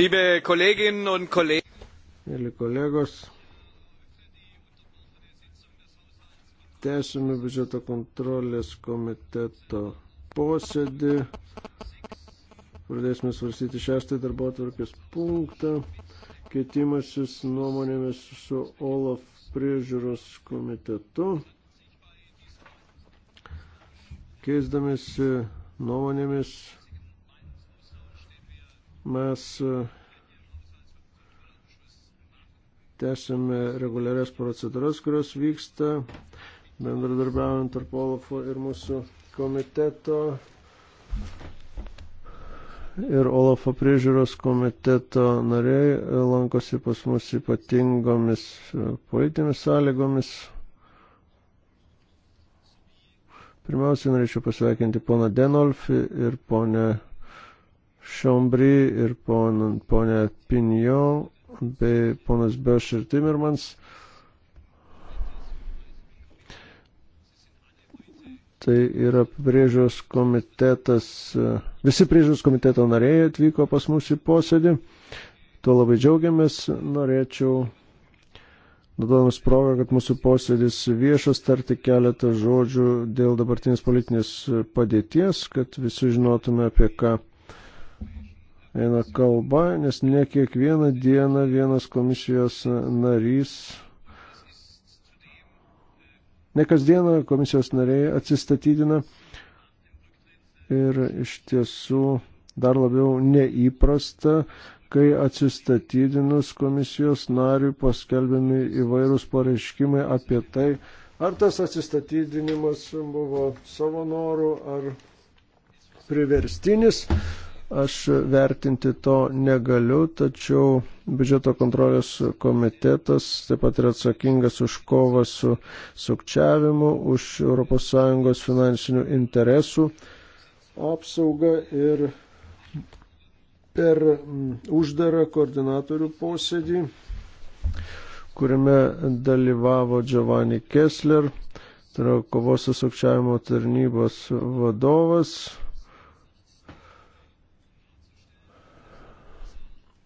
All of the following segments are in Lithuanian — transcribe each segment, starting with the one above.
Liebe Kolleginnen und Kollegen. Mėly kolegos, tęsime biudžeto kontrolės komiteto posėdį. Pradėsime svarstyti šeštąjį darbo atvarkės punktą. Keitimasis nuomonėmis su Olaf priežiūros komitetu. Keisdamėsi nuomonėmis mes tęsėme reguliarias procedūras, kurios vyksta bendradarbiaujant tarp Olafo ir mūsų komiteto ir Olafo priežiūros komiteto nariai lankosi pas mus ypatingomis politinėmis sąlygomis. Pirmiausia, norėčiau pasveikinti poną Denolfi ir ponę Šombry ir ponę Pinjo bei ponas Beš ir Timmermans. Tai yra priežiūros komitetas, visi priežiūros komiteto nariai atvyko pas mus į posėdį. Tuo labai džiaugiamės. Norėčiau, duodamas progą, kad mūsų posėdis viešas, tarti keletą žodžių dėl dabartinės politinės padėties, kad visi žinotume, apie ką eina kalba, nes ne kiekvieną dieną vienas komisijos narys Ne kasdieną komisijos nariai atsistatydina ir iš tiesų dar labiau neįprasta, kai atsistatydinus komisijos nariui paskelbiami įvairūs pareiškimai apie tai, ar tas atsistatydinimas buvo savo norų ar priverstinis. Aš vertinti to negaliu, tačiau biudžeto kontrolės komitetas taip pat yra atsakingas už kovą su sukčiavimu, už ES finansinių interesų apsaugą ir per uždarą koordinatorių posėdį, kuriame dalyvavo Giovanni Kessler, tai yra kovos su sukčiavimo tarnybos vadovas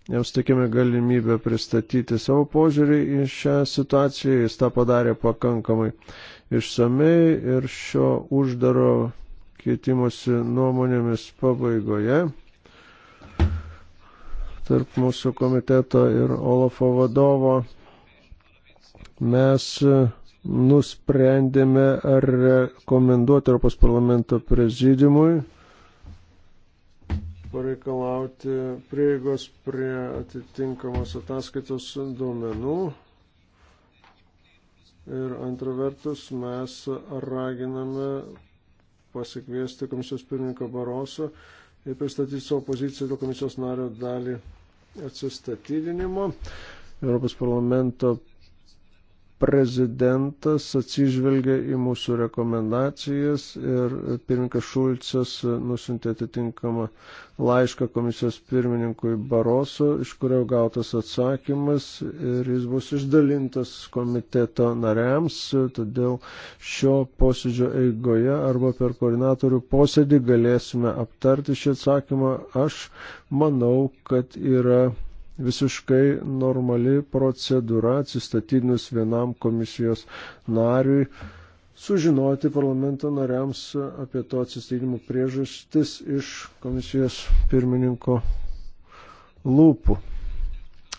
jiems tikime galimybę pristatyti savo požiūrį į šią situaciją, jis tą padarė pakankamai išsamei ir šio uždaro keitimosi nuomonėmis pabaigoje tarp mūsų komiteto ir Olafo vadovo mes nusprendėme rekomenduoti Europos parlamento prezidimui pareikalauti prieigos prie atitinkamos ataskaitos duomenų. Ir antra vertus, mes raginame pasikviesti komisijos pirmininką Barosą ir pristatyti savo poziciją dėl komisijos nario dalį atsistatydinimo. Europos parlamento prezidentas atsižvelgia į mūsų rekomendacijas ir pirmininkas Šulcas nusintė atitinkamą laišką komisijos pirmininkui Baroso, iš kurio gautas atsakymas ir jis bus išdalintas komiteto nariams, todėl šio posėdžio eigoje arba per koordinatorių posėdį galėsime aptarti šį atsakymą. Aš manau, kad yra visiškai normali procedūra atsistatydinus vienam komisijos nariui sužinoti parlamento nariams apie to atsistatydimo priežastis iš komisijos pirmininko lūpų.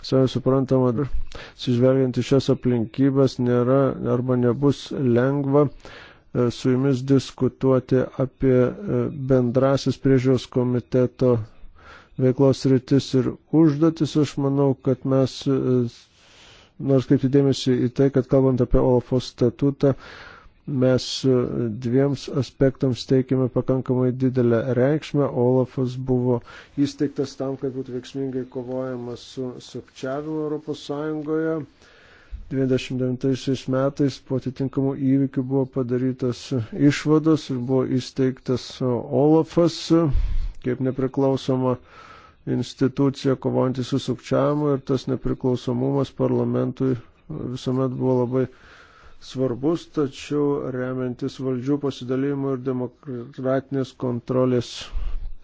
Savai suprantama, atsižvelgiant į šias aplinkybės nėra arba nebus lengva e, su jumis diskutuoti apie e, bendrasis priežiūros komiteto veiklos rytis ir užduotis. Aš manau, kad mes e, nors kaip įdėmėsi į tai, kad kalbant apie Olafo statutą, mes e, dviems aspektams teikėme pakankamai didelę reikšmę. Olafas buvo įsteigtas tam, kad būtų veiksmingai kovojama su sukčiavimu Europos Sąjungoje. 29 metais po atitinkamų įvykių buvo padarytas išvados ir buvo įsteigtas Olafas kaip nepriklausoma uh, institucija kovojantį su sukčiavimu ir tas nepriklausomumas parlamentui visuomet buvo labai svarbus, tačiau remiantis valdžių pasidalymu ir demokratinės kontrolės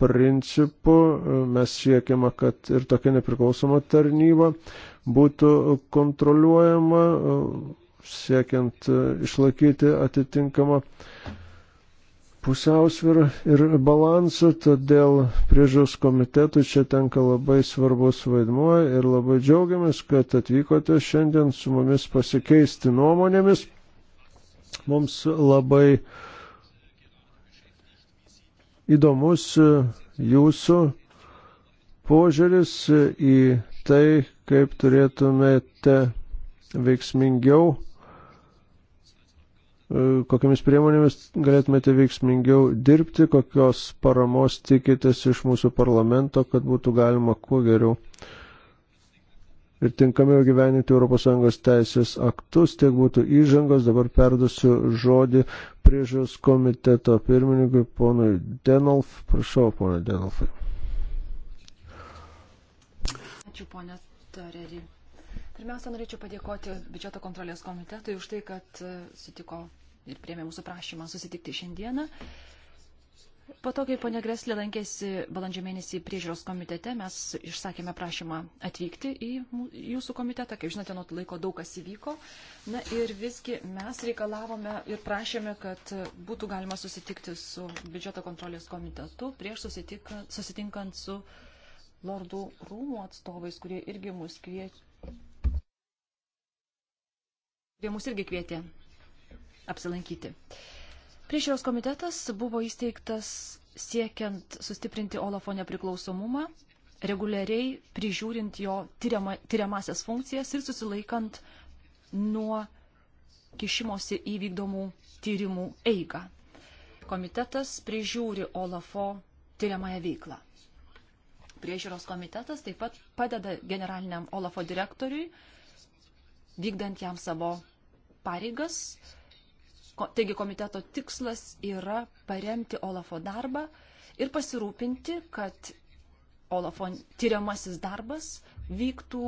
principu mes siekiame, kad ir tokia nepriklausoma tarnyba būtų kontroliuojama, siekiant išlaikyti atitinkamą pusiausvyrą ir balansą, todėl priežiūros komitetui čia tenka labai svarbus vaidmuo ir labai džiaugiamės, kad atvykote šiandien su mumis pasikeisti nuomonėmis. Mums labai įdomus jūsų požiūris į tai, kaip turėtumėte veiksmingiau E, kokiamis priemonėmis galėtumėte veiksmingiau dirbti, kokios paramos tikitės iš mūsų parlamento, kad būtų galima kuo geriau ir tinkamiau gyveninti ES teisės aktus. Tiek būtų įžangos, dabar perdusiu žodį priežiūros komiteto pirmininkui ponui Denolf. Prašau, ponai Denolfai. Ačiū, ponė Toreri. Pirmiausia, norėčiau padėkoti biudžeto kontrolės komitetui už tai, kad sutiko ir priemė mūsų prašymą susitikti šiandieną. Po to, kai ponia Greslė lankėsi balandžio mėnesį priežiūros komitete, mes išsakėme prašymą atvykti į jūsų komitetą. Kaip žinote, nuo laiko daug kas įvyko. Na ir visgi mes reikalavome ir prašėme, kad būtų galima susitikti su biudžeto kontrolės komitetu prieš susitik, susitinkant su lordų rūmų atstovais, kurie irgi mus kviečia. Jie mus irgi kvietė apsilankyti. Priežiūros komitetas buvo įsteigtas siekiant sustiprinti Olafo nepriklausomumą, reguliariai prižiūrint jo tyriama, tyriamasias funkcijas ir susilaikant nuo kišimosi įvykdomų tyrimų eigą. Komitetas prižiūri Olafo tyriamąją veiklą. Priežiūros komitetas taip pat padeda generaliniam Olafo direktoriui, vykdant jam savo pareigas, Taigi komiteto tikslas yra paremti Olafo darbą ir pasirūpinti, kad Olafo tyriamasis darbas vyktų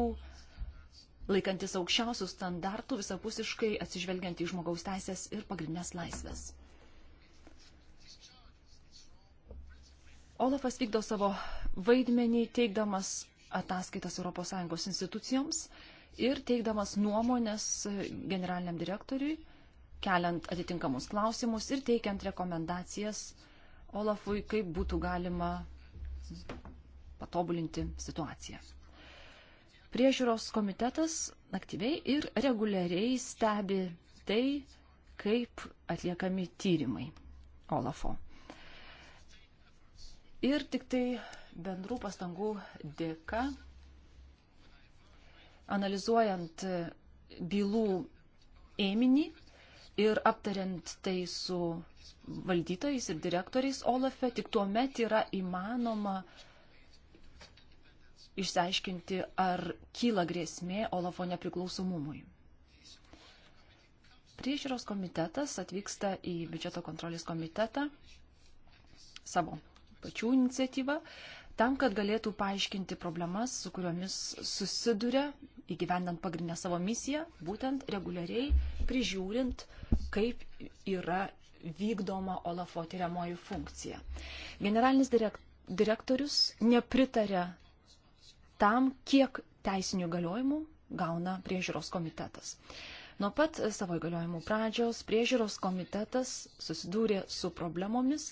laikantis aukščiausių standartų visapusiškai atsižvelgiant į žmogaus teisės ir pagrindinės laisvės. Olafas vykdo savo vaidmenį teikdamas ataskaitas ES institucijoms ir teikdamas nuomonės generaliniam direktoriui keliant atitinkamus klausimus ir teikiant rekomendacijas Olafui, kaip būtų galima patobulinti situaciją. Priežiūros komitetas aktyviai ir reguliariai stebi tai, kaip atliekami tyrimai Olafo. Ir tik tai bendrų pastangų dėka, analizuojant bylų ėminį, ir aptariant tai su valdytojais ir direktoriais Olafe, tik tuo met yra įmanoma išsiaiškinti, ar kyla grėsmė Olafo nepriklausomumui. Priežiūros komitetas atvyksta į biudžeto kontrolės komitetą savo pačių iniciatyvą, tam, kad galėtų paaiškinti problemas, su kuriomis susiduria įgyvendant pagrindinę savo misiją, būtent reguliariai prižiūrint, kaip yra vykdoma Olafo tyriamoji funkcija. Generalinis direktorius nepritarė tam, kiek teisinių galiojimų gauna priežiūros komitetas. Nuo pat savo įgaliojimų pradžios priežiūros komitetas susidūrė su problemomis,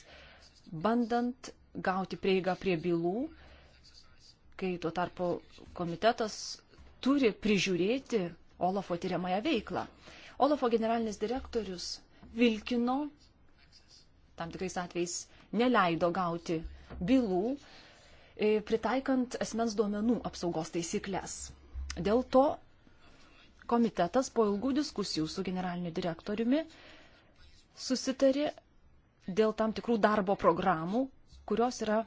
bandant gauti prieigą prie bylų, kai tuo tarpu komitetas turi prižiūrėti Olafo tyriamąją veiklą. Olafo generalinis direktorius vilkino, tam tikrais atvejais neleido gauti bylų, e, pritaikant asmens duomenų apsaugos taisyklės. Dėl to komitetas po ilgų diskusijų su generaliniu direktoriumi susitarė dėl tam tikrų darbo programų, kurios yra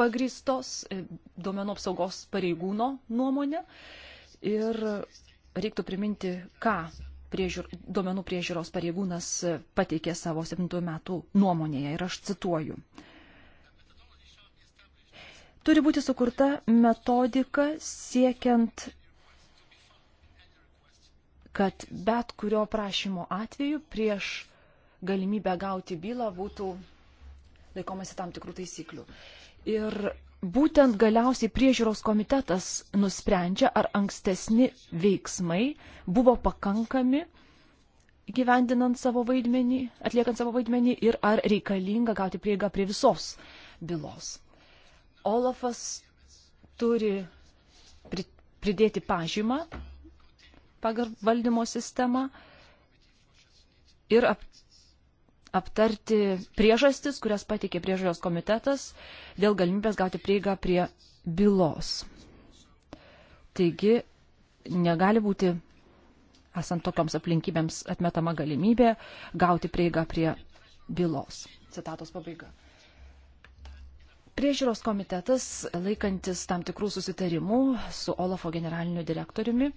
pagristos e, duomenų apsaugos pareigūno nuomonė. Ir reiktų priminti, ką priežiūr, duomenų priežiūros pareigūnas pateikė savo 7 metų nuomonėje. Ir aš cituoju. Turi būti sukurta metodika siekiant kad bet kurio prašymo atveju prieš galimybę gauti bylą būtų laikomasi tam tikrų taisyklių. Ir būtent galiausiai priežiūros komitetas nusprendžia, ar ankstesni veiksmai buvo pakankami gyvendinant savo vaidmenį, atliekant savo vaidmenį ir ar reikalinga gauti prieigą prie visos bylos. Olafas turi pridėti pažymą pagal valdymo sistemą ir aptarti priežastis, kurias pateikė priežiūros komitetas dėl galimybės gauti prieigą prie bylos. Taigi, negali būti, esant tokioms aplinkybėms, atmetama galimybė gauti prieigą prie bylos. Citatos pabaiga. Priežiūros komitetas, laikantis tam tikrų susitarimų su Olafo generaliniu direktoriumi,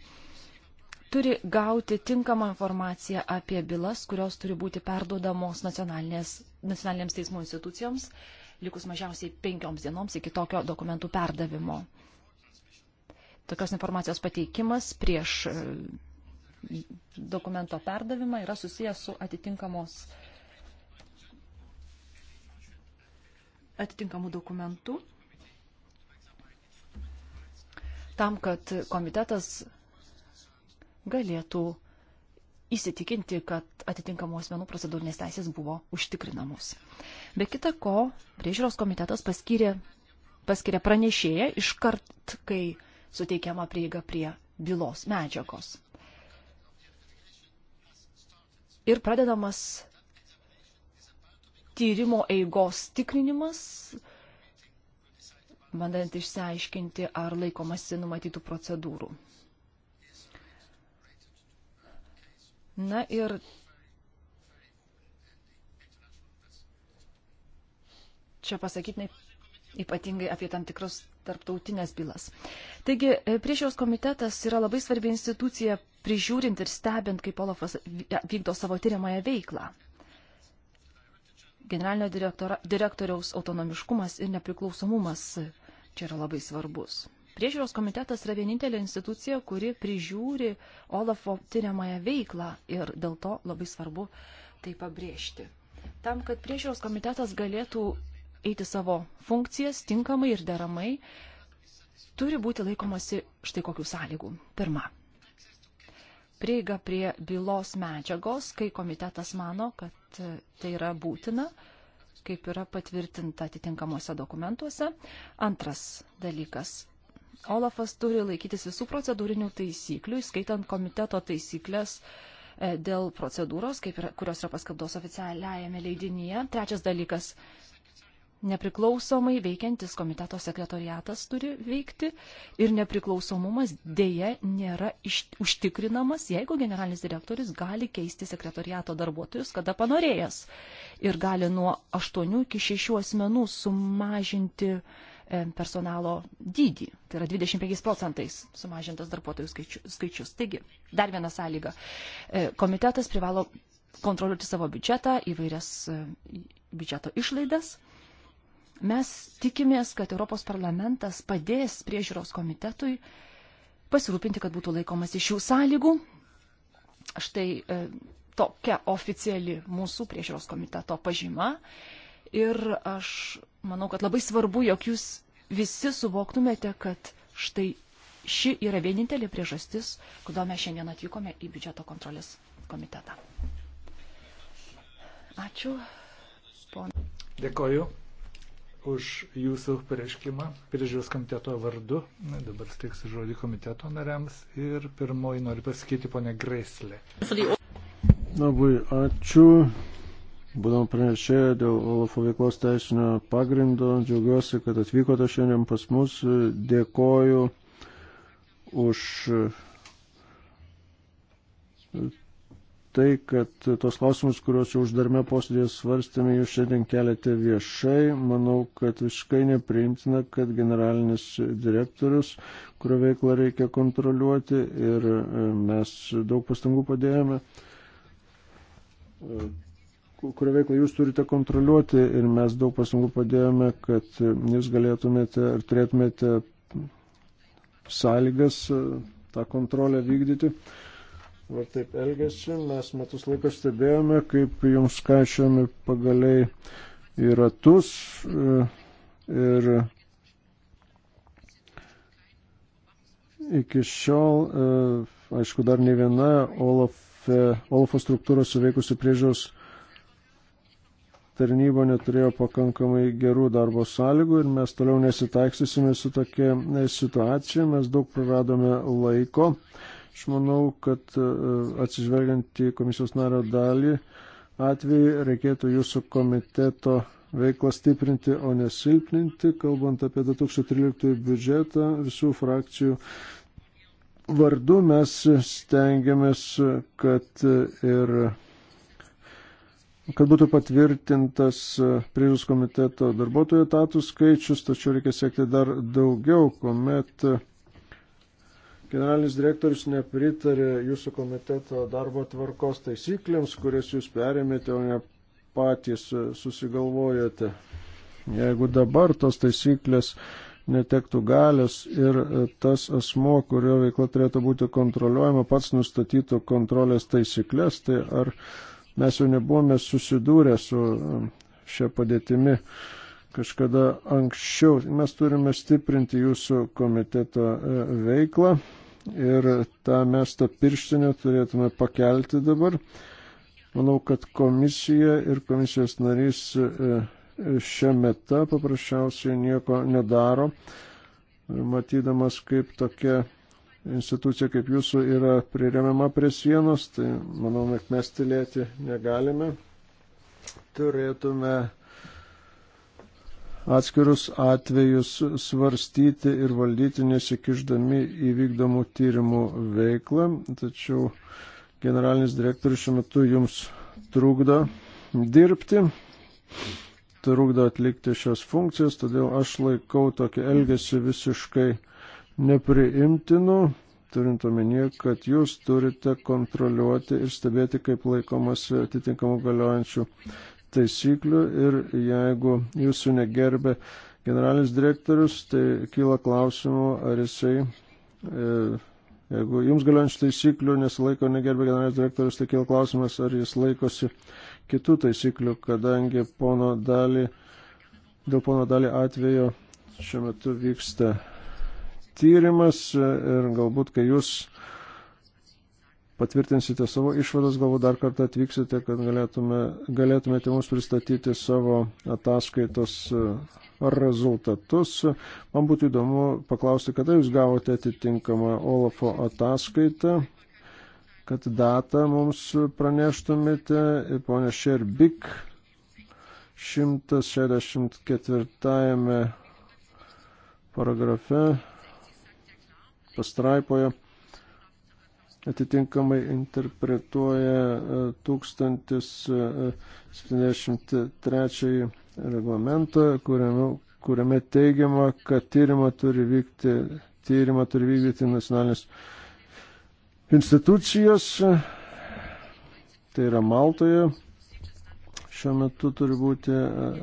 turi gauti tinkamą informaciją apie bylas, kurios turi būti perduodamos nacionalinėms teismų institucijoms, likus mažiausiai penkioms dienoms iki tokio dokumentų perdavimo. Tokios informacijos pateikimas prieš e, dokumento perdavimą yra susijęs su atitinkamos atitinkamų dokumentų tam, kad komitetas galėtų įsitikinti, kad atitinkamos asmenų procedūrinės teisės buvo užtikrinamos. Be kita ko, priežiūros komitetas paskyrė, paskyrė pranešėją iškart, kai suteikiama prieiga prie bylos medžiagos. Ir pradedamas tyrimo eigos tikrinimas, bandant išsiaiškinti, ar laikomasi numatytų procedūrų. Na ir čia pasakytinai ypatingai apie tam tikrus tarptautinės bylas. Taigi, e, priešiaus komitetas yra labai svarbi institucija prižiūrint ir stebint, kaip Olafas vykdo savo tyriamąją veiklą. Generalinio direktoriaus autonomiškumas ir nepriklausomumas čia yra labai svarbus. Priežiūros komitetas yra vienintelė institucija, kuri prižiūri Olafo tyriamąją veiklą ir dėl to labai svarbu tai pabrėžti. Tam, kad priežiūros komitetas galėtų eiti savo funkcijas tinkamai ir deramai, turi būti laikomasi štai kokių sąlygų. Pirma, prieiga prie bylos medžiagos, kai komitetas mano, kad tai yra būtina, kaip yra patvirtinta atitinkamuose dokumentuose. Antras dalykas Olafas turi laikytis visų procedūrinių taisyklių, skaitant komiteto taisyklės e, dėl procedūros, yra, kurios yra paskelbtos oficialiajame leidinyje. Trečias dalykas nepriklausomai veikiantis komiteto sekretoriatas turi veikti ir nepriklausomumas dėje nėra iš, užtikrinamas, jeigu generalinis direktorius gali keisti sekretoriato darbuotojus, kada panorėjęs ir gali nuo 8 iki 6 asmenų sumažinti uh, E, personalo dydį. Tai yra 25 procentais sumažintas darbuotojų skaičius. Taigi, dar viena sąlyga. E, komitetas privalo kontroliuoti savo biudžetą, įvairias e, biudžeto išlaidas. Mes tikimės, kad Europos parlamentas padės priežiūros komitetui pasirūpinti, kad būtų laikomas iš jų sąlygų. Štai tokia oficiali mūsų priežiūros komiteto pažyma. Ir aš manau, kad labai svarbu, jog jūs visi suvoktumėte, kad štai ši yra vienintelė priežastis, kodėl mes šiandien atvykome į biudžeto kontrolės komitetą. Ačiū. Pon... Dėkoju už jūsų pareiškimą priežiūros komiteto vardu. Na, dabar steiksiu žodį komiteto nariams ir pirmoji noriu pasakyti ponę Greslę. Labai ačiū Būdama pranešėja dėl Olafo veiklos teisinio pagrindo, džiaugiuosi, kad atvykote šiandien pas mus. Dėkoju už tai, kad tos klausimus, kuriuos jau uždarme posėdėje svarstėme, jūs šiandien keliate viešai. Manau, kad visiškai nepriimtina, kad generalinis direktorius, kurio veiklą reikia kontroliuoti ir e, mes daug pastangų padėjome e, kurio veiklą jūs turite kontroliuoti ir mes daug pasangų padėjome, kad jūs galėtumėte ir turėtumėte sąlygas e, tą kontrolę vykdyti. Ar taip elgesi, mes metus laikas stebėjome, kaip jums skaičiami pagaliai į ratus e, ir iki šiol, e, aišku, dar ne viena Olaf, Olafo struktūros suveikusi priežiūros tarnyba neturėjo pakankamai gerų darbo sąlygų ir mes toliau nesitaiksysime su tokia e, situacija, mes daug praradome laiko. Aš manau, kad e, atsižvelgiant į komisijos nario dalį atvejį reikėtų jūsų komiteto veiklą stiprinti, o nesilpninti. Kalbant apie 2013 biudžetą, visų frakcijų vardu mes stengiamės, kad ir kad būtų patvirtintas e, priežiūros komiteto darbuotojų etatų skaičius, tačiau reikia siekti dar daugiau, kuomet e, generalinis direktorius nepritarė jūsų komiteto darbo tvarkos taisyklėms, kurias jūs perėmėte, o ne patys e, susigalvojote. Jeigu dabar tos taisyklės netektų galės ir tas asmo, kurio veikla turėtų būti kontroliuojama, pats nustatytų kontrolės taisyklės, tai ar mes jau nebuvome susidūrę su um, šia padėtimi kažkada anksčiau. Mes turime stiprinti jūsų komiteto e, veiklą ir tą mes tą pirštinę turėtume pakelti dabar. Manau, kad komisija ir komisijos narys e, šiame ta paprasčiausiai nieko nedaro, matydamas, kaip tokia institucija kaip jūsų yra priremiama prie sienos, tai manau, kad mes tylėti negalime. Turėtume atskirus atvejus svarstyti ir valdyti nesikiždami įvykdomų tyrimų veiklą, tačiau generalinis direktorius šiuo metu jums trukdo dirbti, trukdo atlikti šios funkcijas, todėl aš laikau tokį elgesį visiškai uh, nepriimtinu, turint omenyje, kad jūs turite kontroliuoti ir stebėti, kaip laikomasi atitinkamų galiojančių taisyklių ir jeigu jūsų negerbė generalinis direktorius, tai kyla klausimų, ar jisai, e, jeigu jums galiojančių taisyklių nesilaiko negerbė generalinis direktorius, tai kyla klausimas, ar jis laikosi kitų taisyklių, kadangi pono dalį, dėl pono dalį atvejo šiuo metu vyksta tyrimas ir galbūt, kai jūs patvirtinsite savo išvadas, galbūt dar kartą atvyksite, kad galėtume, galėtumėte mums pristatyti savo ataskaitos e, rezultatus. Man būtų įdomu paklausti, kada jūs gavote atitinkamą Olafo ataskaitą, kad datą mums praneštumėte, ponė Šerbik. 164 paragrafe pastraipoje atitinkamai interpretuoja 1073 e, e, e, reglamentą, kuriame, kuriame teigiama, kad tyrimą turi, vykti, tyrimą turi vykdyti nacionalinės institucijos, tai yra Maltoje Šiuo metu turi būti e,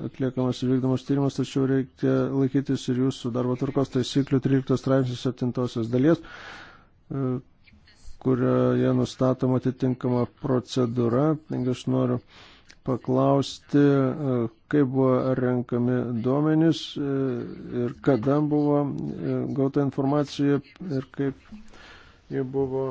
atliekamas ir vykdomas tyrimas, tačiau reikia laikytis ir jūsų darbo tvarkos taisyklių 13 straipsnių 7 dalies, e, kurioje nustatoma atitinkama procedūra. Taigi aš noriu paklausti, e, kaip buvo renkami duomenys ir kada buvo gauta informacija ir kaip jie buvo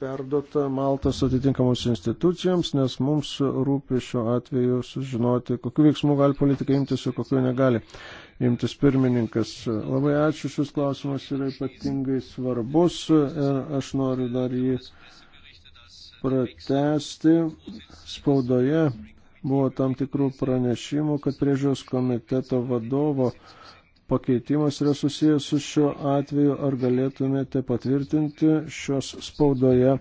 perdota Maltas atitinkamos institucijoms, nes mums rūpi šiuo atveju sužinoti, kokiu veiksmu gali politikai imtis ir kokiu negali imtis pirmininkas. Labai ačiū, šis klausimas yra ypatingai svarbus ir aš noriu dar jį pratesti. Spaudoje buvo tam tikrų pranešimų, kad priežiūros komiteto vadovo pakeitimas yra susijęs su šiuo atveju, ar galėtumėte patvirtinti šios spaudoje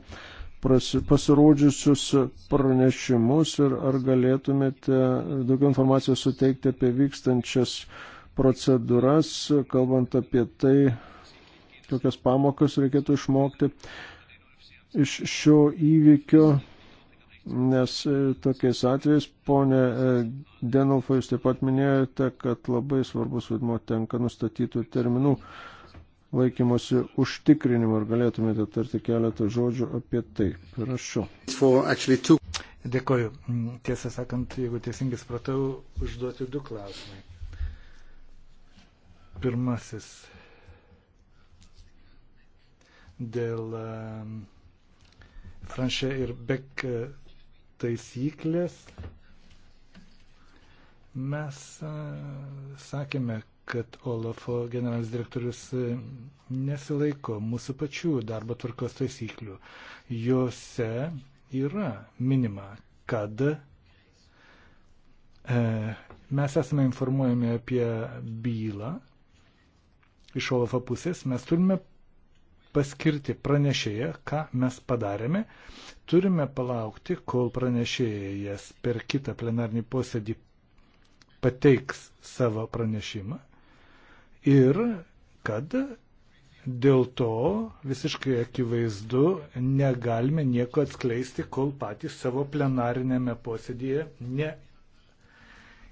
pasirodžiusius pranešimus ir ar galėtumėte daugiau informacijos suteikti apie vykstančias procedūras, kalbant apie tai, kokias pamokas reikėtų išmokti iš šio įvykio nes e, tokiais atvejais, ponė e, Denolfa, jūs taip pat minėjote, kad labai svarbus vaidmo tenka nustatytų terminų laikymosi užtikrinimo. Ar galėtumėte tarti keletą žodžių apie tai? Prašau. Dėkoju. Mm, tiesą sakant, jeigu teisingai supratau, užduoti du klausimai. Pirmasis. Dėl ehm, Franšė ir Bek e, taisyklės. Mes sakėme, kad Olafo generalinis direktorius nesilaiko mūsų pačių darbo tvarkos taisyklių. Jose yra minima, kad e, mes esame informuojami apie bylą iš Olafo pusės, mes turime paskirti pranešėją, ką mes padarėme. Turime palaukti, kol pranešėjas per kitą plenarnį posėdį pateiks savo pranešimą ir kad dėl to visiškai akivaizdu negalime nieko atskleisti, kol patys savo plenarinėme posėdėje ne.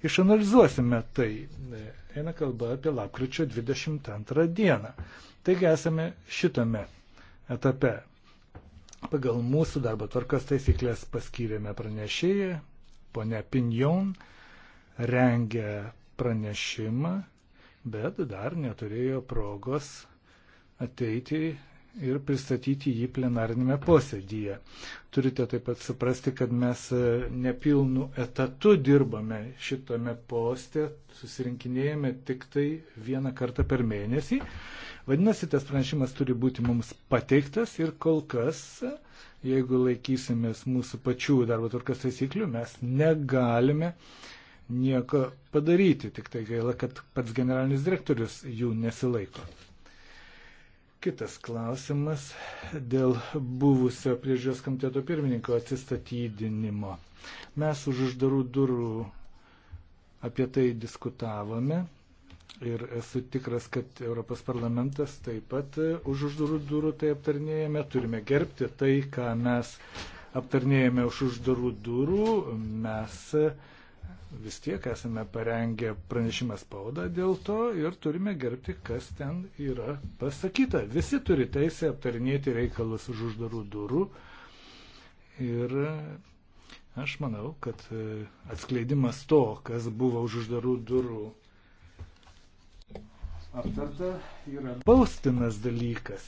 Išanalizuosime tai. Eina kalba apie lapkričio 22 dieną. Taigi esame šitame etape. Pagal mūsų darbo tvarkos taisyklės paskyrėme pranešėją, ponia Pinjon rengia pranešimą, bet dar neturėjo progos ateiti ir pristatyti jį plenarinėme posėdyje. Turite taip pat suprasti, kad mes e, nepilnu etatu dirbame šitame poste, susirinkinėjame tik tai vieną kartą per mėnesį. Vadinasi, tas pranešimas turi būti mums pateiktas ir kol kas, e, jeigu laikysimės mūsų pačių darbo tvarkos taisyklių, mes negalime nieko padaryti. Tik tai gaila, kad pats generalinis direktorius jų nesilaiko. Kitas klausimas dėl buvusio priežiūros komiteto pirmininko atsistatydinimo. Mes už uždarų durų apie tai diskutavome ir esu tikras, kad Europos parlamentas taip pat už uždarų durų tai aptarnėjame. Turime gerbti tai, ką mes aptarnėjame už uždarų durų. Mes uh, vis tiek esame parengę pranešimą spaudą dėl to ir turime gerbti, kas ten yra pasakyta. Visi turi teisę aptarinėti reikalus už uždarų durų. Ir aš manau, kad e, atskleidimas to, kas buvo už uždarų durų aptarta, yra baustinas dalykas.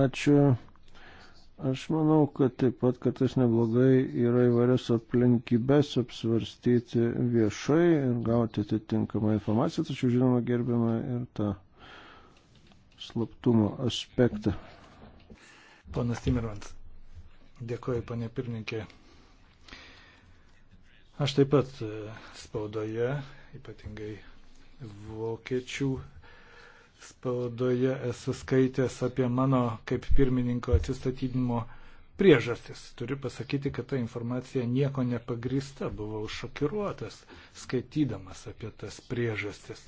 Ačiū. Aš manau, kad taip pat kartais neblogai yra įvairias aplinkybės apsvarstyti viešai ir gauti atitinkamą informaciją, tačiau žinoma gerbiamą ir tą slaptumo aspektą. Ponas Timirvans, dėkoju, panė pirmininkė. Aš taip pat e, spaudoje, ypatingai vokiečių spaudoje esu skaitęs apie mano kaip pirmininko atsistatydinimo priežastis. Turiu pasakyti, kad ta informacija nieko nepagrįsta, buvau šokiruotas skaitydamas apie tas priežastis.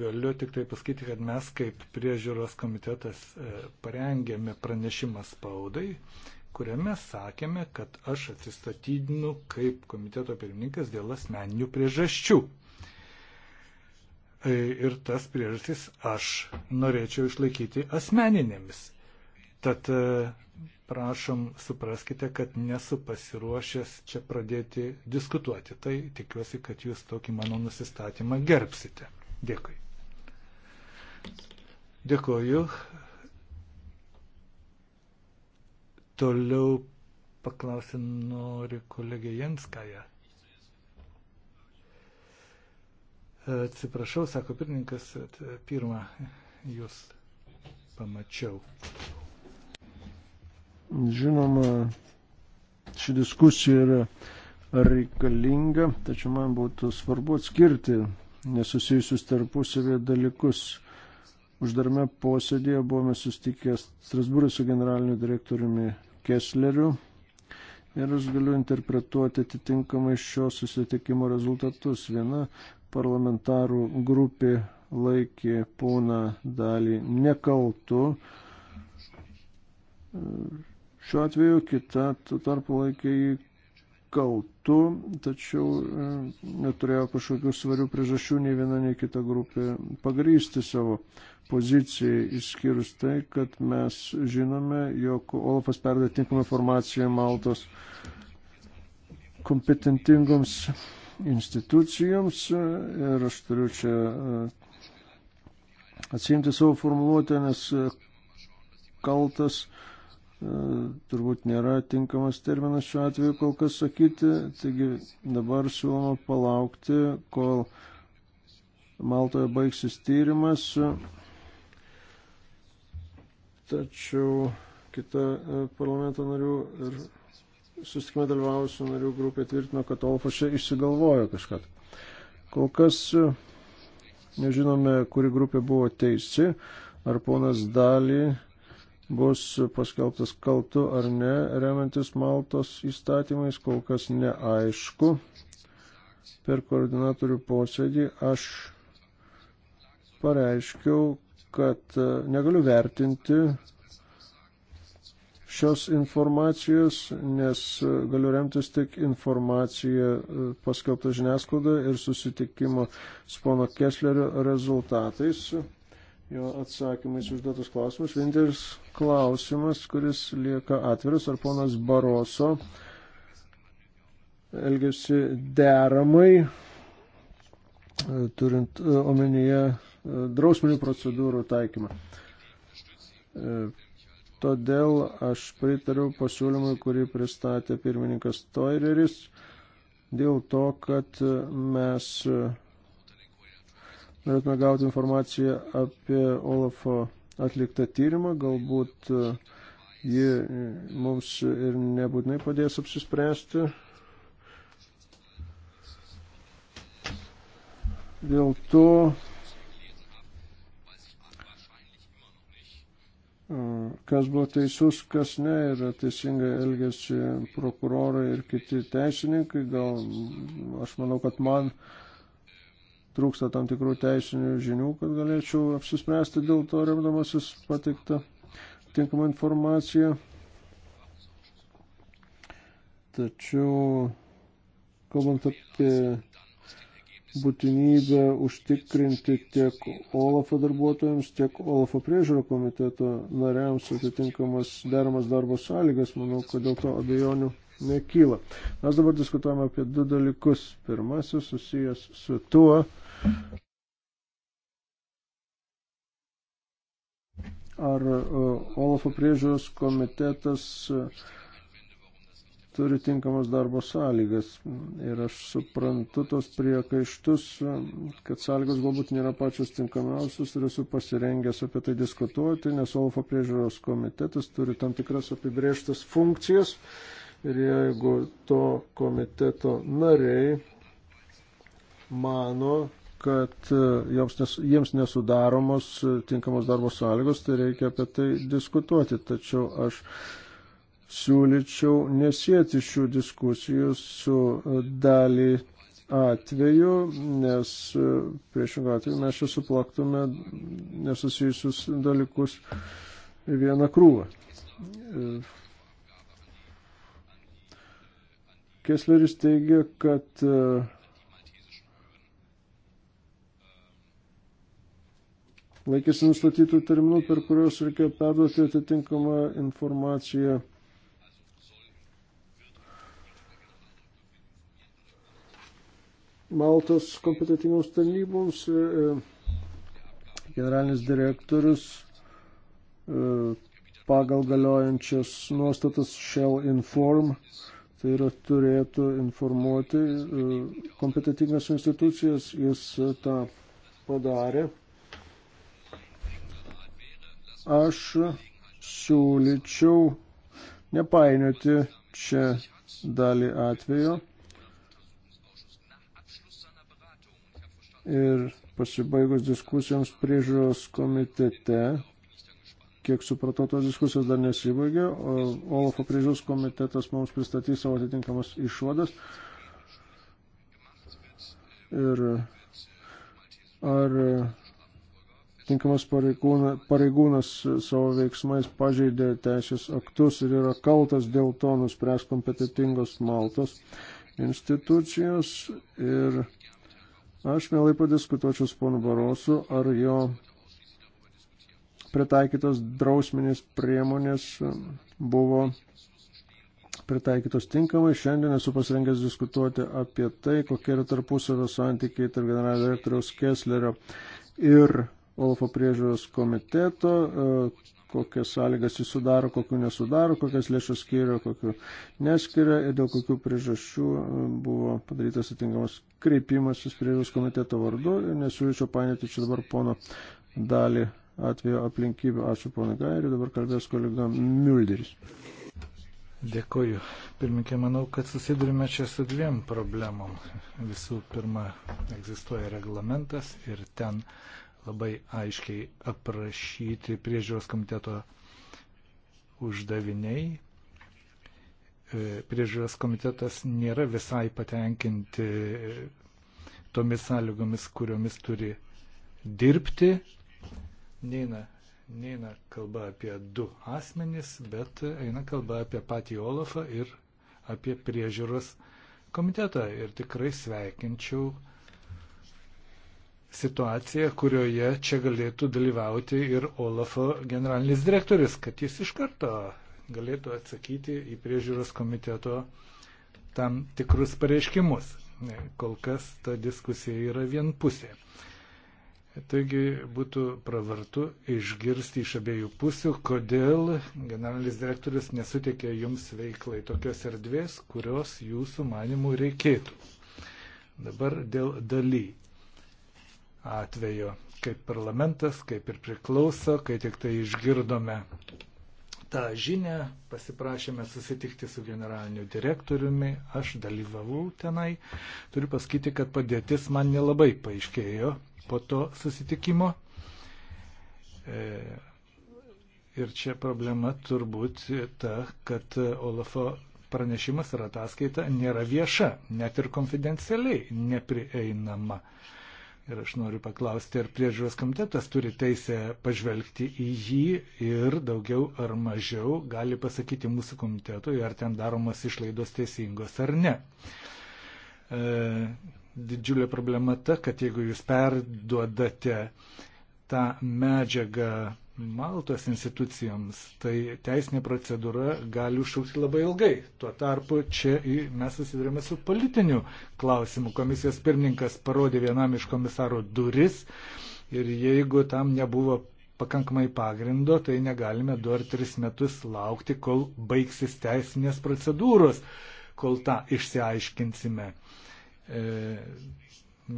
Galiu tik tai pasakyti, kad mes kaip priežiūros komitetas e, parengėme pranešimą spaudai, kuriame sakėme, kad aš atsistatydinu kaip komiteto pirmininkas dėl asmeninių priežasčių. E, ir tas priežastis aš norėčiau išlaikyti asmeninėmis. Tad e, prašom, supraskite, kad nesu pasiruošęs čia pradėti diskutuoti. Tai tikiuosi, kad jūs tokį mano nusistatymą gerbsite. Dėkui. Dėkoju. Toliau paklausė nori kolegė Jenskaja. Atsiprašau, sako pirmininkas, e, pirmą jūs pamačiau. Žinoma, ši diskusija yra reikalinga, tačiau man būtų svarbu atskirti nesusijusius tarpusavėje dalykus. Uždarme posėdėje buvome sustikę Strasbūrė su generaliniu direktoriumi Kessleriu ir aš galiu interpretuoti atitinkamai šio susitikimo rezultatus. Viena parlamentarų grupė laikė pūną dalį nekaltų. Šiuo atveju kita tuo tarpu laikė jį kaltų, tačiau e, neturėjo kažkokių svarių priežasčių nei viena, nei kita grupė pagrysti savo pozicijai, išskyrus tai, kad mes žinome, jog Olafas perdė tinkamą informaciją Maltos kompetentingoms institucijoms e, ir aš turiu čia e, atsimti savo formuluotę, nes e, kaltas turbūt nėra tinkamas terminas šiuo atveju kol kas sakyti. Taigi dabar siūloma palaukti, kol Maltoje baigsis tyrimas. Tačiau kita parlamento narių ir susitikime dalyvavusių narių grupė tvirtino, kad Olafas čia išsigalvojo kažką. Kol kas e, nežinome, kuri grupė buvo teisi, ar ponas Dalį bus paskelbtas kaltu ar ne, remiantis Maltos įstatymais, kol kas neaišku. Per koordinatorių posėdį aš pareiškiau, kad e, negaliu vertinti šios informacijos, nes e, galiu remtis tik informaciją e, paskelbtą žiniasklaidą ir susitikimo su pono Keslerio rezultatais, jo atsakymais užduotus klausimus. Vienintelis klausimas, kuris lieka atviras, ar ponas Baroso elgesi deramai, e, turint omenyje drausminių procedūrų taikymą Todėl aš pritariu pasiūlymui, kurį pristatė pirmininkas Toireris, dėl to, kad mes norėtume gauti informaciją apie Olafo atliktą tyrimą, galbūt ji mums ir nebūtinai padės apsispręsti. Dėl to kas buvo teisus, kas ne, ir teisingai elgėsi prokurorai ir kiti teisininkai. Gal aš manau, kad man trūksta tam tikrų teisinių žinių, kad galėčiau apsispręsti dėl to remdamasis pateiktą tinkamą informaciją. Tačiau, kalbant apie būtinybę užtikrinti tiek OLAFO darbuotojams, tiek OLAFO priežiūro komiteto nariams atitinkamas deramas darbo sąlygas. Manau, kad dėl to abejonių nekyla. Mes dabar diskutuojame apie du dalykus. Pirmasis susijęs su tuo, ar e, Olafo priežiūros komitetas uh, turi tinkamas darbo sąlygas. Ir aš suprantu tos priekaištus, kad sąlygos galbūt nėra pačios tinkamiausios ir esu pasirengęs apie tai diskutuoti, nes OLFO priežiūros komitetas turi tam tikras apibrėžtas funkcijas. Ir jeigu to komiteto nariai mano, kad e, joms nes, jiems nesudaromos e, tinkamos darbo sąlygos, tai reikia apie tai diskutuoti. Tačiau aš siūlyčiau nesėti šių diskusijų su dalį atveju, nes e, priešingą atveju mes čia suplaktume nesusijusius dalykus į vieną krūvą. E, Kesleris teigia, kad e, laikėsi nustatytų terminų, per kuriuos reikėjo perduoti atitinkamą informaciją Maltos kompetitingoms tarnyboms. E, e, generalinis direktorius e, pagal galiojančias nuostatas Shell Inform, tai yra turėtų informuoti kompetitingas institucijas, jis tą padarė. Aš siūlyčiau nepainioti čia dalį atvejo. ir pasibaigus diskusijoms priežiūros komitete, kiek supratau, tos diskusijos dar nesibaigė, Olafo priežiūros komitetas mums pristatys savo atitinkamas išvadas. Ir ar tinkamas pareigūna, pareigūnas savo veiksmais pažeidė teisės aktus ir yra kaltas dėl to nuspręs kompetitingos Maltos institucijos ir Aš mielai padiskutuočiau su ponu Barosu, ar jo pritaikytos drausminės priemonės buvo pritaikytos tinkamai. Šiandien esu pasirengęs diskutuoti apie tai, kokie yra tarpusavio santykiai tarp generalinio direktoriaus Kesslerio ir Olafo priežiūros komiteto kokias sąlygas jis sudaro, kokiu nesudaro, kokias lėšas skiria, kokiu neskiria ir dėl kokių priežasčių e, buvo padarytas atingamas kreipimasis priežas komiteto vardu ir nesiūlyčiau painėti čia dabar pono dalį atvejo aplinkybių. Ačiū ponai Gairiui, dabar kalbės kolega Mülderis. Dėkoju. Pirminkė, manau, kad susidurime čia su dviem problemom. Visų pirma, egzistuoja reglamentas ir ten labai aiškiai aprašyti priežiūros komiteto uždaviniai. E, priežiūros komitetas nėra visai patenkinti e, tomis sąlygomis, kuriomis turi dirbti. Neina, neina kalba apie du asmenys, bet eina kalba apie patį Olafą ir apie priežiūros komitetą. Ir tikrai sveikinčiau situaciją, kurioje čia galėtų dalyvauti ir Olafo generalinis direktorius, kad jis iš karto galėtų atsakyti į priežiūros komiteto tam tikrus pareiškimus. Kol kas ta diskusija yra vienpusė. Taigi būtų pravartu išgirsti iš abiejų pusių, kodėl generalinis direktorius nesutikė jums veiklai tokios erdvės, kurios jūsų manimų reikėtų. Dabar dėl daly atveju. Kaip parlamentas, kaip ir priklauso, kai tik tai išgirdome tą žinę, pasiprašėme susitikti su generaliniu direktoriumi, aš dalyvavau tenai. Turiu pasakyti, kad padėtis man nelabai paaiškėjo po to susitikimo. E, Ir čia problema turbūt ta, kad Olafo pranešimas ir ataskaita nėra vieša, net ir konfidencialiai neprieinama. Ir aš noriu paklausti, ar priežiūros komitetas turi teisę pažvelgti į jį ir daugiau ar mažiau gali pasakyti mūsų komitetui, ar ten daromos išlaidos teisingos ar ne. E, didžiulė problema ta, kad jeigu jūs perduodate tą medžiagą Maltos institucijoms, tai teisinė procedūra gali užšaukti labai ilgai. Tuo tarpu čia mes susidurėme su politiniu klausimu. Komisijos pirmininkas parodė vienam iš komisarų duris ir jeigu tam nebuvo pakankamai pagrindo, tai negalime du ar tris metus laukti, kol baigsis teisinės procedūros, kol tą išsiaiškinsime. E,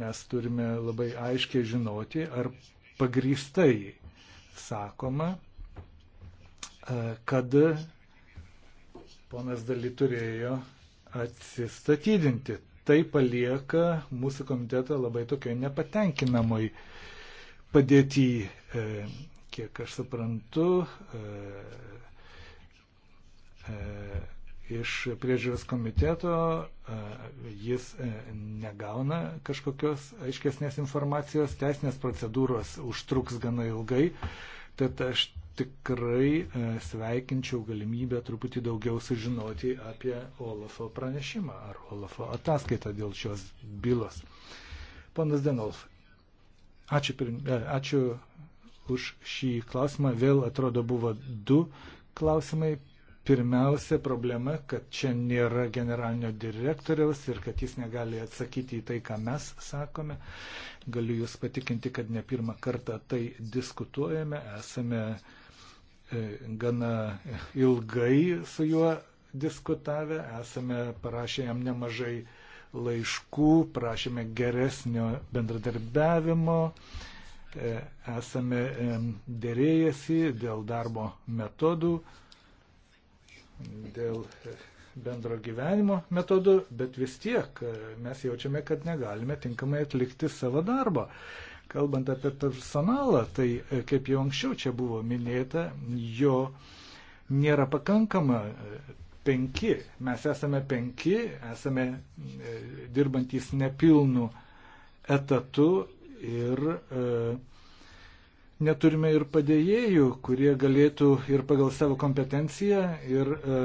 mes turime labai aiškiai žinoti, ar pagristai sakoma, e, kad ponas Daly turėjo atsistatydinti. Tai palieka mūsų komitetą labai tokioje nepatenkinamoj padėtyje. Kiek aš suprantu, e, e, iš priežiūros komiteto, e, jis e, negauna kažkokios aiškesnės informacijos, teisinės procedūros užtruks gana ilgai, tad aš tikrai e, sveikinčiau galimybę truputį daugiau sužinoti apie Olafo pranešimą ar Olafo ataskaitą dėl šios bylos. Ponas Denolf, ačiū, pirm... ačiū už šį klausimą. Vėl atrodo buvo du klausimai Pirmiausia problema, kad čia nėra generalinio direktoriaus ir kad jis negali atsakyti į tai, ką mes sakome. Galiu Jūs patikinti, kad ne pirmą kartą tai diskutuojame, esame e, gana ilgai su juo diskutavę, esame parašę jam nemažai laiškų, prašėme geresnio bendradarbiavimo, e, esame dėrėjęsi dėl darbo metodų dėl e, bendro gyvenimo metodų, bet vis tiek e, mes jaučiame, kad negalime tinkamai atlikti savo darbo. Kalbant apie personalą, tai e, kaip jau anksčiau čia buvo minėta, jo nėra pakankama. Penki, mes esame penki, esame dirbantys nepilnų etatų ir e, neturime ir padėjėjų, kurie galėtų ir pagal savo kompetenciją, ir e,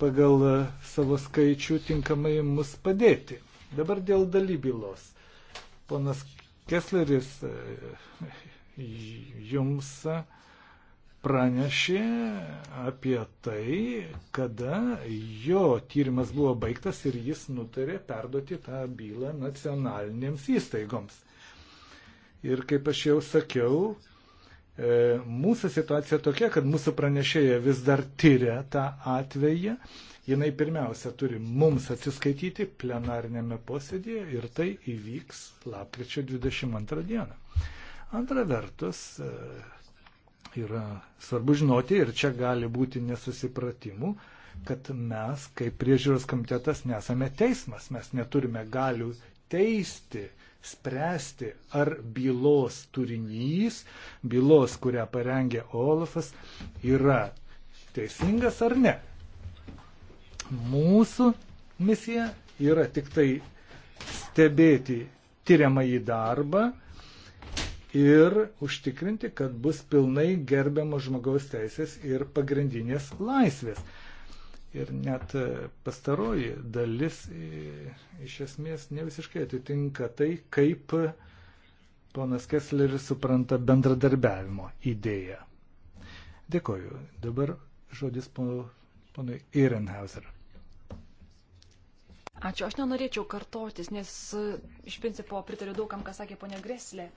pagal e, savo skaičių tinkamai mus padėti. Dabar dėl dalybylos. Ponas Kessleris e, jums pranešė apie tai, kada jo tyrimas buvo baigtas ir jis nutarė perduoti tą bylą nacionalinėms įstaigoms. Ir kaip aš jau sakiau, e, mūsų situacija tokia, kad mūsų pranešėja vis dar tyria tą atvejį. Jinai pirmiausia turi mums atsiskaityti plenarnėme posėdėje ir tai įvyks lapkričio 22 dieną. Antra vertus, e, yra svarbu žinoti, ir čia gali būti nesusipratimų, kad mes, kaip priežiūros komitetas, nesame teismas, mes neturime galių teisti spręsti, ar bylos turinys, bylos, kurią parengė Olafas, yra teisingas ar ne. Mūsų misija yra tik tai stebėti tyriamą į darbą ir užtikrinti, kad bus pilnai gerbiamos žmogaus teisės ir pagrindinės laisvės. Ir net e, pastaroji dalis e, iš esmės ne visiškai atitinka tai, kaip ponas Kessleris supranta bendradarbiavimo idėją. Dėkoju. Dabar žodis ponui Ehrenhauser. Ačiū. Aš nenorėčiau kartotis, nes e, iš principo pritariu daugam, ką sakė ponia Greslė.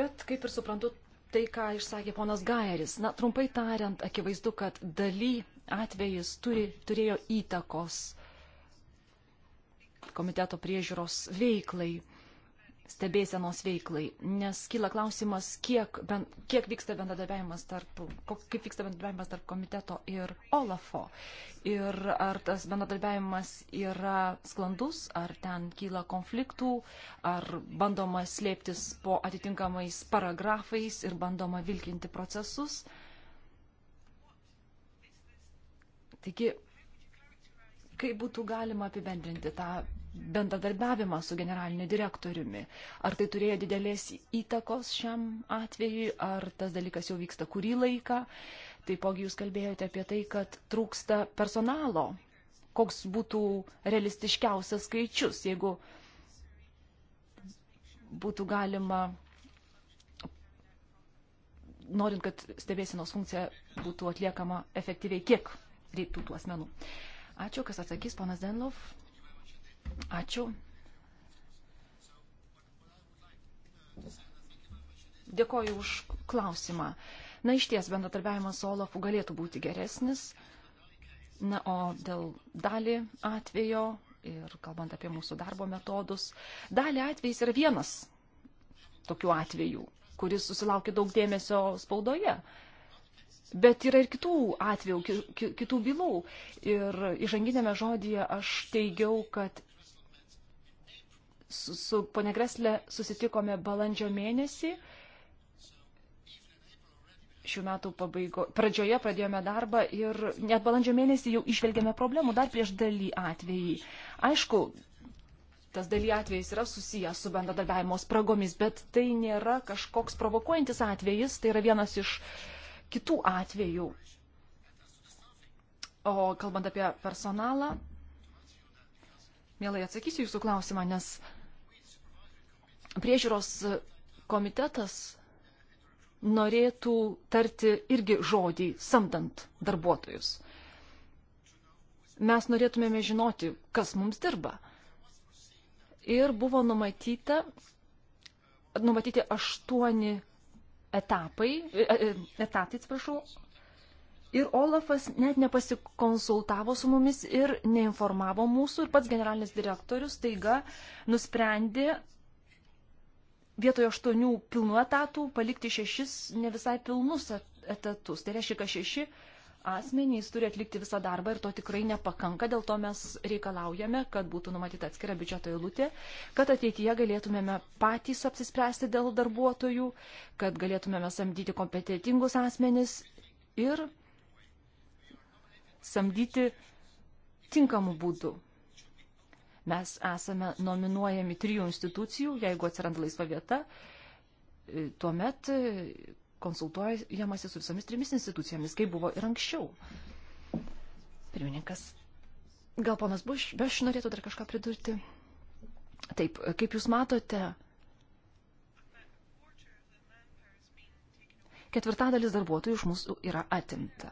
Bet kaip ir suprantu, tai, ką išsakė ponas Gairis. Na, trumpai tariant, akivaizdu, kad daly atvejis turi, turėjo įtakos komiteto priežiūros veiklai, stebėsenos veiklai, nes kyla klausimas, kiek, ben, kiek vyksta bendradarbiavimas tarp, kaip vyksta bendradarbiavimas tarp komiteto ir Olafo. Ir ar tas bendradarbiavimas yra sklandus, ar ten kyla konfliktų, ar bandoma slėptis po atitinkamais paragrafais ir bandoma vilkinti procesus. Taigi, kaip būtų galima apibendrinti tą bendradarbiavimą su generaliniu direktoriumi? Ar tai turėjo didelės įtakos šiam atvejui, ar tas dalykas jau vyksta kurį laiką? Taipogi jūs kalbėjote apie tai, kad trūksta personalo. Koks būtų realistiškiausias skaičius, jeigu būtų galima, norint, kad stebėsinos funkcija būtų atliekama efektyviai, kiek reiktų tų asmenų. Ačiū, kas atsakys, ponas Denlov. Ačiū. Dėkoju už klausimą. Na iš ties, bendratarbiavimas su Olafu galėtų būti geresnis. Na, o dėl dalį atvejo ir kalbant apie mūsų darbo metodus, dalį atvejais yra vienas tokių atvejų, kuris susilaukė daug dėmesio spaudoje. Uh, Bet yra ir kitų atvejų, kitų bylų. Ir įžanginėme žodėje aš teigiau, kad su, su ponė Greslė susitikome balandžio mėnesį. Šių metų pabaigo, pradžioje pradėjome darbą ir net balandžio mėnesį jau išvelgėme problemų dar prieš daly atvejį. Aišku, tas daly atvejis yra susijęs su bendradarbiavimo spragomis, bet tai nėra kažkoks provokuojantis atvejis, tai yra vienas iš uh, kitų atvejų. O kalbant apie personalą, mielai atsakysiu jūsų klausimą, nes priežiūros komitetas norėtų tarti irgi žodį samdant darbuotojus. Mes norėtumėme žinoti, kas mums dirba. Ir buvo numatyta, numatyti aštuoni etapai, e, e, etatai, atsiprašau, ir Olafas net nepasikonsultavo su mumis ir neinformavo mūsų ir pats generalinis direktorius taiga nusprendė vietoje aštuonių pilnų etatų palikti šešis ne visai pilnus etatus. Tai reiškia, kad šeši asmenys turi atlikti visą darbą ir to tikrai nepakanka, dėl to mes reikalaujame, kad būtų numatyta atskira biudžeto eilutė, kad ateityje galėtumėme patys apsispręsti dėl darbuotojų, kad galėtumėme samdyti kompetitingus asmenys ir samdyti tinkamų būdų. Mes esame nominuojami trijų institucijų, jeigu atsiranda laisva vieta, tuomet konsultuojamasi su visomis trimis institucijomis, kaip buvo ir anksčiau. Pirmininkas, gal ponas Buš, aš norėtų dar kažką pridurti. Taip, kaip jūs matote, ketvirtadalis darbuotojų iš mūsų yra atimta.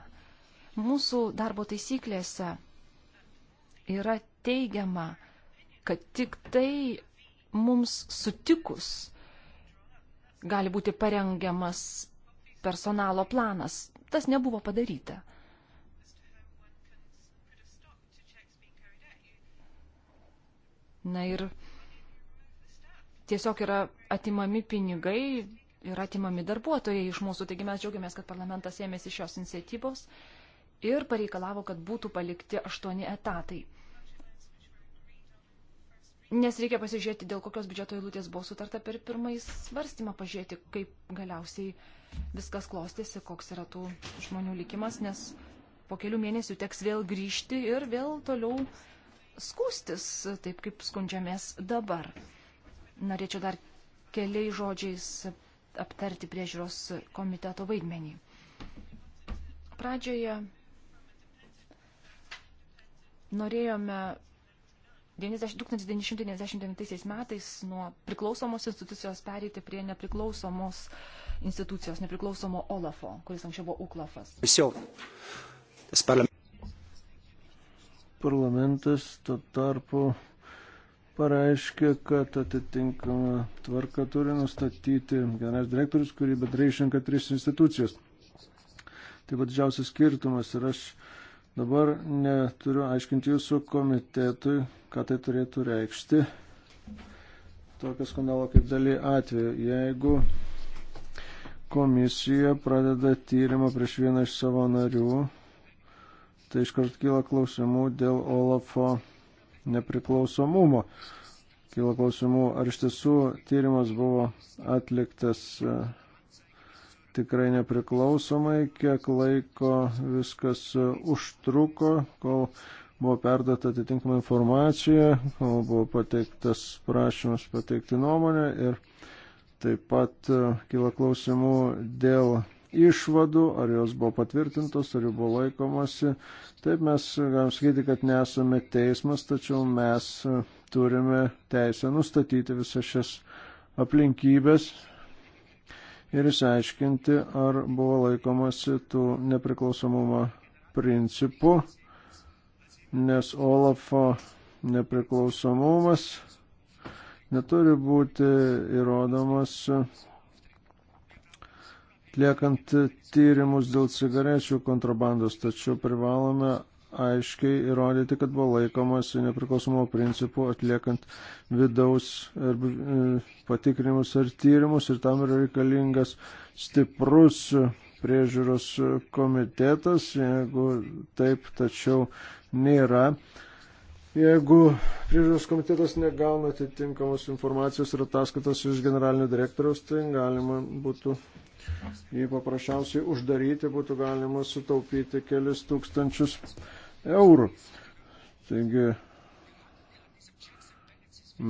Mūsų darbo taisyklėse yra teigiama, kad tik tai mums sutikus gali būti parengiamas personalo planas. Tas nebuvo padaryta. Na ir tiesiog yra atimami pinigai ir atimami darbuotojai iš mūsų. Taigi mes džiaugiamės, kad parlamentas ėmėsi šios iniciatyvos ir pareikalavo, kad būtų palikti aštuoni etatai. Nes reikia pasižiūrėti, dėl kokios biudžeto eilutės buvo sutarta per pirmąjį svarstymą, pažiūrėti, kaip galiausiai viskas klostėsi, koks yra tų žmonių likimas, nes po kelių mėnesių teks vėl grįžti ir vėl toliau skūstis, taip kaip skundžiamės dabar. Norėčiau dar keliai žodžiais aptarti priežiūros komiteto vaidmenį. Pradžioje norėjome 1999 metais nuo priklausomos institucijos pereiti prie nepriklausomos institucijos, nepriklausomo Olafo, kuris anksčiau buvo Uklafas. Parlamentas tuo tarpu pareiškė, kad atitinkamą tvarką turi nustatyti generalinis direktorius, kurį bendrai išrenka trys institucijos. Tai va didžiausias skirtumas ir aš Dabar neturiu aiškinti jūsų komitetui, ką tai turėtų reikšti. Tokio skandalo kaip daly atveju. Jeigu komisija pradeda tyrimą prieš vieną iš savo narių, tai iškart kyla klausimų dėl Olafo nepriklausomumo. Kyla klausimų, ar iš tiesų tyrimas buvo atliktas tikrai nepriklausomai, kiek laiko viskas e, užtruko, kol buvo perdata atitinkama informacija, kol buvo pateiktas prašymas pateikti nuomonę ir taip pat e, kyla klausimų dėl išvadų, ar jos buvo patvirtintos, ar jų buvo laikomasi. Taip mes galim sakyti, kad nesame teismas, tačiau mes e, turime teisę nustatyti visas šias aplinkybės ir išsiaiškinti, ar buvo laikomasi tų nepriklausomumo principų, nes Olafo nepriklausomumas neturi būti įrodomas atliekant tyrimus dėl cigarečių kontrabandos, tačiau privalome aiškiai įrodyti, kad buvo laikomasi nepriklausomo principų atliekant vidaus ir e, patikrinimus ar tyrimus ir tam yra reikalingas stiprus priežiūros komitetas, jeigu taip, tačiau nėra. Jeigu priežiūros komitetas negauna atitinkamos informacijos ir ataskaitos iš generalinio direktoriaus, tai galima būtų jį paprasčiausiai uždaryti, būtų galima sutaupyti kelis tūkstančius eurų. Taigi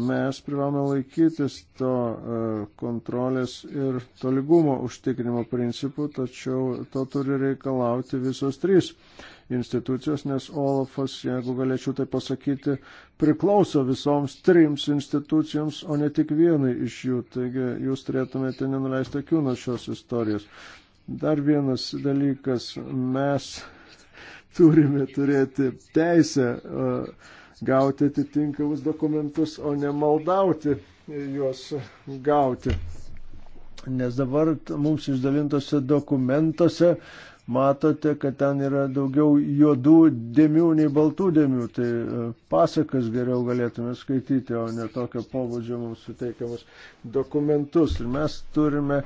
mes privalome laikytis to e, kontrolės ir tolygumo užtikrinimo principų, tačiau to turi reikalauti visos trys institucijos, nes Olafas, jeigu galėčiau tai pasakyti, priklauso visoms trims institucijoms, o ne tik vienai iš jų. Taigi jūs turėtumėte nenuleisti akių nuo šios istorijos. Dar vienas dalykas, mes turime turėti teisę gauti atitinkamus dokumentus, o ne maldauti juos gauti. Nes dabar mums išdalintose dokumentuose matote, kad ten yra daugiau juodų dėmių nei baltų dėmių. Tai pasakas geriau galėtume skaityti, o ne tokio pobūdžio mums suteikiamus dokumentus. Ir mes turime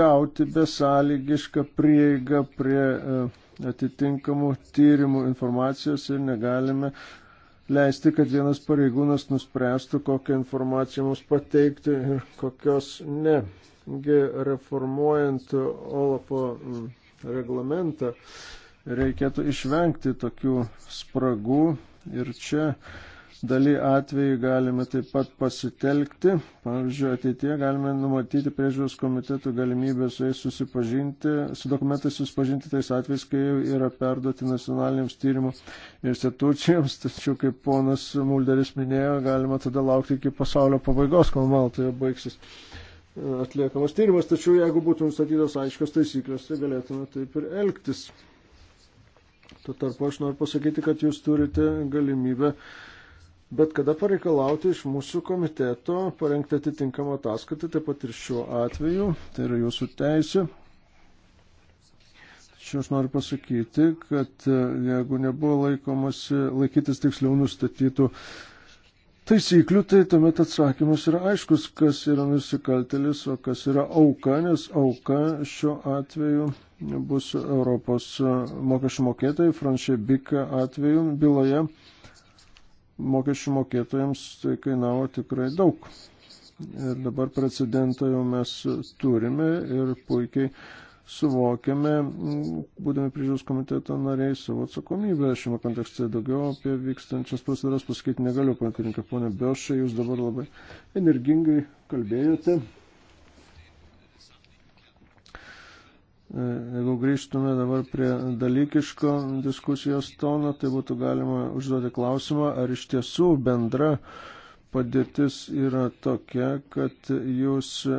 gauti besąlygišką prieigą prie. Uh, atitinkamų tyrimų informacijos ir negalime leisti, kad vienas pareigūnas nuspręstų, kokią informaciją mums pateikti ir kokios ne. Reformuojant Olafo mm, reglamentą reikėtų išvengti tokių spragų ir čia daly atvejai galime taip pat pasitelkti. Pavyzdžiui, ateitie galime numatyti priežiūros komitetų galimybę su jais susipažinti, su dokumentais susipažinti tais atvejais, kai jau yra perduoti nacionaliniams tyrimų institucijoms. Tačiau, kaip ponas Mulderis minėjo, galima tada laukti iki pasaulio pabaigos, kol Maltoje baigsis e, atliekamas tyrimas, tačiau jeigu būtų nustatytos aiškios taisyklės, tai galėtume taip ir elgtis. Tuo tarpu aš noriu pasakyti, kad jūs turite galimybę bet kada pareikalauti iš mūsų komiteto parengti atitinkamą ataskaitą, taip pat ir šiuo atveju, tai yra jūsų teisė. Čia aš noriu pasakyti, kad e, jeigu nebuvo laikomasi, laikytis tiksliau nustatytų taisyklių, tai tuomet atsakymas yra aiškus, kas yra nusikaltelis, o kas yra auka, nes auka šiuo atveju bus Europos mokesčių mokėtojai, Frančiai Bika atveju byloje mokesčių mokėtojams tai kainavo tikrai daug. Ir dabar precedentą jau mes turime ir puikiai suvokiame, būdami priežiūros komiteto nariai, savo atsakomybę. Šiame kontekste daugiau apie vykstančias procedūras pasakyti negaliu, pankirinkai, ponė Biošai, jūs dabar labai energingai kalbėjote. E, jeigu grįžtume dabar prie dalykiško diskusijos tono, tai būtų galima užduoti klausimą, ar iš tiesų bendra padėtis yra tokia, kad jūs e,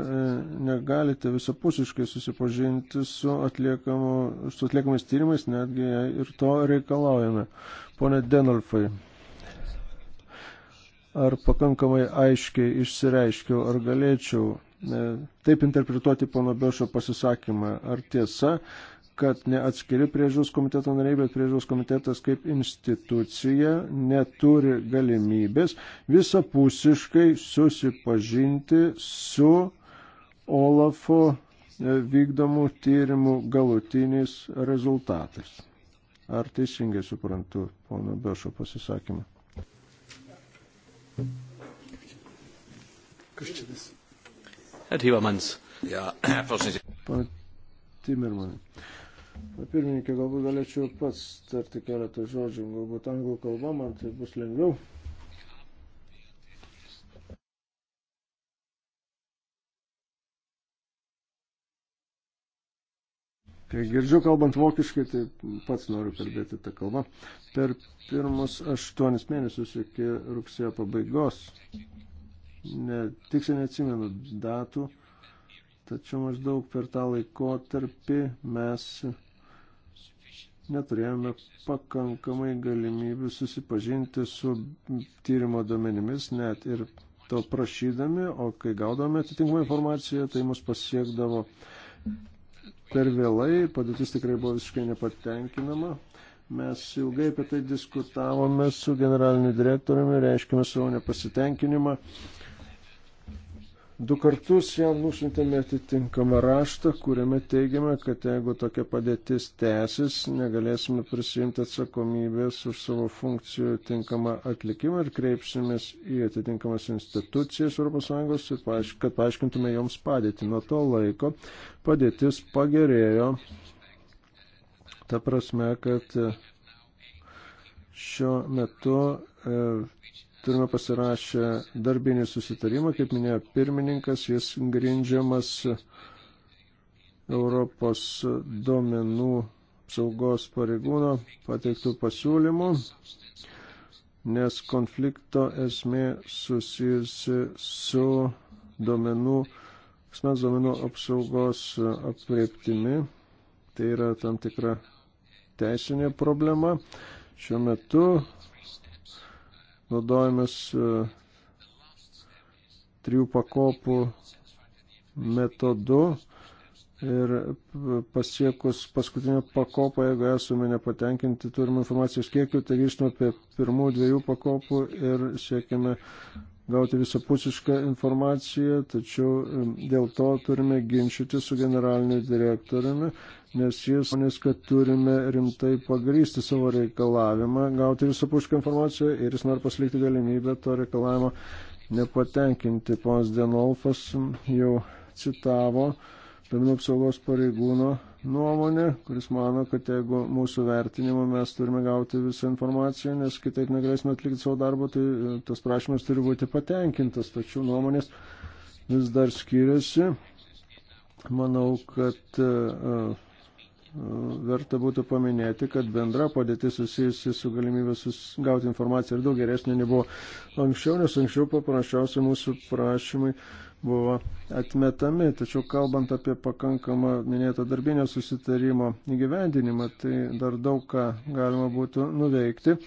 negalite visapusiškai susipažinti su, su atliekamais tyrimais, netgi ir to reikalaujame. Pone Denolfai, ar pakankamai aiškiai išsireiškiau, ar galėčiau E, taip interpretuoti pono Bešo pasisakymą. Ar tiesa, kad ne atskiri priežiūros komiteto nariai, bet priežiūros komitetas kaip institucija neturi galimybės visapusiškai susipažinti su Olafo e, vykdomų tyrimų galutiniais rezultatais. Ar teisingai suprantu pono Bešo pasisakymą? Kas čia visai? Herr Timmermans. Ja, Herr Vorsitzender. Timmermanai. Pirmininkė, galbūt galėčiau pats tarti keletą žodžių, galbūt anglų kalba, man tai bus lengviau. Kai girdžiu kalbant vokiškai, tai pats noriu kalbėti tą kalbą. Per pirmus aštuonis mėnesius iki rugsėjo pabaigos ne, tiksliai neatsimenu datų, tačiau maždaug per tą laikotarpį mes neturėjome pakankamai galimybių susipažinti su tyrimo duomenimis, net ir to prašydami, o kai gaudome atitinkamą informaciją, tai mus pasiekdavo per vėlai, padėtis tikrai buvo visiškai nepatenkinama. Mes ilgai apie tai diskutavome su generaliniu direktoriumi, reiškime savo nepasitenkinimą Du kartus jam nusintėme atitinkamą raštą, kuriame teigiame, kad jeigu tokia padėtis tęsis, negalėsime prisimti atsakomybės už savo funkcijų tinkamą atlikimą ir kreipsimės į atitinkamas institucijas ES, kad paaiškintume joms padėtį. Nuo to laiko padėtis pagerėjo. Ta prasme, kad e, šiuo metu e, turime pasirašę darbinį susitarimą, kaip minėjo pirmininkas, jis grindžiamas Europos duomenų apsaugos pareigūno pateiktų pasiūlymų, nes konflikto esmė susijusi su duomenų, asmens duomenų apsaugos apreptimi. Tai yra tam tikra teisinė problema. Šiuo metu naudojamės e, trijų pakopų metodu ir pasiekus paskutinę pakopą, jeigu esame nepatenkinti turimą informacijos kiekiu, tai grįžtame apie pirmų dviejų pakopų ir siekime gauti visapusišką informaciją, tačiau e, dėl to turime ginčyti su generaliniu direktoriumi nes jis manys, kad turime rimtai pagrysti savo reikalavimą, gauti visapušką informaciją ir jis nori pasilikti galimybę to reikalavimo nepatenkinti. Pons Denolfas jau citavo duomenų apsaugos pareigūno nuomonę, kuris mano, kad jeigu mūsų vertinimo mes turime gauti visą informaciją, nes kitaip negalėsime atlikti savo darbo, tai e, tas prašymas turi būti patenkintas, tačiau nuomonės vis dar skiriasi. Manau, kad uh, verta būtų paminėti, kad bendra padėtis susijusi su galimybė gauti informaciją ir daug geresnė nebuvo anksčiau, nes anksčiau paprasčiausiai mūsų prašymai buvo atmetami. Tačiau kalbant apie pakankamą minėto darbinio susitarimo įgyvendinimą, tai dar daug ką galima būtų nuveikti.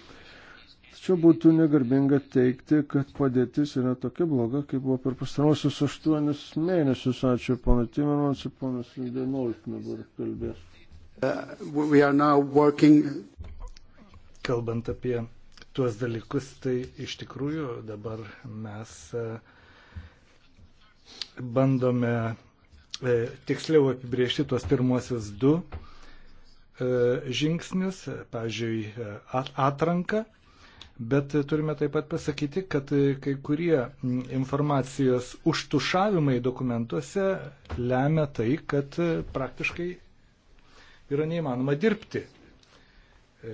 Tačiau būtų negarbinga teikti, kad padėtis yra tokia bloga, kaip buvo per pastarosius aštuonis mėnesius. Ačiū, pana Timirmans, ponas Lidinolf dabar kalbės. Uh, working... Kalbant apie tuos dalykus, tai iš tikrųjų dabar mes uh, bandome uh, tiksliau apibriežti tuos pirmosius du žingsnius, pavyzdžiui, atranką, bet turime taip pat pasakyti, kad kai kurie mm, informacijos užtušavimai dokumentuose lemia tai, kad praktiškai yra neįmanoma dirbti. E,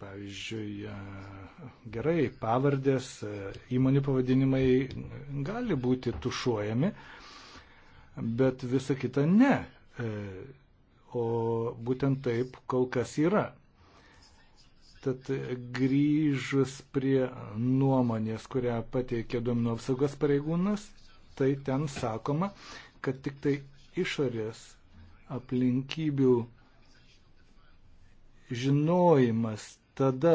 pavyzdžiui, e, gerai, pavardės, e, įmonių pavadinimai gali būti tušuojami, bet visa kita ne. O būtent taip kol kas yra. Tad grįžus prie nuomonės, kurią pateikė duomenų apsaugos pareigūnas, tai ten sakoma, kad tik tai išorės aplinkybių žinojimas tada,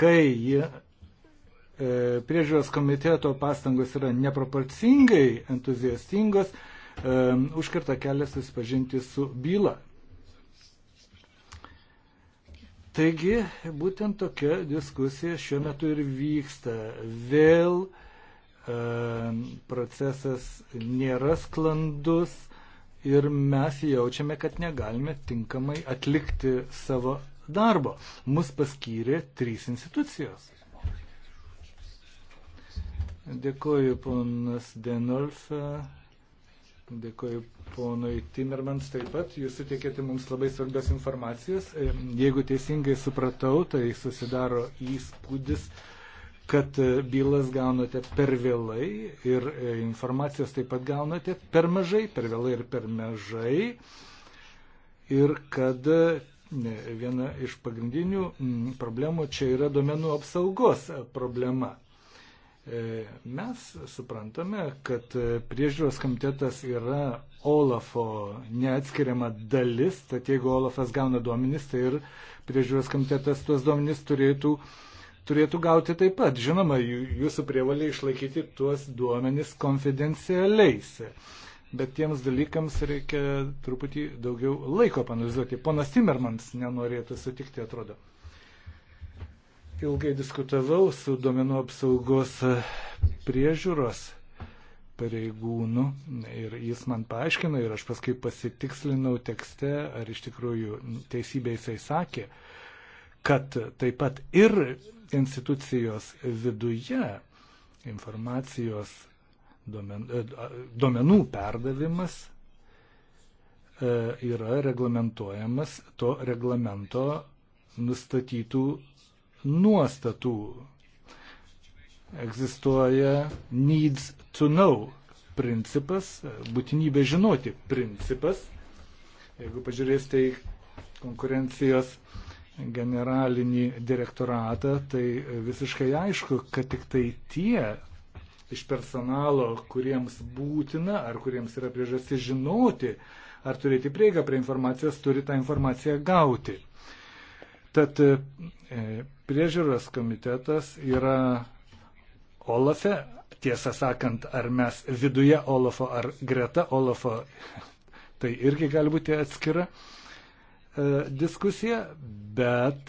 kai e, priežiūros komiteto pastangos yra neproporcingai entuziastingos, e, užkirta kelias susipažinti su byla. Taigi, būtent tokia diskusija šiuo metu ir vyksta. Vėl e, E, procesas nėra sklandus ir mes jaučiame, kad negalime tinkamai atlikti savo darbo. Mus paskyrė trys institucijos. Dėkoju ponas Denolfe, dėkoju ponui Timmermans taip pat. Jūs suteikėte mums labai svarbios informacijos. E, jeigu teisingai supratau, tai susidaro įspūdis, kad e, bylas gaunate per vėlai ir e, informacijos taip pat gaunate per mažai, per vėlai ir per mažai. Ir kad e, viena iš pagrindinių problemų čia yra domenų apsaugos problema. Mes suprantame, kad priežiūros komitetas yra Olafo neatskiriama dalis, tad jeigu Olafas gauna duomenis, tai ir priežiūros komitetas tuos duomenis turėtų uh, turėtų gauti taip pat. Žinoma, jūsų prievalė išlaikyti tuos duomenis konfidencialiais. Bet tiems dalykams reikia truputį daugiau laiko panalizuoti. Ponas Timmermans nenorėtų sutikti, atrodo. Ilgai diskutavau su duomenų apsaugos priežiūros pareigūnų ir jis man paaiškino ir aš paskui pasitikslinau tekste, ar iš tikrųjų teisybė jisai sakė, kad taip pat ir institucijos viduje informacijos duomenų e, perdavimas e, yra reglamentuojamas to reglamento nustatytų nuostatų. Egzistuoja needs to know principas, e, būtinybė žinoti principas. Jeigu pažiūrėsite į konkurencijos uh, generalinį direktoratą, tai visiškai aišku, kad tik tai tie iš personalo, kuriems būtina ar kuriems yra priežasti žinoti, ar turėti prieigą prie informacijos, turi tą informaciją gauti. Tad e, priežiūros komitetas yra Olafe, tiesą sakant, ar mes viduje Olafo, ar greta Olafo, tai irgi gali būti atskira E, diskusiją, bet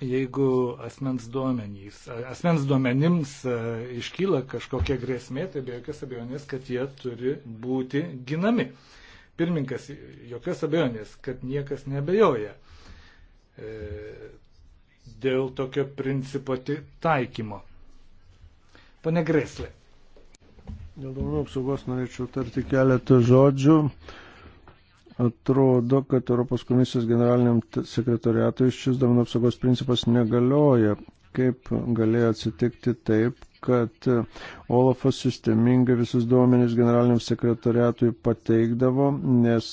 jeigu asmens, duomenys, asmens duomenims e, iškyla kažkokia grėsmė, tai be jokios abejonės, kad jie turi būti ginami. Pirmininkas, jokios abejonės, kad niekas nebejoja e, dėl tokio principo taikymo. Pane Greslė. Dėl duomenų apsaugos norėčiau tarti keletą žodžių. Atrodo, kad Europos komisijos generaliniam sekretoriatui šis duomenų apsaugos principas negalioja. Kaip galėjo atsitikti taip, kad e, Olafas sistemingai visus duomenys generaliniam sekretoriatui pateikdavo, nes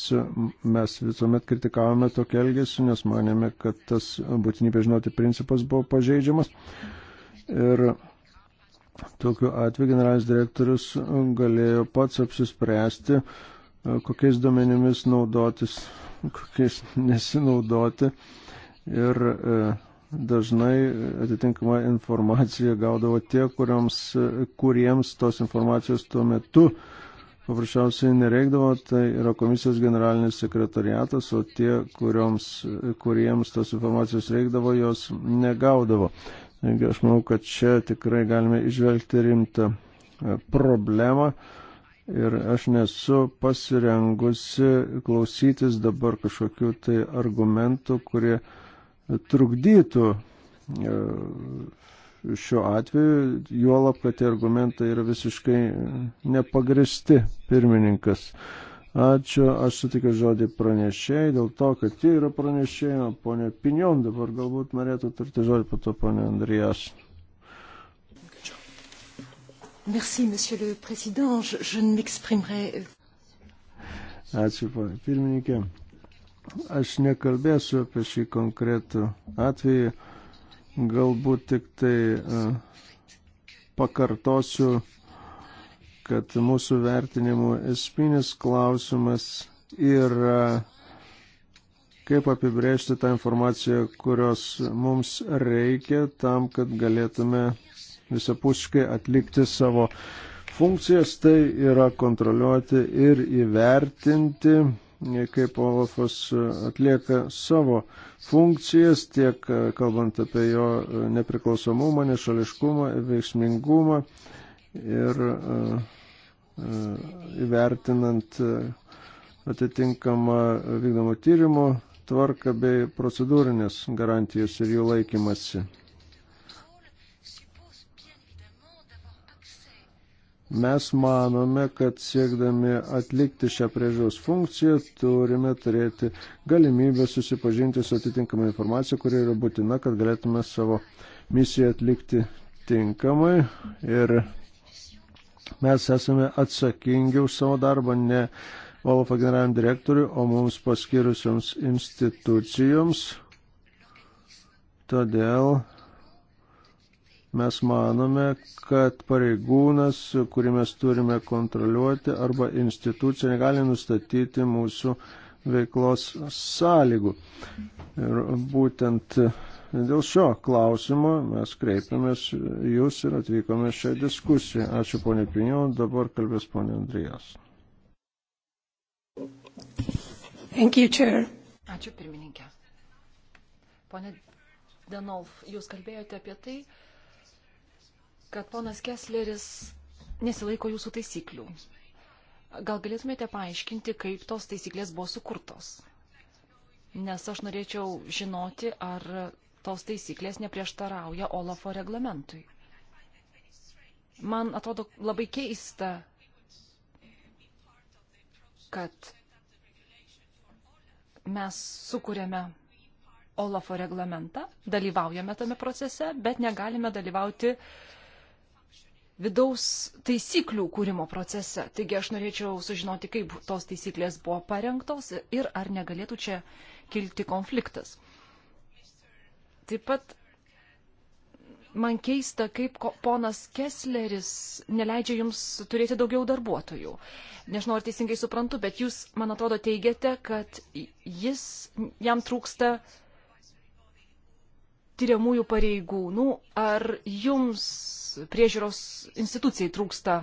mes visuomet kritikavome tokį elgesį, nes manėme, kad tas būtinybė žinoti principas buvo pažeidžiamas. Ir tokiu atveju generalinis direktorius galėjo pats apsispręsti, kokiais duomenimis naudotis, kokiais nesinaudoti. Ir e, dažnai atitinkama informacija gaudavo tie, kuriems, e, kuriems tos informacijos tuo metu paprasčiausiai nereikdavo, tai yra komisijos generalinis sekretariatas, o tie, kurioms, kuriems tos informacijos reikdavo, jos negaudavo. Taigi aš manau, kad čia tikrai galime išvelgti rimtą e, problemą ir aš nesu pasirengusi klausytis dabar kažkokių tai argumentų, kurie trukdytų e, šiuo atveju, juolab, kad tie argumentai yra visiškai nepagristi pirmininkas. Ačiū, aš sutikiu žodį pranešėjai, dėl to, kad jie yra pranešėjai, o ponė Pinion dabar galbūt norėtų tarti žodį, po to ponė Andrijas. Merci, Monsieur le Président. Je, je ne m'exprimerai. Euh, Ačiū, pirmininkė. Aš nekalbėsiu apie šį konkretų atvejį. Galbūt tik tai e, pakartosiu, kad mūsų vertinimų esminis klausimas yra, kaip apibrėžti tą informaciją, kurios mums reikia tam, kad galėtume visapuškai atlikti savo funkcijas, tai yra kontroliuoti ir įvertinti kaip Olafas atlieka savo funkcijas, tiek e, kalbant apie jo e, nepriklausomumą, nešališkumą, veiksmingumą ir e, įvertinant atitinkamą vykdomo tyrimo tvarką bei procedūrinės garantijas ir jų laikymasi. Mes manome, kad siekdami atlikti šią priežiūros funkciją turime turėti galimybę susipažinti su atitinkama informacija, kuri yra būtina, kad galėtume savo misiją atlikti tinkamai. Ir mes esame atsakingi už savo darbą, ne Olafo generaliniam direktoriui, o mums paskirusioms institucijoms. Todėl mes manome, kad pareigūnas, kurį mes turime kontroliuoti, arba institucija negali nustatyti mūsų veiklos sąlygų. Ir būtent dėl šio klausimo mes kreipiamės jūs ir atvykome šią diskusiją. Ačiū ponė Pinio, dabar kalbės ponė Andrijas. Thank you, Chair. Ačiū pirmininkė. Pone Denolf, jūs kalbėjote apie tai, kad ponas Kessleris nesilaiko jūsų taisyklių. Gal galėtumėte paaiškinti, kaip tos taisyklės buvo sukurtos? Nes aš norėčiau žinoti, ar tos taisyklės neprieštarauja Olafo reglamentui. Man atrodo labai keista, kad mes sukūrėme Olafo reglamentą, dalyvaujame tame procese, bet negalime dalyvauti uh, vidaus taisyklių kūrimo procese. Taigi aš norėčiau sužinoti, kaip tos taisyklės buvo parengtos ir ar negalėtų čia kilti konfliktas. Taip pat man keista, kaip ponas Kessleris neleidžia jums turėti daugiau darbuotojų. Nežinau, ar teisingai suprantu, bet jūs, man atrodo, teigiate, kad jis, jam trūksta tyriamųjų pareigūnų, nu, ar jums priežiūros institucijai trūksta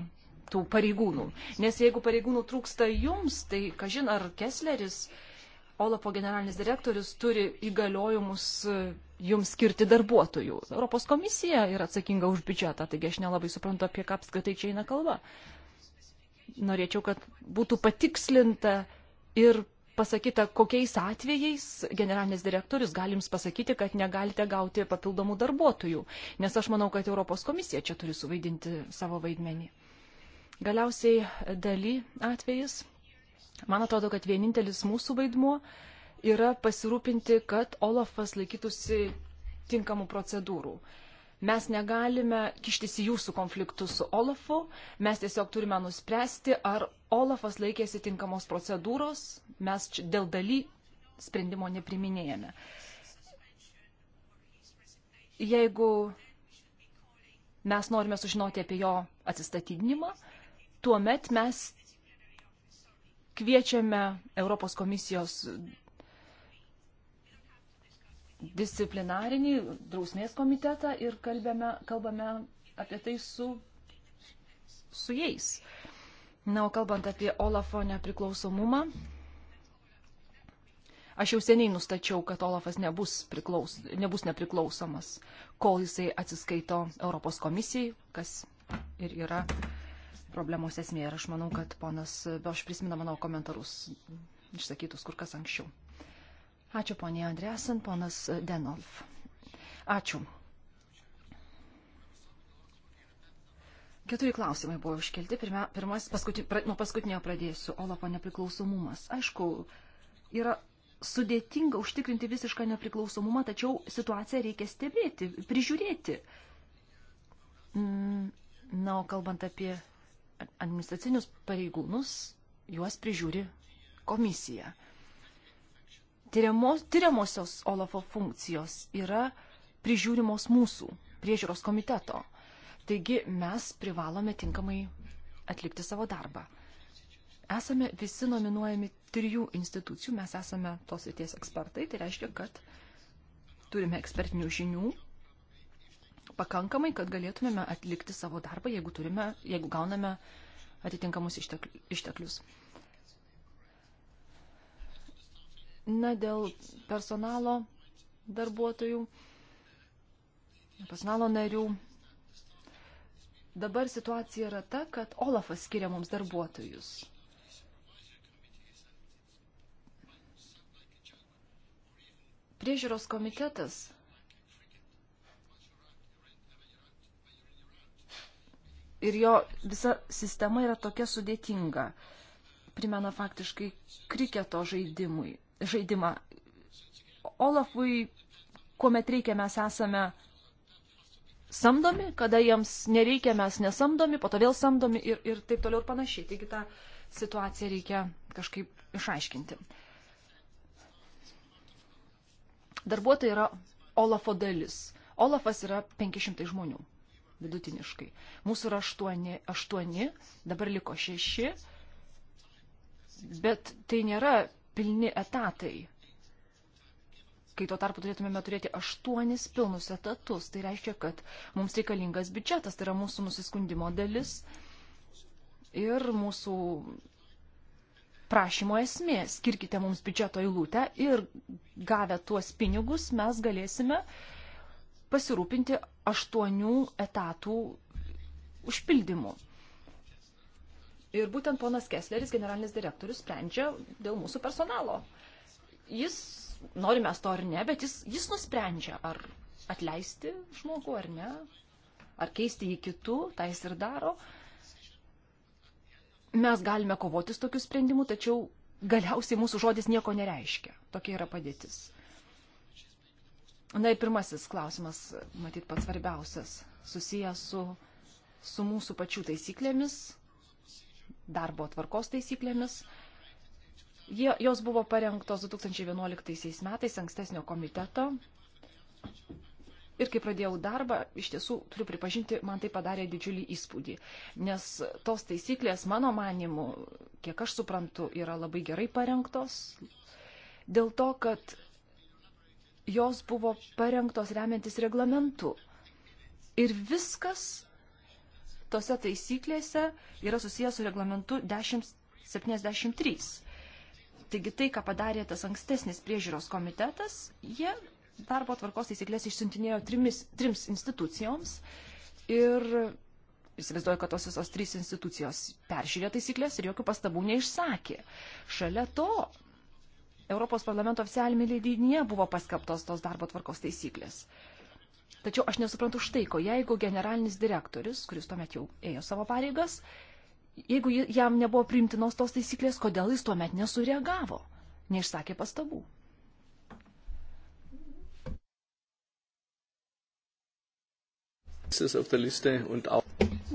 tų pareigūnų? Nes jeigu pareigūnų trūksta jums, tai kažin ar Kessleris, Olapo generalinis direktorius, turi įgaliojimus e, jums skirti darbuotojų. Europos komisija yra atsakinga už biudžetą, taigi aš nelabai suprantu, apie ką apskritai čia eina kalba. Norėčiau, kad būtų patikslinta ir pasakyta, kokiais atvejais generalinis direktorius gali jums pasakyti, kad negalite gauti papildomų darbuotojų, nes aš manau, kad Europos komisija čia turi suvaidinti savo vaidmenį. Galiausiai daly atvejis, man atrodo, kad vienintelis mūsų vaidmuo yra pasirūpinti, kad Olafas laikytųsi tinkamų procedūrų mes negalime kištis į jūsų konfliktus su Olafu, mes tiesiog turime nuspręsti, ar Olafas laikėsi tinkamos procedūros, mes dėl daly sprendimo nepriminėjame. Jeigu mes norime sužinoti apie jo atsistatydinimą, tuomet mes kviečiame Europos komisijos disciplinarinį drausmės komitetą ir kalbame, kalbame apie tai su, su jais. Uh, Na, o kalbant apie Olafo nepriklausomumą, aš jau seniai nustačiau, kad Olafas nebus, priklaus, nebus nepriklausomas, kol jisai atsiskaito Europos komisijai, kas ir yra problemos esmė. Ir aš manau, kad ponas, be aš prisimenu mano komentarus išsakytus kur kas anksčiau. Ačiū ponė Andresen, ponas Denolf. Ačiū. Keturi klausimai buvo iškelti. Pirma, pirmas, paskutin, pra, nuo paskutinio pradėsiu. Olafo nepriklausomumas. Aišku, yra sudėtinga užtikrinti visišką nepriklausomumą, tačiau situaciją reikia stebėti, prižiūrėti. Mm, na, o kalbant apie administracinius pareigūnus, juos prižiūri komisija. Tyriamos, tyriamosios Olafo funkcijos yra prižiūrimos mūsų priežiūros komiteto. Taigi mes privalome tinkamai atlikti savo darbą. Esame visi nominuojami trijų institucijų, mes esame tos įties ekspertai, tai reiškia, kad turime ekspertinių žinių pakankamai, kad galėtumėme atlikti savo darbą, jeigu, turime, jeigu gauname atitinkamus išteklius. Na, dėl personalo darbuotojų, personalo narių, Dabar situacija yra ta, kad Olafas skiria mums darbuotojus. Priežiūros komitetas ir jo visa sistema yra tokia sudėtinga. Primena faktiškai kriketo žaidimui, žaidimą. Olafui, kuomet reikia, mes esame samdomi, kada jiems nereikia, mes nesamdomi, po to vėl samdomi ir, ir taip toliau ir panašiai. Taigi tą situaciją reikia kažkaip išaiškinti. Darbuotojai yra Olafo dalis. Olafas yra 500 žmonių vidutiniškai. Mūsų yra 8, 8 dabar liko 6, bet tai nėra pilni etatai kai tuo tarpu turėtumėme turėti aštuonis pilnus etatus. Tai reiškia, kad mums reikalingas biudžetas, tai yra mūsų nusiskundimo dalis ir mūsų prašymo esmė. Skirkite mums biudžeto eilutę ir gavę tuos pinigus mes galėsime pasirūpinti aštuonių etatų užpildymu. Ir būtent ponas Kessleris, generalinis direktorius, sprendžia dėl mūsų personalo. Jis norime to ar ne, bet jis, jis nusprendžia, ar atleisti žmogų ar ne, ar keisti jį kitų, tai jis ir daro. Mes galime kovoti su tokiu sprendimu, tačiau galiausiai mūsų žodis nieko nereiškia. Tokia yra padėtis. Na ir pirmasis klausimas, matyt, pats svarbiausias, susijęs su, su mūsų pačių taisyklėmis, darbo tvarkos taisyklėmis. Jie, jos buvo parengtos 2011 metais ankstesnio komiteto. Ir kai pradėjau darbą, iš tiesų, turiu pripažinti, man tai padarė didžiulį įspūdį. Nes tos taisyklės, mano manimu, kiek aš suprantu, yra labai gerai parengtos. Dėl to, kad jos buvo parengtos remiantis reglamentu. Ir viskas tose taisyklėse yra susijęs su reglamentu 1073. Taigi tai, ką padarė tas ankstesnis priežiūros komitetas, jie darbo tvarkos taisyklės išsiuntinėjo trimis, trims institucijoms ir įsivaizduoju, kad tos visos trys institucijos peržiūrė taisyklės ir jokių pastabų neišsakė. Šalia to Europos parlamento oficialinėme leidinėje buvo paskelbtos tos darbo tvarkos taisyklės. Tačiau aš nesuprantu štai ko, jeigu generalinis direktorius, kuris tuomet jau ėjo savo pareigas, jeigu jam nebuvo priimtinos tos taisyklės, kodėl jis tuomet nesureagavo, neišsakė pastabų.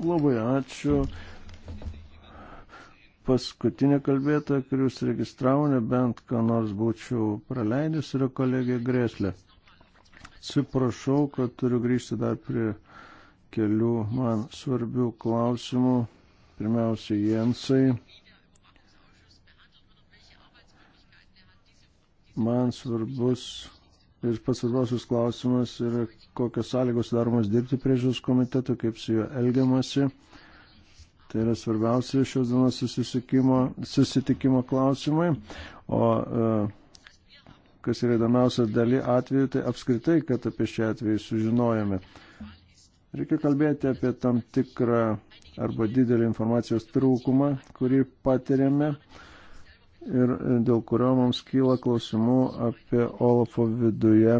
Labai ačiū. Paskutinė kalbėtoja, kuri užsiregistravo, nebent ką nors būčiau praleidęs, yra kolegė Greslė. Atsiprašau, kad turiu grįžti dar prie kelių man svarbių klausimų Pirmiausia, Jensai. Man svarbus ir pats svarbiausias klausimas yra, kokios sąlygos daromas dirbti priežiūros komitetu, kaip su juo elgiamasi. Tai yra svarbiausia šios dienos susitikimo klausimai. O e, kas yra įdomiausia dalį atveju, tai apskritai, kad apie šį atvejį sužinojame. Reikia kalbėti apie tam tikrą arba didelį informacijos trūkumą, kurį patiriame ir dėl kurio mums kyla klausimų apie Olafo viduje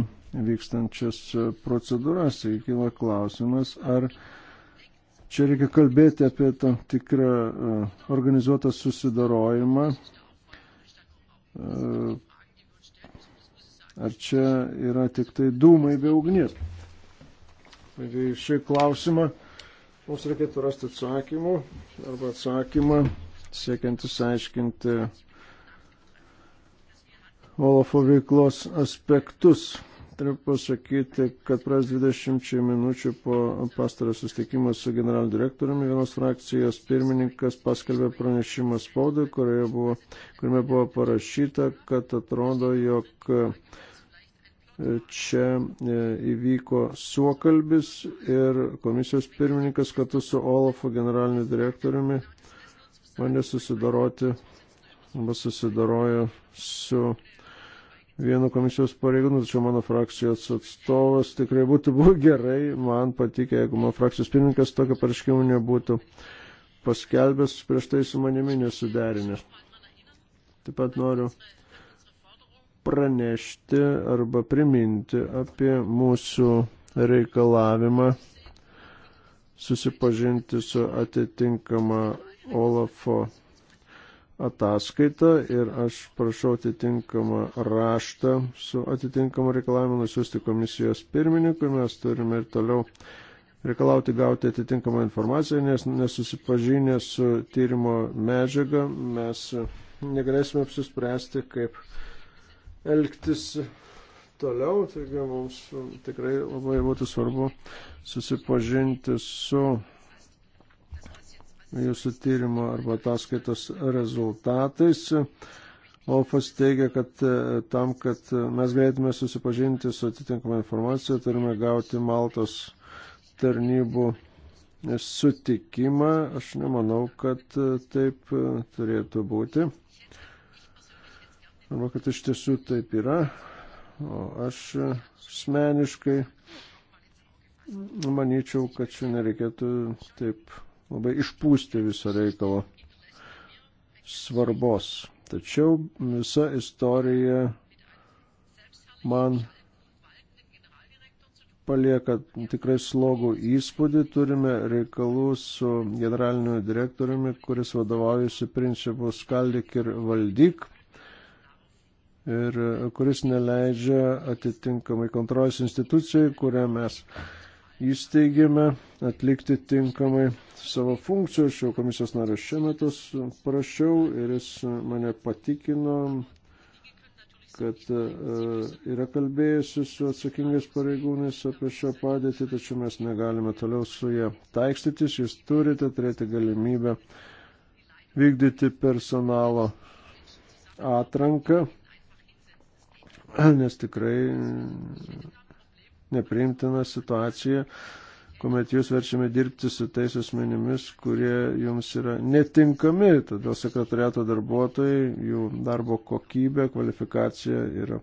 vykstančias procedūras. Ir kyla klausimas, ar čia reikia kalbėti apie tam tikrą e, organizuotą susidarojimą. E, ar čia yra tik tai dūmai be ugnies? Taigi šį klausimą mums reikėtų rasti atsakymų arba atsakymą siekiant įsiaiškinti Olafo veiklos aspektus. Turiu pasakyti, kad praeis 20 minučių po pastarojo susitikimo su generaliniu direktoriumi vienos frakcijos pirmininkas paskelbė pranešimą spaudai, buvo, kuriame buvo parašyta, kad atrodo, jog Čia e, įvyko suokalbis ir komisijos pirmininkas kartu su Olafo generaliniu direktoriumi bandė susidaroti arba susidarojo su vienu komisijos pareigūnu, tačiau mano frakcijos atstovas tikrai būtų buvo gerai, man patikė, jeigu mano frakcijos pirmininkas tokio pareiškimo nebūtų paskelbęs prieš tai su manimi nesuderinęs. Taip pat noriu pranešti arba priminti apie mūsų reikalavimą susipažinti su atitinkama Olafo ataskaita ir aš prašau atitinkamą raštą su atitinkamu reikalavimu nusiųsti komisijos pirmininkui. Mes turime ir toliau reikalauti gauti atitinkamą informaciją, nes nesusipažinę su tyrimo medžiaga mes negalėsime apsispręsti, kaip elgtis toliau, taigi mums tikrai labai būtų svarbu susipažinti su jūsų tyrimo arba ataskaitos rezultatais. Olfas teigia, kad e, tam, kad mes galėtume susipažinti su atitinkama informacija, turime gauti Maltos tarnybų sutikimą. Aš nemanau, kad e, taip e, turėtų būti. Arba kad iš tiesų taip yra. O aš asmeniškai manyčiau, kad čia nereikėtų taip labai išpūsti viso reikalo svarbos. Tačiau visa istorija man palieka tikrai slogų įspūdį. Turime reikalų su generaliniu direktoriumi, kuris vadovaujasi principu skaldyk ir valdyk ir kuris neleidžia atitinkamai kontrolės institucijai, kurią mes įsteigėme, atlikti tinkamai savo funkcijų. Šio komisijos nario šiemet parašiau ir jis mane patikino, kad e, yra kalbėjusi su atsakingais pareigūnais apie šią padėtį, tačiau mes negalime toliau su ją taikstytis, jūs turite turėti galimybę vykdyti personalo atranką nes tikrai nepriimtina situacija, kuomet jūs verčiame dirbti su tais asmenimis, kurie jums yra netinkami. Todėl sekretariato darbuotojai, jų darbo kokybė, kvalifikacija yra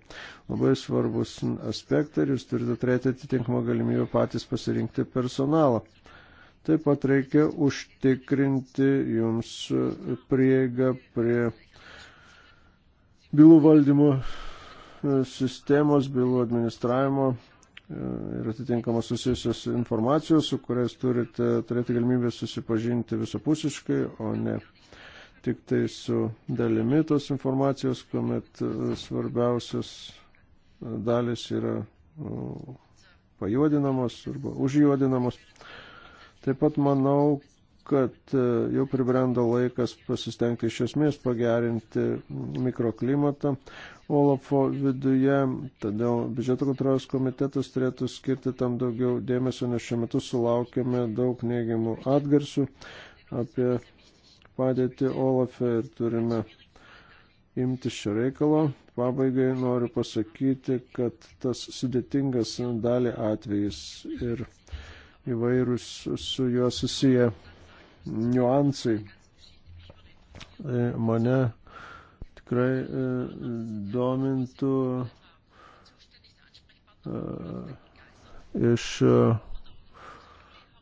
labai svarbus aspektai ir jūs turite turėti atitinkamą galimybę patys pasirinkti personalą. Taip pat reikia užtikrinti jums prieigą prie bylų valdymo sistemos, bylų administravimo e, ir atitinkamos susijusios informacijos, su kuriais turite turėti galimybę susipažinti visapusiškai, o ne tik tai su dalimi tos informacijos, kuomet e, svarbiausias e, dalis yra pajuodinamos arba užjuodinamos. Taip pat manau, kad e, jau pribrendo laikas pasistengti iš esmės pagerinti mikroklimatą Olafo viduje, todėl biudžeto kontrolės komitetas turėtų skirti tam daugiau dėmesio, nes šiuo metu sulaukėme daug neigiamų atgarsių apie padėtį Olafe ir turime imtis šio reikalo. Pabaigai noriu pasakyti, kad tas sudėtingas dalį atvejis ir įvairūs su juo susiję niuansai e, mane tikrai e, domintų e, iš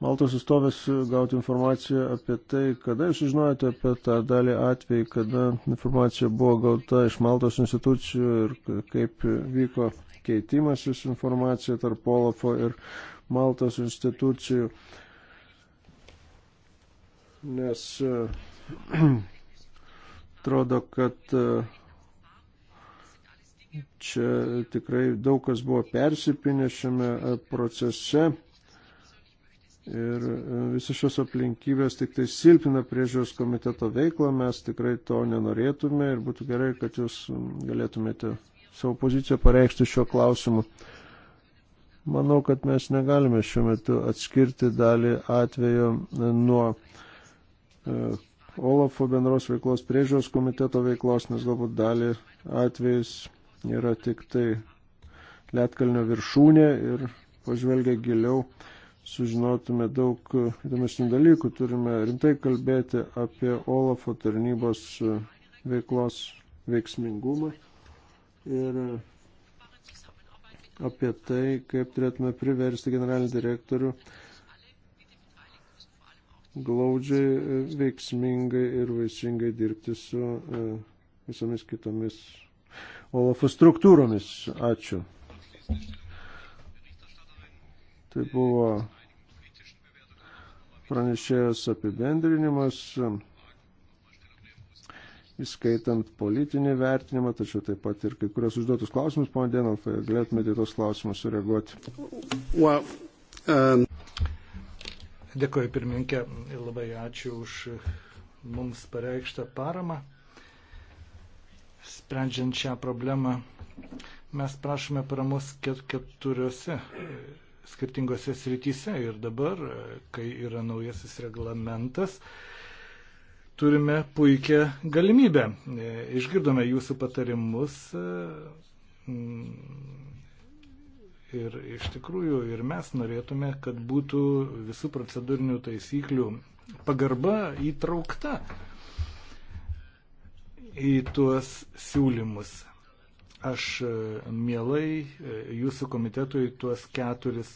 Maltos atstovės gauti informaciją apie tai, kada jūs žinojote apie tą dalį atvejį, kada informacija buvo gauta iš Maltos institucijų ir kaip vyko keitimasis informacija tarp Olafo ir Maltos institucijų. Uh, nes atrodo, kad čia tikrai daug kas buvo persipinę šiame e, procese. Ir e, visos šios aplinkybės tik tai silpina priežiūros komiteto veiklą, mes tikrai to nenorėtume ir būtų gerai, kad jūs galėtumėte savo poziciją pareikšti šiuo klausimu. Manau, kad mes negalime šiuo metu atskirti dalį atvejo e, nuo uh, E, Olafo bendros veiklos priežiūros komiteto veiklos, nes galbūt dalį atvejais yra tik tai Lietkalnio viršūnė ir pažvelgia giliau, sužinotume daug įdomesnių dalykų. Turime rimtai kalbėti apie Olafo tarnybos e, veiklos veiksmingumą ir e, apie tai, kaip turėtume priversti generalinį direktorių uh, glaudžiai, e, veiksmingai ir vaisingai dirbti su e, visomis kitomis Olafo struktūromis. Ačiū. Tai buvo pranešėjas apibendrinimas, įskaitant politinį vertinimą, tačiau taip pat ir kai kurios užduotus klausimus, pana Denalfa, galėtumėte tos klausimus sureaguoti. Well, um... Dėkoju pirmininkė ir labai ačiū už mums pareikštą paramą. Sprendžiant šią problemą, mes prašome paramos ket keturiose skirtingose srityse ir dabar, kai yra naujasis reglamentas, turime puikią galimybę. Išgirdome jūsų patarimus Ir iš tikrųjų ir mes norėtume, kad būtų visų procedūrinių taisyklių pagarba įtraukta į tuos siūlymus. Aš e, mielai e, jūsų komitetui tuos keturis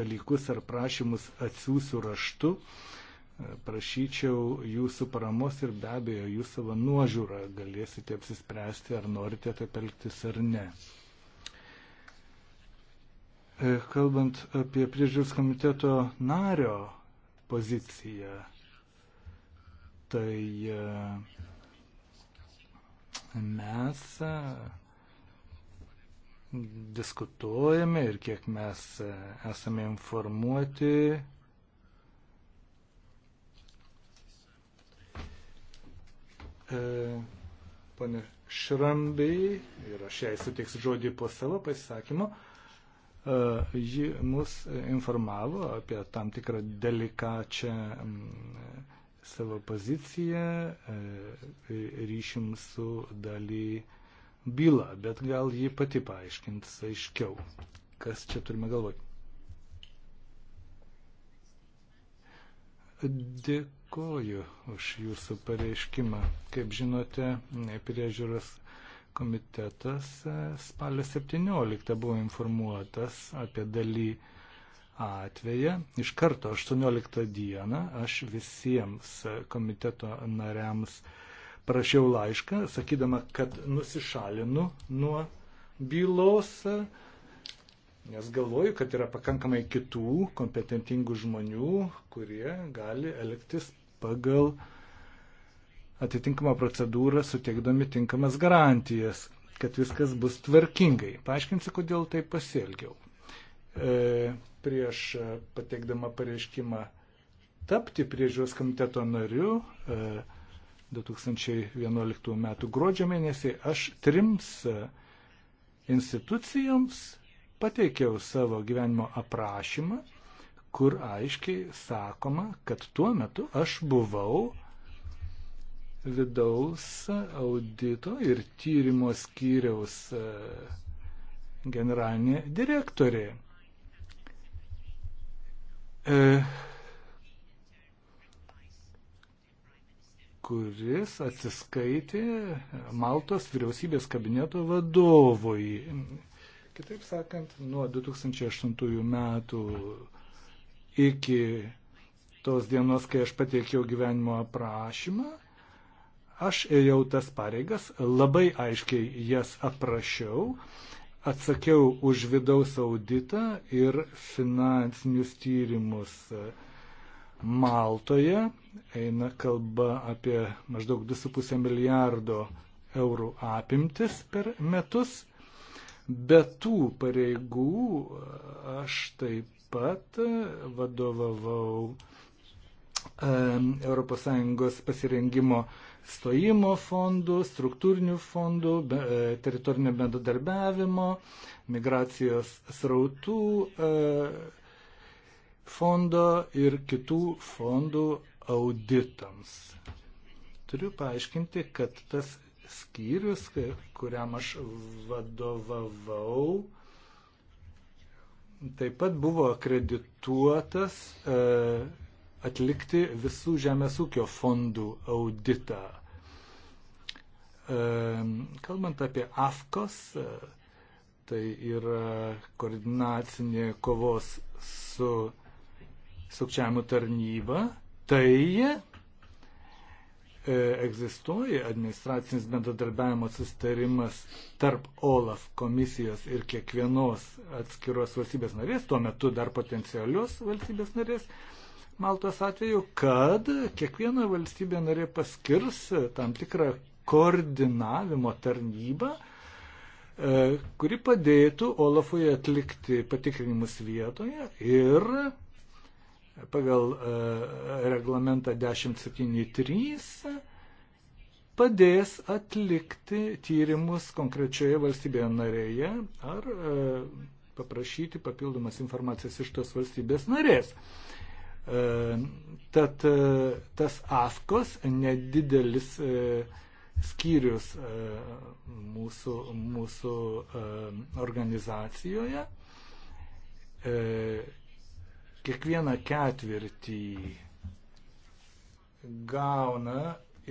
dalykus ar prašymus atsiųsiu raštu. E, prašyčiau jūsų paramos ir be abejo jūs savo nuožiūrą galėsite apsispręsti, ar norite taip elgtis ar ne. E, kalbant apie priežiūros komiteto nario poziciją, tai e, mes e, diskutuojame ir kiek mes esame informuoti. Pane Šrambiai, ir aš jai suteiksiu žodį po savo pasisakymo, E, ji mus informavo apie tam tikrą delikačią savo poziciją e, ryšim su daly bylą, bet gal ji pati paaiškins aiškiau, kas čia turime galvoti. Dėkoju už jūsų pareiškimą. Kaip žinote, priežiūros komitetas e, spalio 17 buvo informuotas apie daly atveją. Iš karto 18 dieną aš visiems komiteto nariams parašiau laišką, sakydama, kad nusišalinu nuo bylos, nes galvoju, kad yra pakankamai kitų kompetentingų žmonių, kurie gali elgtis pagal uh, atitinkamą procedūrą, suteikdami tinkamas garantijas, kad viskas bus tvarkingai. Paaiškinsiu, kodėl tai pasielgiau. E, prieš e, pateikdama pareiškimą tapti priežiūros komiteto nariu, e, 2011 m. gruodžio mėnesį aš trims e, institucijoms pateikiau savo gyvenimo aprašymą, kur aiškiai sakoma, kad tuo metu aš buvau vidaus audito ir tyrimo skyriaus e, generalinė direktorė. E, kuris atsiskaitė Maltos vyriausybės kabineto vadovui. Kitaip sakant, nuo 2008 metų iki tos dienos, kai aš pateikiau gyvenimo aprašymą, Aš ėjau tas pareigas, labai aiškiai jas aprašiau, atsakiau už vidaus auditą ir finansinius tyrimus e, Maltoje. Eina kalba apie maždaug 2,5 milijardo eurų apimtis per metus. Be tų pareigų e, aš taip pat e, vadovavau ES pasirengimo stojimo fondų, struktūrinių fondų, e, teritorinio bendradarbiavimo, migracijos srautų e, fondo ir kitų fondų auditams. Turiu paaiškinti, kad tas skyrius, kuriam aš vadovavau, taip pat buvo akredituotas e, atlikti visų žemės ūkio fondų auditą. Kalbant apie AFKOS, e, tai yra koordinacinė kovos su sukčiavimu tarnyba, tai e, egzistuoja administracinis bendradarbiavimo sustarimas tarp OLAF komisijos ir kiekvienos atskiros valstybės narės, tuo metu dar potencialios valstybės narės. Maltos atveju, kad kiekviena valstybė narė paskirs tam tikrą koordinavimo tarnybą, e, kuri padėtų Olafui atlikti patikrinimus vietoje ir pagal e, reglamentą 1073 padės atlikti tyrimus konkrečioje valstybėje narėje ar e, paprašyti papildomas informacijas iš tos valstybės narės. E, tad e, tas ASKOS nedidelis e, skyrius mūsų, mūsų organizacijoje kiekvieną ketvirtį gauna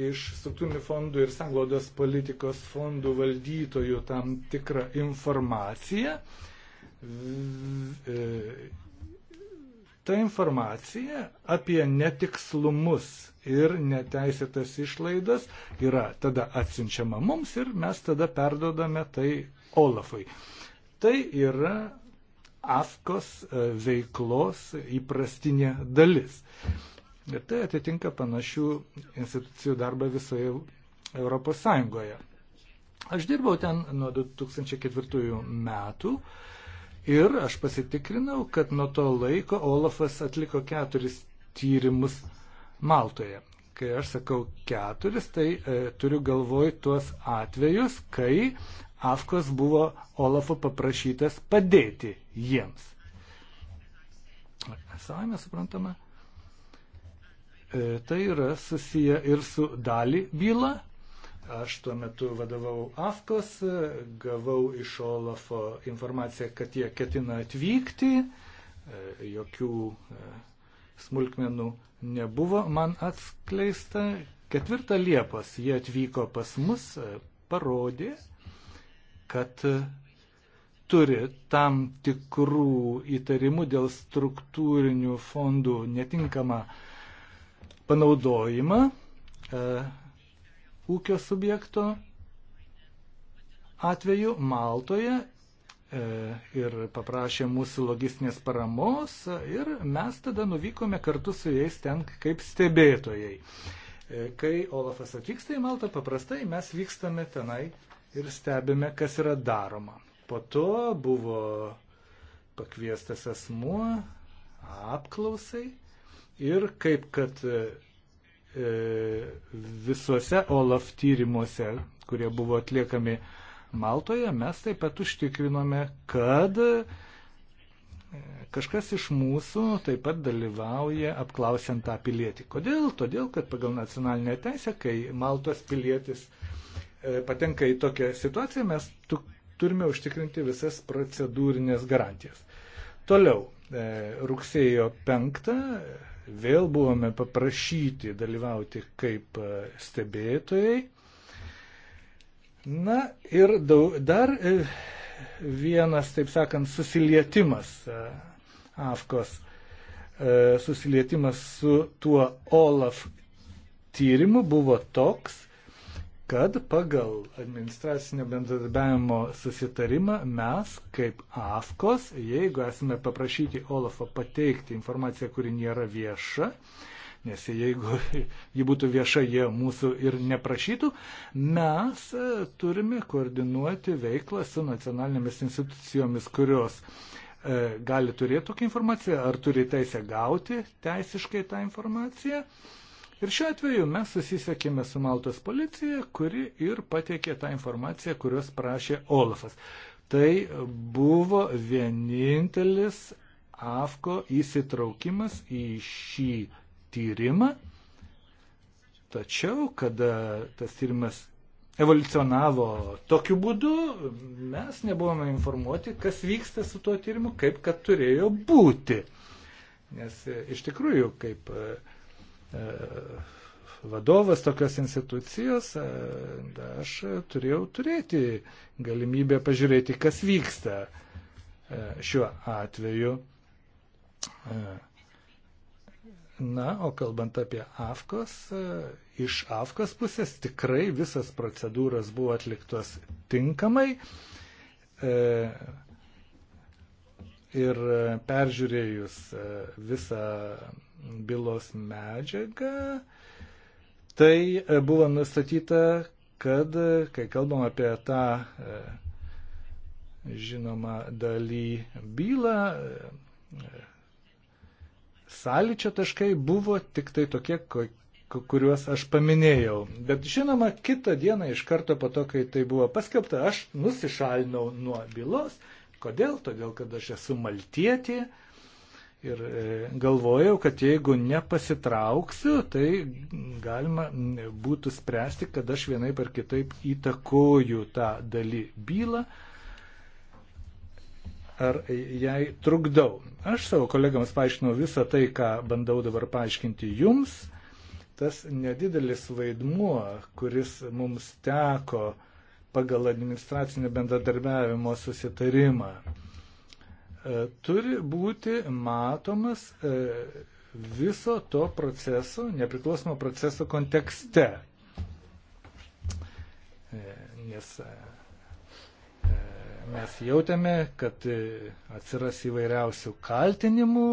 iš struktūrinių fondų ir sanglaudos politikos fondų valdytojų tam tikrą informaciją Ta informacija apie netikslumus ir neteisėtas išlaidas yra tada atsiunčiama mums ir mes tada perdodame tai Olafui. Tai yra AFKOS e, veiklos įprastinė dalis. Ir tai atitinka panašių institucijų darbą visoje Europos Sąjungoje. Aš dirbau ten nuo 2004 metų Ir aš pasitikrinau, kad nuo to laiko Olafas atliko keturis tyrimus Maltoje. Kai aš sakau keturis, tai e, turiu galvoj tuos atvejus, kai Afkos buvo Olafo paprašytas padėti jiems. Savame suprantama, e, tai yra susiję ir su dalį bylą, Aš tuo metu vadovau AFKOS, gavau iš Olafo informaciją, kad jie ketina atvykti, e, jokių e, smulkmenų nebuvo man atskleista. Ketvirtą Liepos jie atvyko pas mus, e, parodė, kad turi tam tikrų įtarimų dėl struktūrinių fondų netinkamą panaudojimą ūkio subjekto atveju Maltoje e, ir paprašė mūsų logistinės paramos ir mes tada nuvykome kartu su jais ten kaip stebėtojai. E, kai Olafas atvyksta į Maltą, paprastai mes vykstame tenai ir stebime, kas yra daroma. Po to buvo pakviestas asmuo apklausai ir kaip kad E, visuose OLAF tyrimuose, kurie buvo atliekami Maltoje, mes taip pat užtikrinome, kad e, kažkas iš mūsų taip pat dalyvauja apklausiant tą pilietį. Kodėl? Todėl, kad pagal nacionalinę teisę, kai Maltos pilietis e, patenka į tokią situaciją, mes tu, turime užtikrinti visas procedūrinės garantijas. Toliau, rugsėjo 5 vėl buvome paprašyti dalyvauti kaip e, stebėtojai. Na ir daug, dar e, vienas, taip sakant, susilietimas e, Afkos, susilietimas su tuo Olaf tyrimu buvo toks, kad pagal administracinio bendradarbiavimo susitarimą mes, kaip AFKOS, jeigu esame paprašyti Olafą pateikti informaciją, kuri nėra vieša, nes jeigu ji būtų vieša, jie mūsų ir neprašytų, mes e, turime koordinuoti veiklą su nacionalinėmis institucijomis, kurios e, gali turėti tokią informaciją ar turi teisę gauti teisiškai tą informaciją. Ir šiuo atveju mes susisiekėme su Maltos policija, kuri ir pateikė tą informaciją, kurios prašė Olafas. Tai buvo vienintelis AFKO įsitraukimas į šį tyrimą. Tačiau, kada tas tyrimas evoliucionavo tokiu būdu, mes nebuvome informuoti, kas vyksta su tuo tyrimu, kaip kad turėjo būti. Nes e, iš tikrųjų, kaip uh, E, vadovas tokios institucijos, e, aš turėjau turėti galimybę pažiūrėti, kas vyksta e, šiuo atveju. Na, o kalbant apie AFKOS, iš AFKOS pusės tikrai visas procedūras buvo atliktos tinkamai ir peržiūrėjus visą bylos medžiagą, tai e, buvo nustatyta, kad e, kai kalbam apie tą e, žinoma daly bylą, sąlyčio taškai buvo tik tai tokie, kuriuos aš paminėjau. Bet žinoma, kitą dieną iš karto po to, kai tai buvo paskelbta, aš nusišalinau nuo bylos. Kodėl? Todėl, kad aš esu maltietė, Ir e, galvojau, kad jeigu nepasitrauksiu, tai galima būtų spręsti, kad aš vienai par kitaip įtakoju tą dalį bylą ar jai trukdau. Aš savo kolegams paaiškinau visą tai, ką bandau dabar paaiškinti jums. Tas nedidelis vaidmuo, kuris mums teko pagal administracinio bendradarbiavimo susitarimą E, turi būti matomas e, viso to proceso, nepriklausomo proceso kontekste. E, nes mes jautėme, kad atsiras įvairiausių kaltinimų,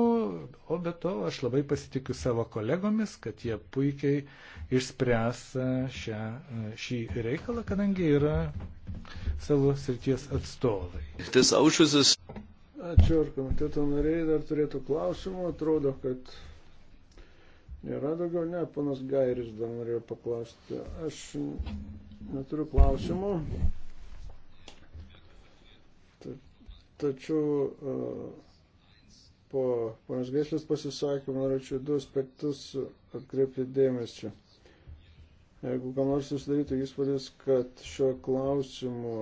o be to aš labai pasitikiu savo kolegomis, kad jie puikiai išspręs šią, šį reikalą, kadangi yra savo srities atstovai. Tas aušusis. Ačiū, ar komiteto nariai dar turėtų klausimų. Atrodo, kad nėra daugiau. Ne, panas Gairis dar norėjo paklausti. Aš neturiu klausimų. Tačiau uh, po panas Gaislės pasisakymų norėčiau du aspektus atkreipti dėmesį. Jeigu kam nors susidarytų įspūdis, kad šio klausimu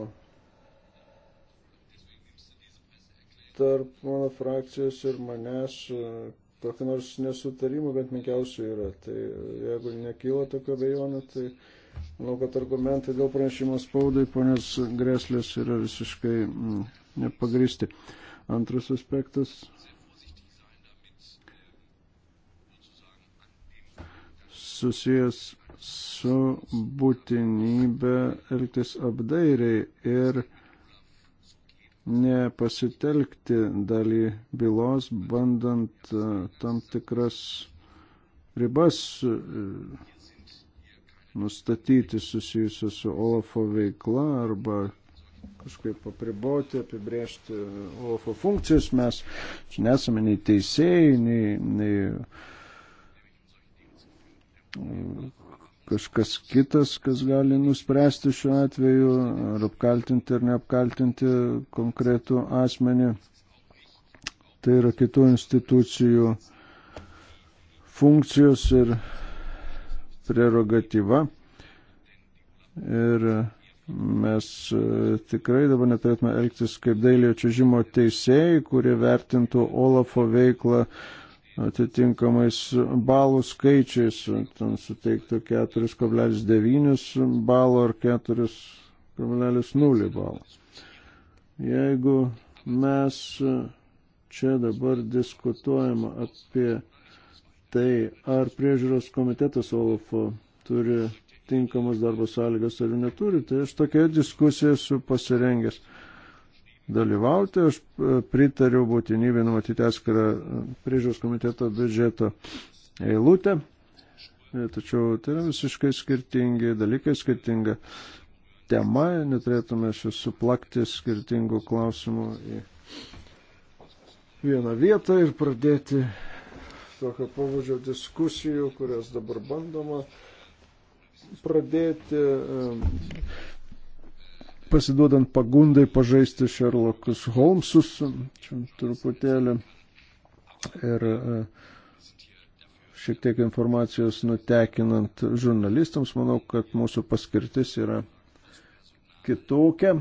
tarp mano frakcijos ir manęs e, kokio nors nesutarimo bent menkiausio yra. Tai jeigu nekyla tokio bejonių, tai manau, kad argumentai dėl pranešimo spaudai ponės Greslės yra visiškai mm, nepagristi. Antras aspektas. susijęs su būtinybė elgtis apdairiai ir nepasitelkti dalį bylos, bandant e, tam tikras ribas e, nustatyti susijusią su Olafo veikla arba kažkaip apriboti, apibriežti e, Olafo funkcijas. Mes čia nesame nei teisėjai, nei, nei kažkas kitas, kas gali nuspręsti šiuo atveju, ar apkaltinti ar neapkaltinti konkretų asmenį. Tai yra kitų institucijų funkcijos ir prerogatyva. Ir mes e, tikrai dabar neturėtume elgtis kaip dailio čiažimo teisėjai, kurie vertintų Olafo veiklą uh, atitinkamais balų skaičiais, ten suteiktų 4,9 balų ar 4,0 balų. Jeigu mes čia dabar diskutuojame apie tai, ar priežiūros komitetas Olofo turi tinkamas darbo sąlygas ar neturi, tai aš tokia diskusija su pasirengęs dalyvauti. Aš e, pritariu būtinybę numatyti atskirą e, priežiūros komiteto biudžeto eilutę. E, tačiau tai yra visiškai skirtingi dalykai, skirtinga tema, neturėtume šis suplakti skirtingų klausimų į vieną vietą ir pradėti tokio pavadžio diskusijų, kurias dabar bandoma pradėti. Um, pasiduodant pagundai pažaisti Šerlokus Holmsus, čia truputėlį, ir e, šiek tiek informacijos nutekinant žurnalistams, manau, kad mūsų paskirtis yra kitokia.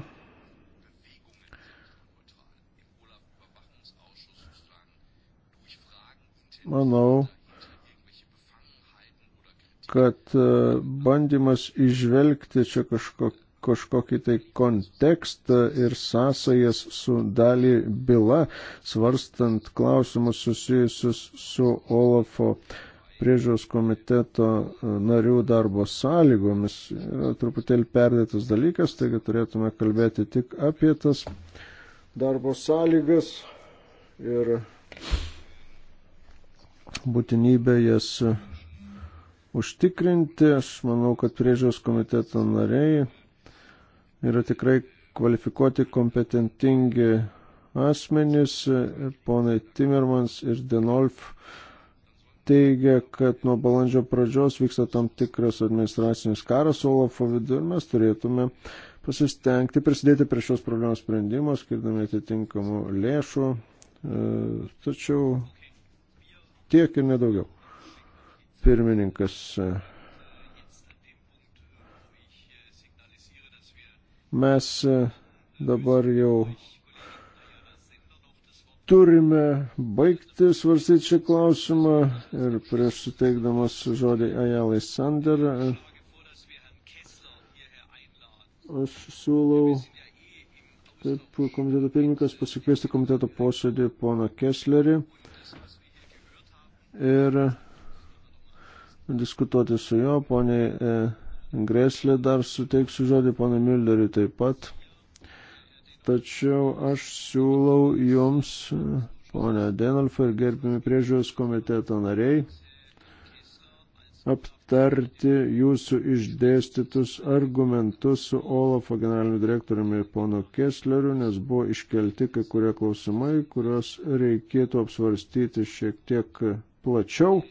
Manau, kad e, bandymas išvelgti čia kažkokį kažkokį tai kontekstą ir sąsajas su dalį byla, svarstant klausimus susijusius su Olafo priežiūros komiteto e, narių darbo sąlygomis. Yra truputėlį perdėtas dalykas, taigi turėtume kalbėti tik apie tas darbo sąlygas ir būtinybę jas užtikrinti. Aš manau, kad priežiūros komiteto nariai yra tikrai kvalifikuoti kompetentingi asmenys, ponai Timmermans ir Denolf teigia, kad nuo balandžio pradžios vyksta tam tikras administracinis karas Olafo vidu ir mes turėtume pasistengti prisidėti prie šios problemos sprendimo, skirdami atitinkamų lėšų, e, tačiau tiek ir nedaugiau. Pirmininkas e, Mes e, dabar jau turime baigti svarstyti šį klausimą ir prieš suteikdamas žodį Ajalai Sander, e, aš siūlau Taip, komiteto pirmininkas pasikviesti komiteto posėdį pono Kesslerį ir diskutuoti su juo, poniai e, Greslė dar suteiksiu žodį pana Mülderiui taip pat. Tačiau aš siūlau jums, ponia Denalfa ir gerbimi priežiūros komiteto nariai, aptarti jūsų išdėstytus argumentus su Olafo generaliniu direktoriumi pono Kessleriu, nes buvo iškelti kai kurie klausimai, kuriuos reikėtų apsvarstyti šiek tiek plačiau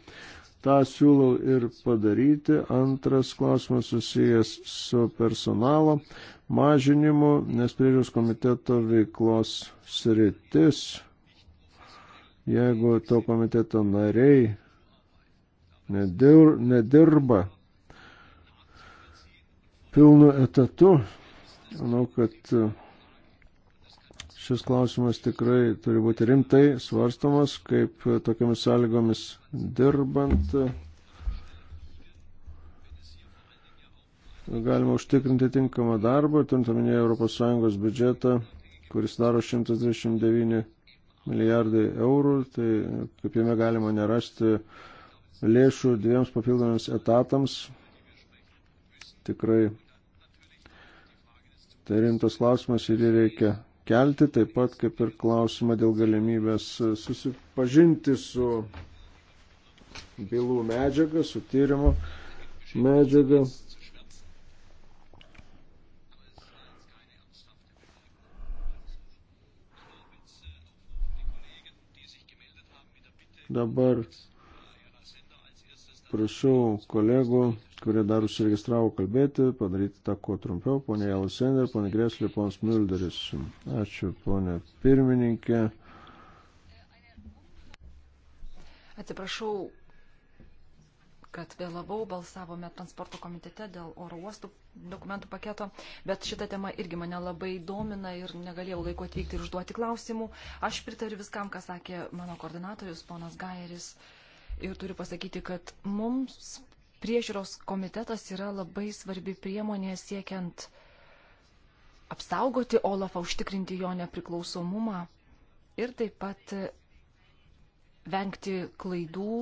tą siūlau ir padaryti. Antras klausimas susijęs su personalo mažinimu, nes priežiūros komiteto veiklos sritis, jeigu to komiteto nariai nedir, nedirba pilnu etatu, manau, kad šis klausimas tikrai turi būti rimtai svarstomas, kaip tokiamis sąlygomis dirbant galima užtikrinti tinkamą darbą, turint omenyje ES biudžetą, kuris daro 129 milijardai eurų, tai kaip jame galima nerasti lėšų dviems papildomiams etatams. Tikrai tai rimtas klausimas ir jį reikia kelti, taip pat kaip ir klausimą dėl galimybės e, susipažinti su bylų medžiaga, su tyrimo medžiaga. Dabar prašau kolegų kurie dar užsiregistravo kalbėti, padaryti tą kuo trumpiau. Pone Jalusender, pone Greslė, pons Mulderis. Ačiū, pone pirmininkė. Atsiprašau, kad vėlavau, balsavome transporto komitete dėl oro uostų dokumentų paketo, bet šita tema irgi mane labai domina ir negalėjau laiko atvykti ir užduoti klausimų. Aš pritariu viskam, ką sakė mano koordinatorius, ponas Gairis. Ir turiu pasakyti, kad mums priežiūros komitetas yra labai svarbi priemonė siekiant apsaugoti Olafą, užtikrinti jo nepriklausomumą ir taip pat vengti klaidų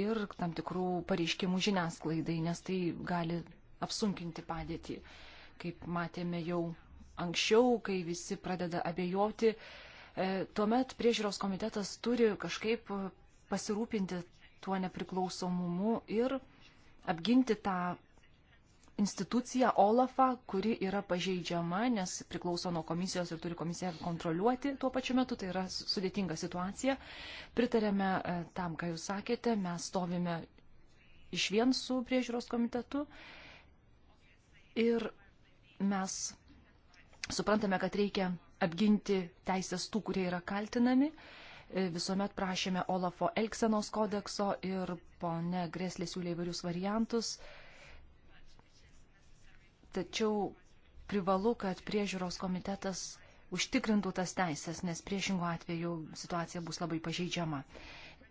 ir tam tikrų pareiškimų žiniasklaidai, nes tai gali apsunkinti padėtį. Kaip matėme jau anksčiau, kai visi pradeda abejoti, e, tuomet priežiūros komitetas turi kažkaip pasirūpinti tuo nepriklausomumu ir apginti tą instituciją Olafą, kuri yra pažeidžiama, nes priklauso nuo komisijos ir turi komisiją kontroliuoti tuo pačiu metu, tai yra sudėtinga situacija. Pritarėme e, tam, ką jūs sakėte, mes stovime iš vien su priežiūros komitetu ir mes suprantame, kad reikia apginti teisės tų, kurie yra kaltinami. Uh, visuomet prašėme Olafo Elksenos kodekso ir ponė Greslė siūlė įvairius variantus. Tačiau privalu, kad priežiūros komitetas užtikrintų tas teisės, nes priešingų atveju situacija bus labai pažeidžiama.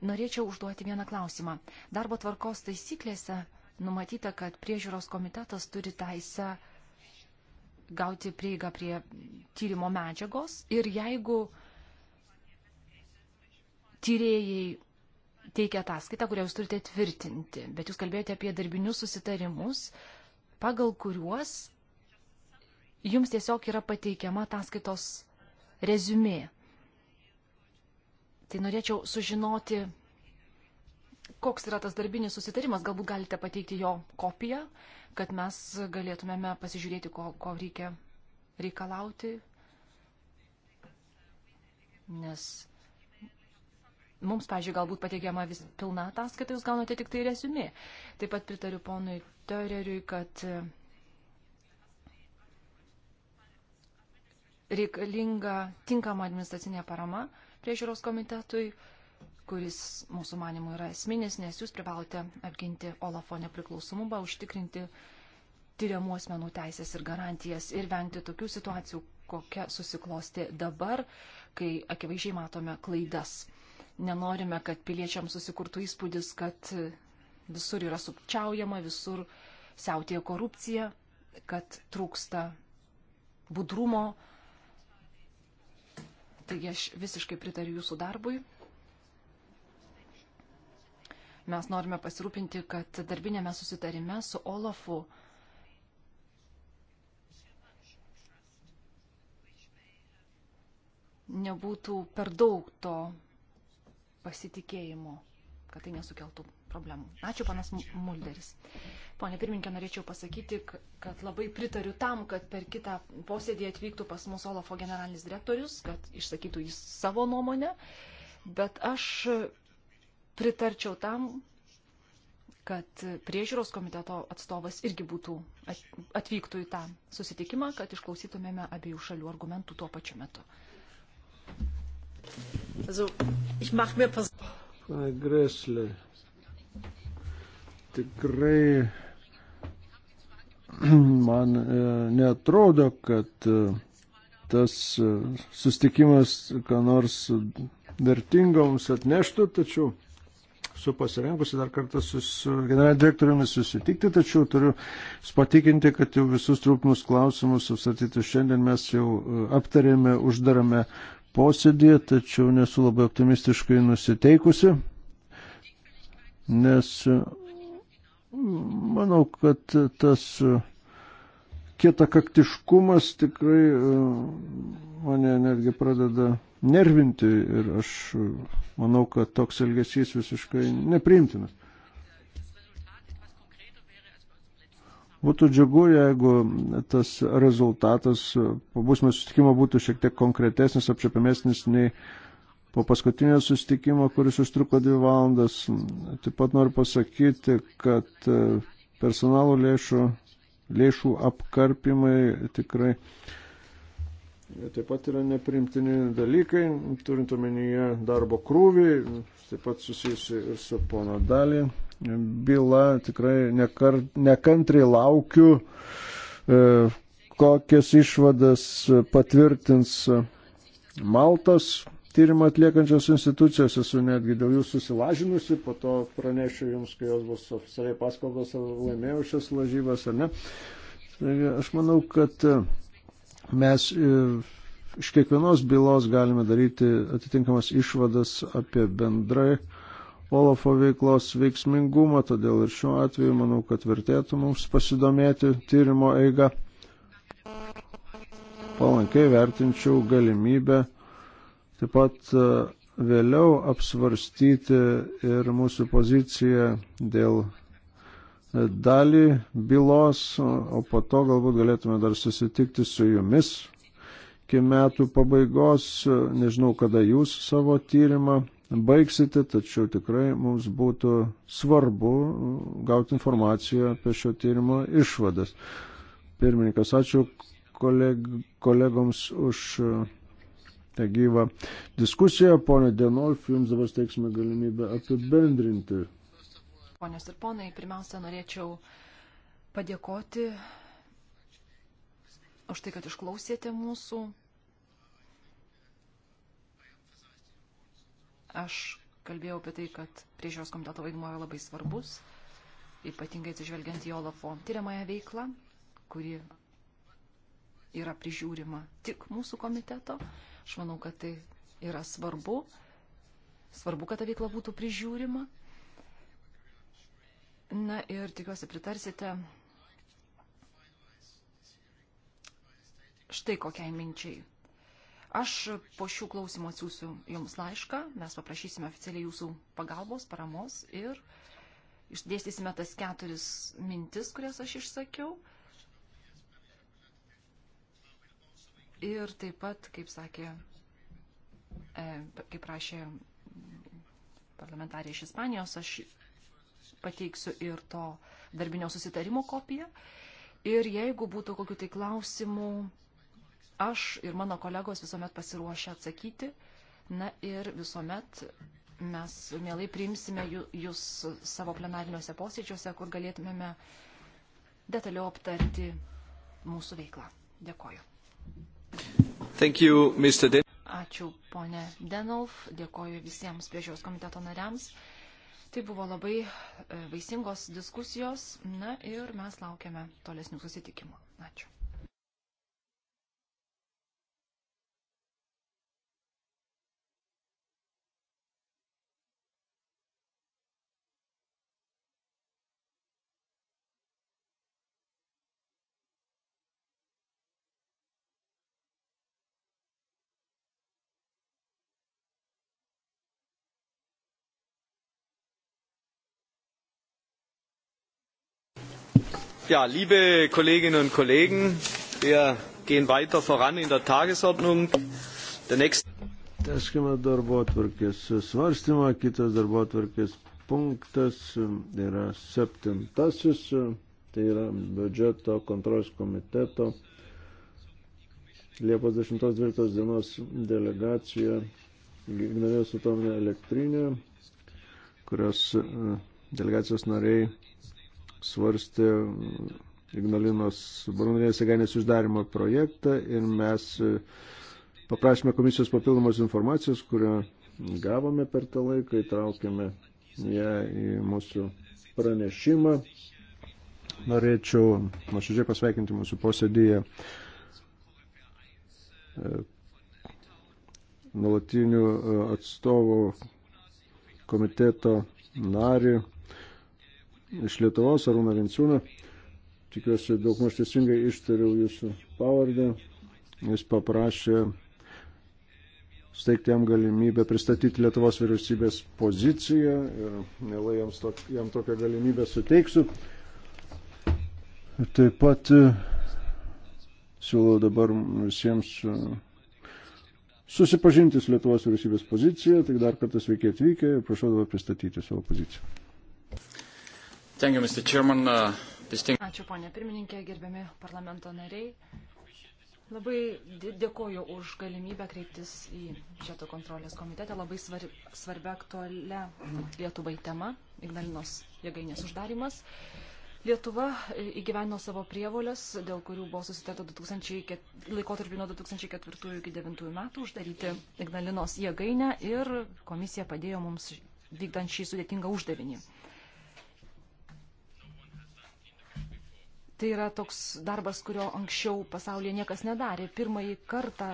Norėčiau užduoti vieną klausimą. Darbo tvarkos taisyklėse numatyta, kad priežiūros komitetas turi teisę gauti prieigą prie tyrimo medžiagos ir jeigu uh, tyrėjai teikia ataskaitą, kurią jūs turite tvirtinti, bet jūs kalbėjote apie darbinius susitarimus, pagal kuriuos jums tiesiog yra pateikiama ataskaitos rezumė. Tai norėčiau sužinoti, koks yra tas darbinis susitarimas, galbūt galite pateikti jo kopiją, kad mes galėtumėme pasižiūrėti, ko, ko reikia reikalauti, nes mums, pažiūrėjau, galbūt pateikiama vis pilna ataskaita, jūs gaunate tik tai resumė. Taip pat pritariu ponui Töreriui, kad e, reikalinga tinkama administracinė parama priežiūros komitetui, kuris mūsų manimų yra esminis, nes jūs privalote apginti Olafo nepriklausomumą, užtikrinti tyriamų asmenų teisės ir garantijas ir vengti tokių situacijų, kokia susiklosti dabar, kai akivaizdžiai matome klaidas Nenorime, kad piliečiams susikurtų įspūdis, kad visur yra sukčiaujama, visur siautėja korupcija, kad trūksta budrumo. Taigi aš visiškai pritariu jūsų darbui. Mes norime pasirūpinti, kad darbinėme susitarime su Olafu nebūtų per daug to pasitikėjimu, kad tai nesukeltų problemų. Ačiū, panas Mulderis. Pone pirmininkė, norėčiau pasakyti, kad labai pritariu tam, kad per kitą posėdį atvyktų pas mus Olafo generalinis direktorius, kad išsakytų jis savo nuomonę, bet aš pritarčiau tam, kad priežiūros komiteto atstovas irgi būtų atvyktų į tą susitikimą, kad išklausytumėme abiejų šalių argumentų tuo pačiu metu. Also, ich mache mir pas. Greslė. Tikrai man e, netrodo, kad e, tas e, sustikimas, ką nors vertingo mums atneštų, tačiau su pasirengusi dar kartą su, su generaliniu direktoriumi susitikti, tačiau turiu patikinti, kad jau visus trūkumus klausimus apsartytus šiandien mes jau e, aptarėme uždarame posėdėje, tačiau nesu labai optimistiškai nusiteikusi, nes manau, kad tas kietakaktiškumas tikrai mane netgi pradeda nervinti ir aš manau, kad toks elgesys visiškai nepriimtinas. Būtų džiugu, jeigu tas rezultatas po būsimo susitikimo būtų šiek tiek konkretesnis, apčiapiamesnis nei po paskutinio susitikimo, kuris užtruko dvi valandas. Taip pat noriu pasakyti, kad e, personalų lėšų, lėšų apkarpimai tikrai uh, taip pat yra neprimtini dalykai, turint omenyje darbo krūvį, taip pat susijusi ir su pono dalį. Byla tikrai nekar, nekantriai laukiu, e, kokias išvadas patvirtins Maltos tyrimą atliekančios institucijos, esu netgi dėl jų susilažinusi, po to pranešiu jums, kai jos bus oficialiai paskalbos, ar laimėjau šias lažybas ar ne. Taigi, aš manau, kad mes e, iš kiekvienos bylos galime daryti atitinkamas išvadas apie bendrai Olafo veiklos veiksmingumą, todėl ir šiuo atveju manau, kad vertėtų mums pasidomėti tyrimo eigą. Palankiai vertinčiau galimybę taip pat e, vėliau apsvarstyti ir mūsų poziciją dėl dalį bylos, o po to galbūt galėtume dar susitikti su jumis iki metų pabaigos. Nežinau, kada jūs savo tyrimą baigsite, tačiau tikrai mums būtų svarbu gauti informaciją apie šio tyrimo išvadas. Pirmininkas, ačiū koleg kolegoms už tą gyvą diskusiją. Pone Denolf, jums dabar steiksime galimybę apibendrinti ponios ir ponai. Pirmiausia, norėčiau padėkoti už tai, kad išklausėte mūsų. Aš kalbėjau apie tai, kad priežiūros komiteto vaidmuo yra labai svarbus, ypatingai atsižvelgiant į Olafo tyriamąją veiklą, kuri yra prižiūrima tik mūsų komiteto. Aš manau, kad tai yra svarbu. Svarbu, kad ta veikla būtų prižiūrima. Na ir tikiuosi pritarsite štai kokiai minčiai. Aš po šių klausimų atsiųsiu Jums laišką, mes paprašysime oficialiai Jūsų pagalbos, paramos ir išdėstysime tas keturis mintis, kurias aš išsakiau. Ir taip pat, kaip sakė, e, kaip rašė parlamentarė iš Ispanijos, aš pateiksiu ir to darbinio susitarimo kopiją. Ir jeigu būtų kokiu tai klausimu, aš ir mano kolegos visuomet pasiruošę atsakyti. Na ir visuomet mes mielai priimsime jūs savo plenariniuose posėdžiuose, kur galėtumėme detaliau aptarti mūsų veiklą. Dėkoju. Thank you, Ačiū, ponė Denolf. Dėkoju visiems priežiūros komiteto nariams. Tai buvo labai e, vaisingos diskusijos, na ir mes laukiame tolesnių susitikimų. Ačiū. Ja, liebe Kolleginnen und Kollegen, wir gehen weiter voran in der Tagesordnung. Der nächste Teskime darbo atvarkės svarstymą, kitas darbo atvarkės punktas yra septintasis, tai yra biudžeto kontrolės komiteto Liepos 10-12 dienos delegacija Ignavės atominė elektrinė, kurios e, delegacijos nariai svarstė Ignalinos Baroninės jėgainės uždarimo projektą ir mes e, paprašėme komisijos papildomos informacijos, kurią gavome per tą laiką, įtraukėme ją į mūsų pranešimą. Norėčiau nuoširdžiai pasveikinti mūsų posėdėje e, nuolatinių e, atstovų komiteto narį iš Lietuvos, Arūną Vinciūną. Tikiuosi, daug maž teisingai ištariau jūsų pavardę. Jis paprašė steigti jam galimybę pristatyti Lietuvos vyriausybės poziciją ir mielai jam, tok, jam tokią galimybę suteiksiu. Taip pat e, siūlau dabar visiems e, susipažinti su Lietuvos vyriausybės pozicija, tik dar kartą sveiki atvykę ir prašau dabar pristatyti savo poziciją. Thank you, Mr. Chairman. Uh, distinct... Tai Ačiū, ponė pirmininkė, gerbiami parlamento nariai. Labai dėkoju už galimybę kreiptis į Žeto kontrolės komitetą. Labai svarbi, svarbia aktualia Lietuvai tema - Ignalinos jėgainės uždarimas. Lietuva e, įgyveno savo prievolės, dėl kurių buvo susitarta laikotarpį nuo 2004 iki 2009 metų uždaryti Ignalinos jėgainę ir komisija padėjo mums vykdant šį sudėtingą uždavinį. Tai yra toks darbas, kurio anksčiau pasaulyje niekas nedarė. Pirmąjį kartą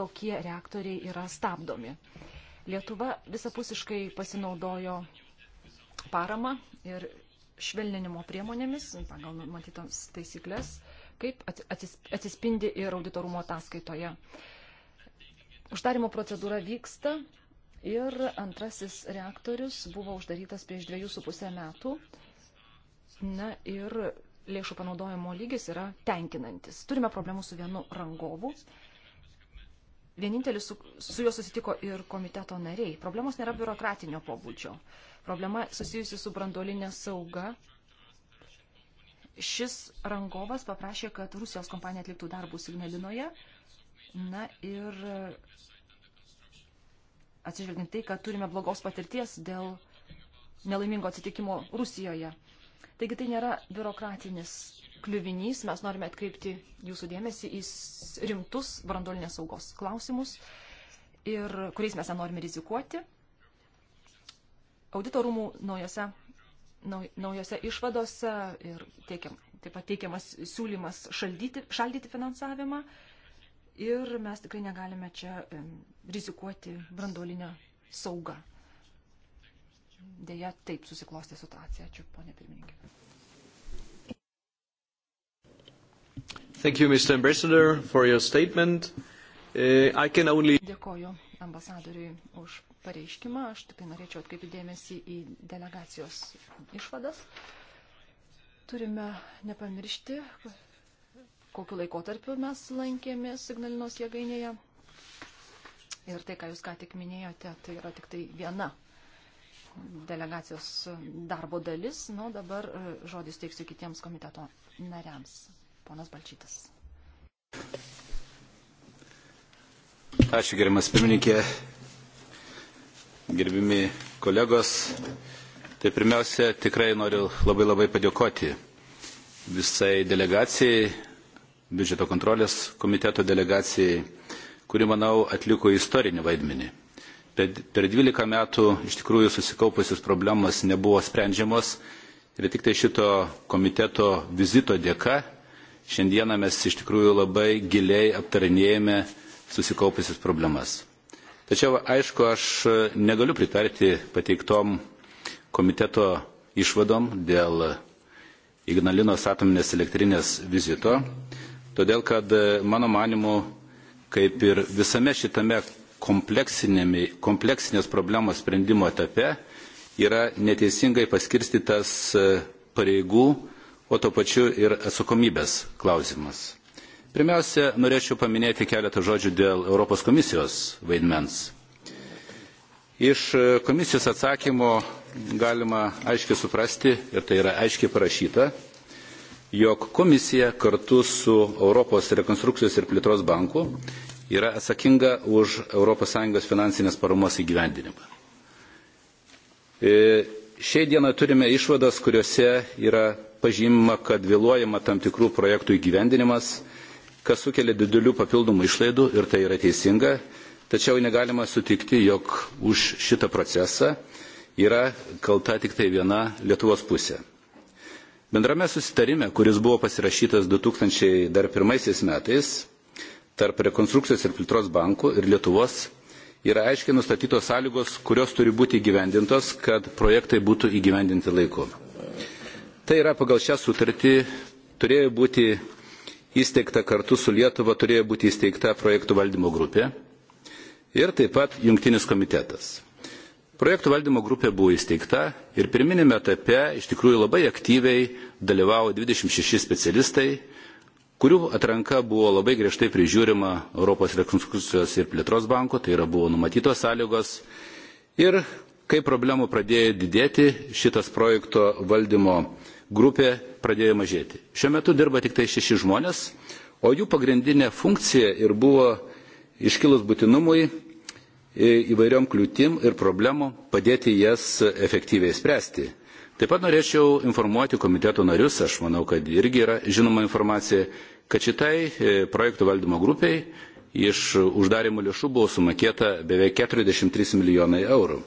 tokie reaktoriai yra stabdomi. Lietuva visapusiškai pasinaudojo paramą ir švelninimo priemonėmis pagal numatytams taisyklės, kaip atsispindi ir auditorumo ataskaitoje. Uždarimo procedūra vyksta ir antrasis reaktorius buvo uždarytas prieš dviejų su pusę metų. Na ir lėšų panaudojimo lygis yra tenkinantis. Turime problemų su vienu rangovu. Vienintelis su, su juo susitiko ir komiteto nariai. Problemos nėra biurokratinio pobūdžio. Problema susijusi su brandolinė sauga. Šis rangovas paprašė, kad Rusijos kompanija atliktų darbų Signalinoje. Na ir atsižvelgiant tai, kad turime blogos patirties dėl nelaimingo atsitikimo Rusijoje. Taigi tai nėra biurokratinis kliuvinys, mes norime atkreipti jūsų dėmesį į rimtus brandolinės saugos klausimus ir kuriais mes nenorime rizikuoti. Audito rūmų naujose, nauj, naujose išvadose ir teikiam, taip pat teikiamas siūlymas šaldyti, šaldyti finansavimą ir mes tikrai negalime čia rizikuoti brandolinę saugą dėja taip susiklosti situacija. Ačiū, ponė pirmininkė. Thank you, Mr. Ambassador, for your statement. Uh, I can only... Dėkoju ambasadoriui už pareiškimą. Aš tik tai norėčiau atkreipti dėmesį į delegacijos išvadas. Turime nepamiršti, kokiu laikotarpiu mes lankėmės Signalinos jėgainėje. Ir tai, ką jūs ką tik minėjote, tai yra tik tai viena delegacijos darbo dalis. Na, nu, dabar e, žodis teiksiu kitiems komiteto nariams. Ponas Balčytis. Ačiū, gerimas pirmininkė, gerbimi kolegos. Tai pirmiausia, tikrai noriu labai labai padėkoti visai delegacijai, biudžeto kontrolės komiteto delegacijai, kuri, manau, atliko istorinį vaidmenį. Per 12 metų iš tikrųjų susikaupusios problemas nebuvo sprendžiamos ir tik tai šito komiteto vizito dėka šiandieną mes iš tikrųjų labai giliai aptarinėjame susikaupusias problemas. Tačiau, aišku, aš negaliu pritarti pateiktom komiteto išvadom dėl Ignalinos atominės elektrinės vizito, todėl kad mano manimu, kaip ir visame šitame kompleksinės problemos sprendimo etape yra neteisingai paskirstytas e, pareigų, o to pačiu ir atsakomybės klausimas. Pirmiausia, norėčiau paminėti keletą žodžių dėl Europos komisijos vaidmens. Iš e, komisijos atsakymo galima aiškiai suprasti, ir tai yra aiškiai parašyta, jog komisija kartu su Europos rekonstrukcijos ir plėtros banku yra atsakinga už ES finansinės paramos įgyvendinimą. E, šiai dieną turime išvadas, kuriuose yra pažymima, kad vėluojama tam tikrų projektų įgyvendinimas, kas sukelia didelių papildomų išlaidų ir tai yra teisinga, tačiau negalima sutikti, jog už šitą procesą yra kalta tik tai viena Lietuvos pusė. Bendrame susitarime, kuris buvo pasirašytas 2001 metais, tarp rekonstrukcijos ir plėtros banko ir Lietuvos yra aiškiai nustatytos sąlygos, kurios turi būti įgyvendintos, kad projektai būtų įgyvendinti laiku. Tai yra pagal šią sutartį turėjo būti įsteigta kartu su Lietuva, turėjo būti įsteigta projektų valdymo grupė ir taip pat jungtinis komitetas. Projektų valdymo grupė buvo įsteigta ir pirminėme etape iš tikrųjų labai aktyviai dalyvavo 26 specialistai kurių atranka buvo labai griežtai prižiūrima Europos rekonstrukcijos ir plėtros banko, tai yra buvo numatytos sąlygos. Ir kai problemų pradėjo didėti, šitas projekto valdymo grupė pradėjo mažėti. Šiuo metu dirba tik tai šeši žmonės, o jų pagrindinė funkcija ir buvo iškilus būtinumui e, įvairiom kliūtim ir problemom padėti jas efektyviai spręsti. Taip pat norėčiau informuoti komiteto narius, aš manau, kad irgi yra žinoma informacija, kad šitai e, projektų valdymo grupiai iš uždarimo lėšų buvo sumokėta beveik 43 milijonai eurų.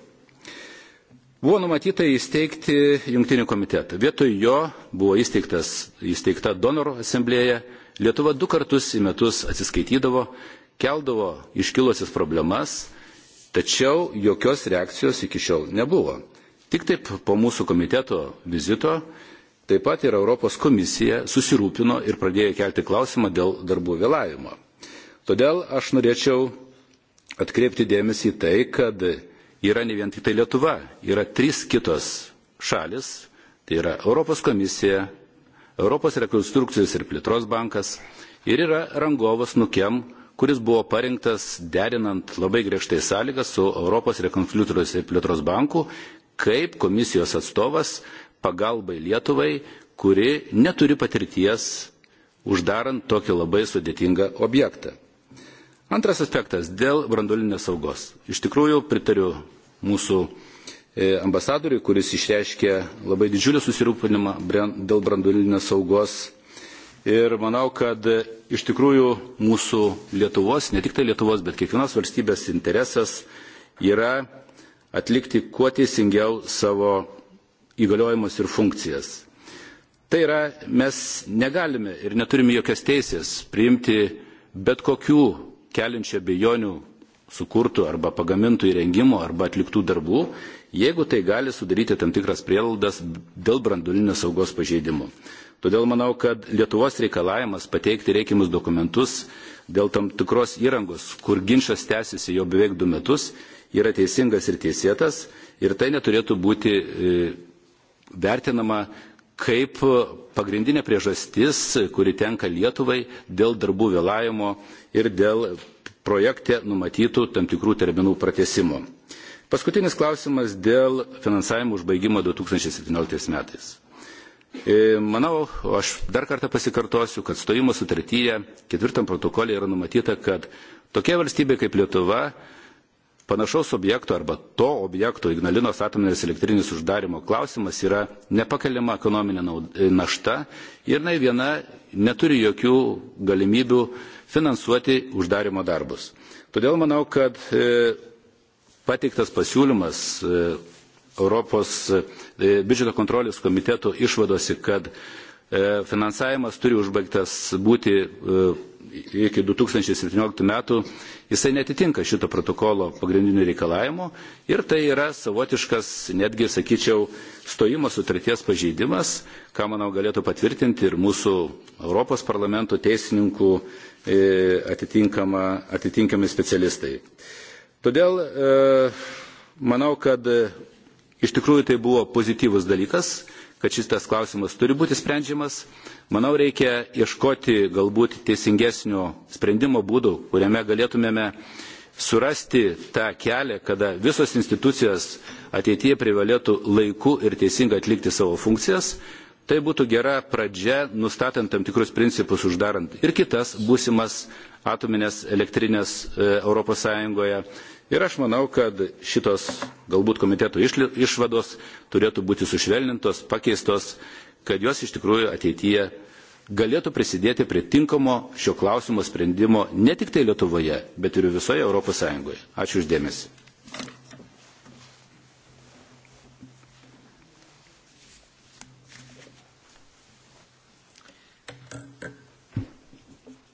Buvo numatyta įsteigti jungtinį komitetą. Vietoj jo buvo įsteigtas, įsteigta donorų asamblėja. Lietuva du kartus į metus atsiskaitydavo, keldavo iškilusias problemas, tačiau jokios reakcijos iki šiol nebuvo. Tik taip po mūsų komiteto vizito taip pat ir Europos komisija susirūpino ir pradėjo kelti klausimą dėl darbų vėlavimo. Todėl aš norėčiau atkreipti dėmesį į tai, kad yra ne vien tik tai Lietuva, yra trys kitos šalis, tai yra Europos komisija, Europos rekonstrukcijos ir plėtros bankas ir yra rangovas Nukem, kuris buvo parinktas derinant labai griežtai sąlygas su Europos rekonstrukcijos ir plėtros banku kaip komisijos atstovas pagalbai Lietuvai, kuri neturi patirties uždarant tokį labai sudėtingą objektą. Antras aspektas - dėl brandolinės saugos. Iš tikrųjų pritariu mūsų e, ambasadoriui, kuris išreiškė labai didžiulį susirūpinimą dėl brandolinės saugos. Ir manau, kad e, iš tikrųjų mūsų Lietuvos, ne tik tai Lietuvos, bet kiekvienos valstybės interesas yra atlikti kuo teisingiau savo įgaliojimus ir funkcijas. Tai yra, mes negalime ir neturime jokios teisės priimti bet kokių keliančių abejonių sukurtų arba pagamintų įrengimų arba atliktų darbų, jeigu tai gali sudaryti tam tikras prielaidas dėl brandulinės saugos pažeidimų. Todėl manau, kad Lietuvos reikalavimas pateikti reikimus dokumentus dėl tam tikros įrangos, kur ginčas tęsiasi jau beveik du metus, yra teisingas ir teisėtas ir tai neturėtų būti e, vertinama kaip pagrindinė priežastis, kuri tenka Lietuvai dėl darbų vėlavimo ir dėl projekte numatytų tam tikrų terminų pratesimo. Paskutinis klausimas dėl finansavimo užbaigimo 2017 metais. E, manau, aš dar kartą pasikartosiu, kad stojimo sutartyje ketvirtam protokolė yra numatyta, kad tokia valstybė kaip Lietuva Panašaus objekto arba to objekto Ignalinos atominės elektrinės uždarimo klausimas yra nepakeliama ekonominė e, našta ir jinai viena neturi jokių galimybių finansuoti uždarimo darbus. Todėl manau, kad e, pateiktas pasiūlymas e, Europos biudžeto kontrolės komiteto išvadose, kad E, finansavimas turi užbaigtas būti e, iki 2017 metų, jisai netitinka šito protokolo pagrindinių reikalavimų ir tai yra savotiškas, netgi sakyčiau, stojimo sutarties pažeidimas, ką, manau, galėtų patvirtinti ir mūsų Europos parlamento teisininkų e, atitinkami specialistai. Todėl manau, kad iš tikrųjų tai buvo pozityvus dalykas kad šitas klausimas turi būti sprendžiamas. Manau, reikia ieškoti galbūt teisingesnio sprendimo būdų, kuriame galėtumėme surasti tą kelią, kada visos institucijos ateityje privalėtų laiku ir teisingai atlikti savo funkcijas. Tai būtų gera pradžia, nustatant tam tikrus principus, uždarant ir kitas būsimas atominės elektrinės ES Ir aš manau, kad šitos galbūt komiteto išvados turėtų būti sušvelnintos, pakeistos, kad jos iš tikrųjų ateityje galėtų prisidėti prie tinkamo šio klausimo sprendimo ne tik tai Lietuvoje, bet ir visoje Europos Sąjungoje. Ačiū uždėmesi.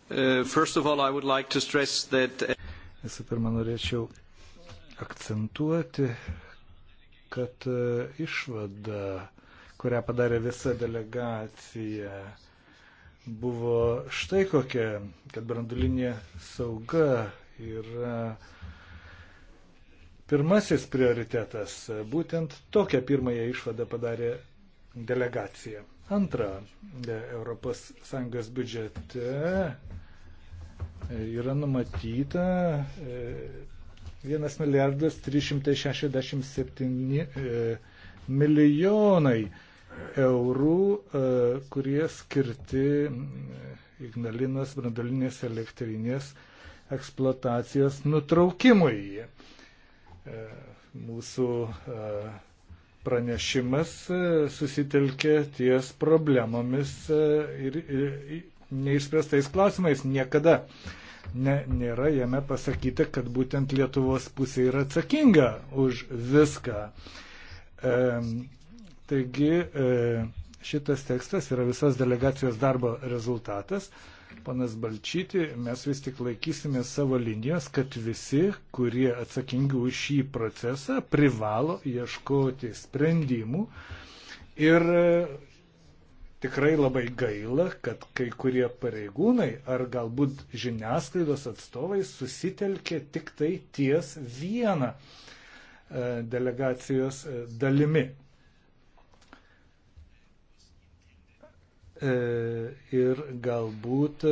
Uh, uh, Visų uh, like that... pirma, norėčiau akcentuoti, kad e, išvada, kurią padarė visa delegacija, buvo štai kokia, kad brandulinė sauga yra pirmasis prioritetas. Būtent tokią pirmąją išvadą padarė delegacija. Antra, ES biudžete yra numatyta e, 1 milijardas 367 milijonai eurų, e, kurie skirti e, Ignalinos brandalinės elektrinės eksploatacijos nutraukimui. E, mūsų pranešimas susitelkė ties problemomis ir neišspręstais klausimais. Niekada uh, ne, nėra jame pasakyta, kad būtent Lietuvos pusė yra atsakinga už viską. E, taigi e, šitas tekstas yra visas delegacijos darbo rezultatas. Panas Balčyti, mes vis tik laikysime savo linijos, kad visi, kurie atsakingi už šį procesą, privalo ieškoti sprendimų ir Tikrai labai gaila, kad kai kurie pareigūnai ar galbūt žiniasklaidos atstovai susitelkė tik tai ties vieną e, delegacijos e, dalimi. E, ir galbūt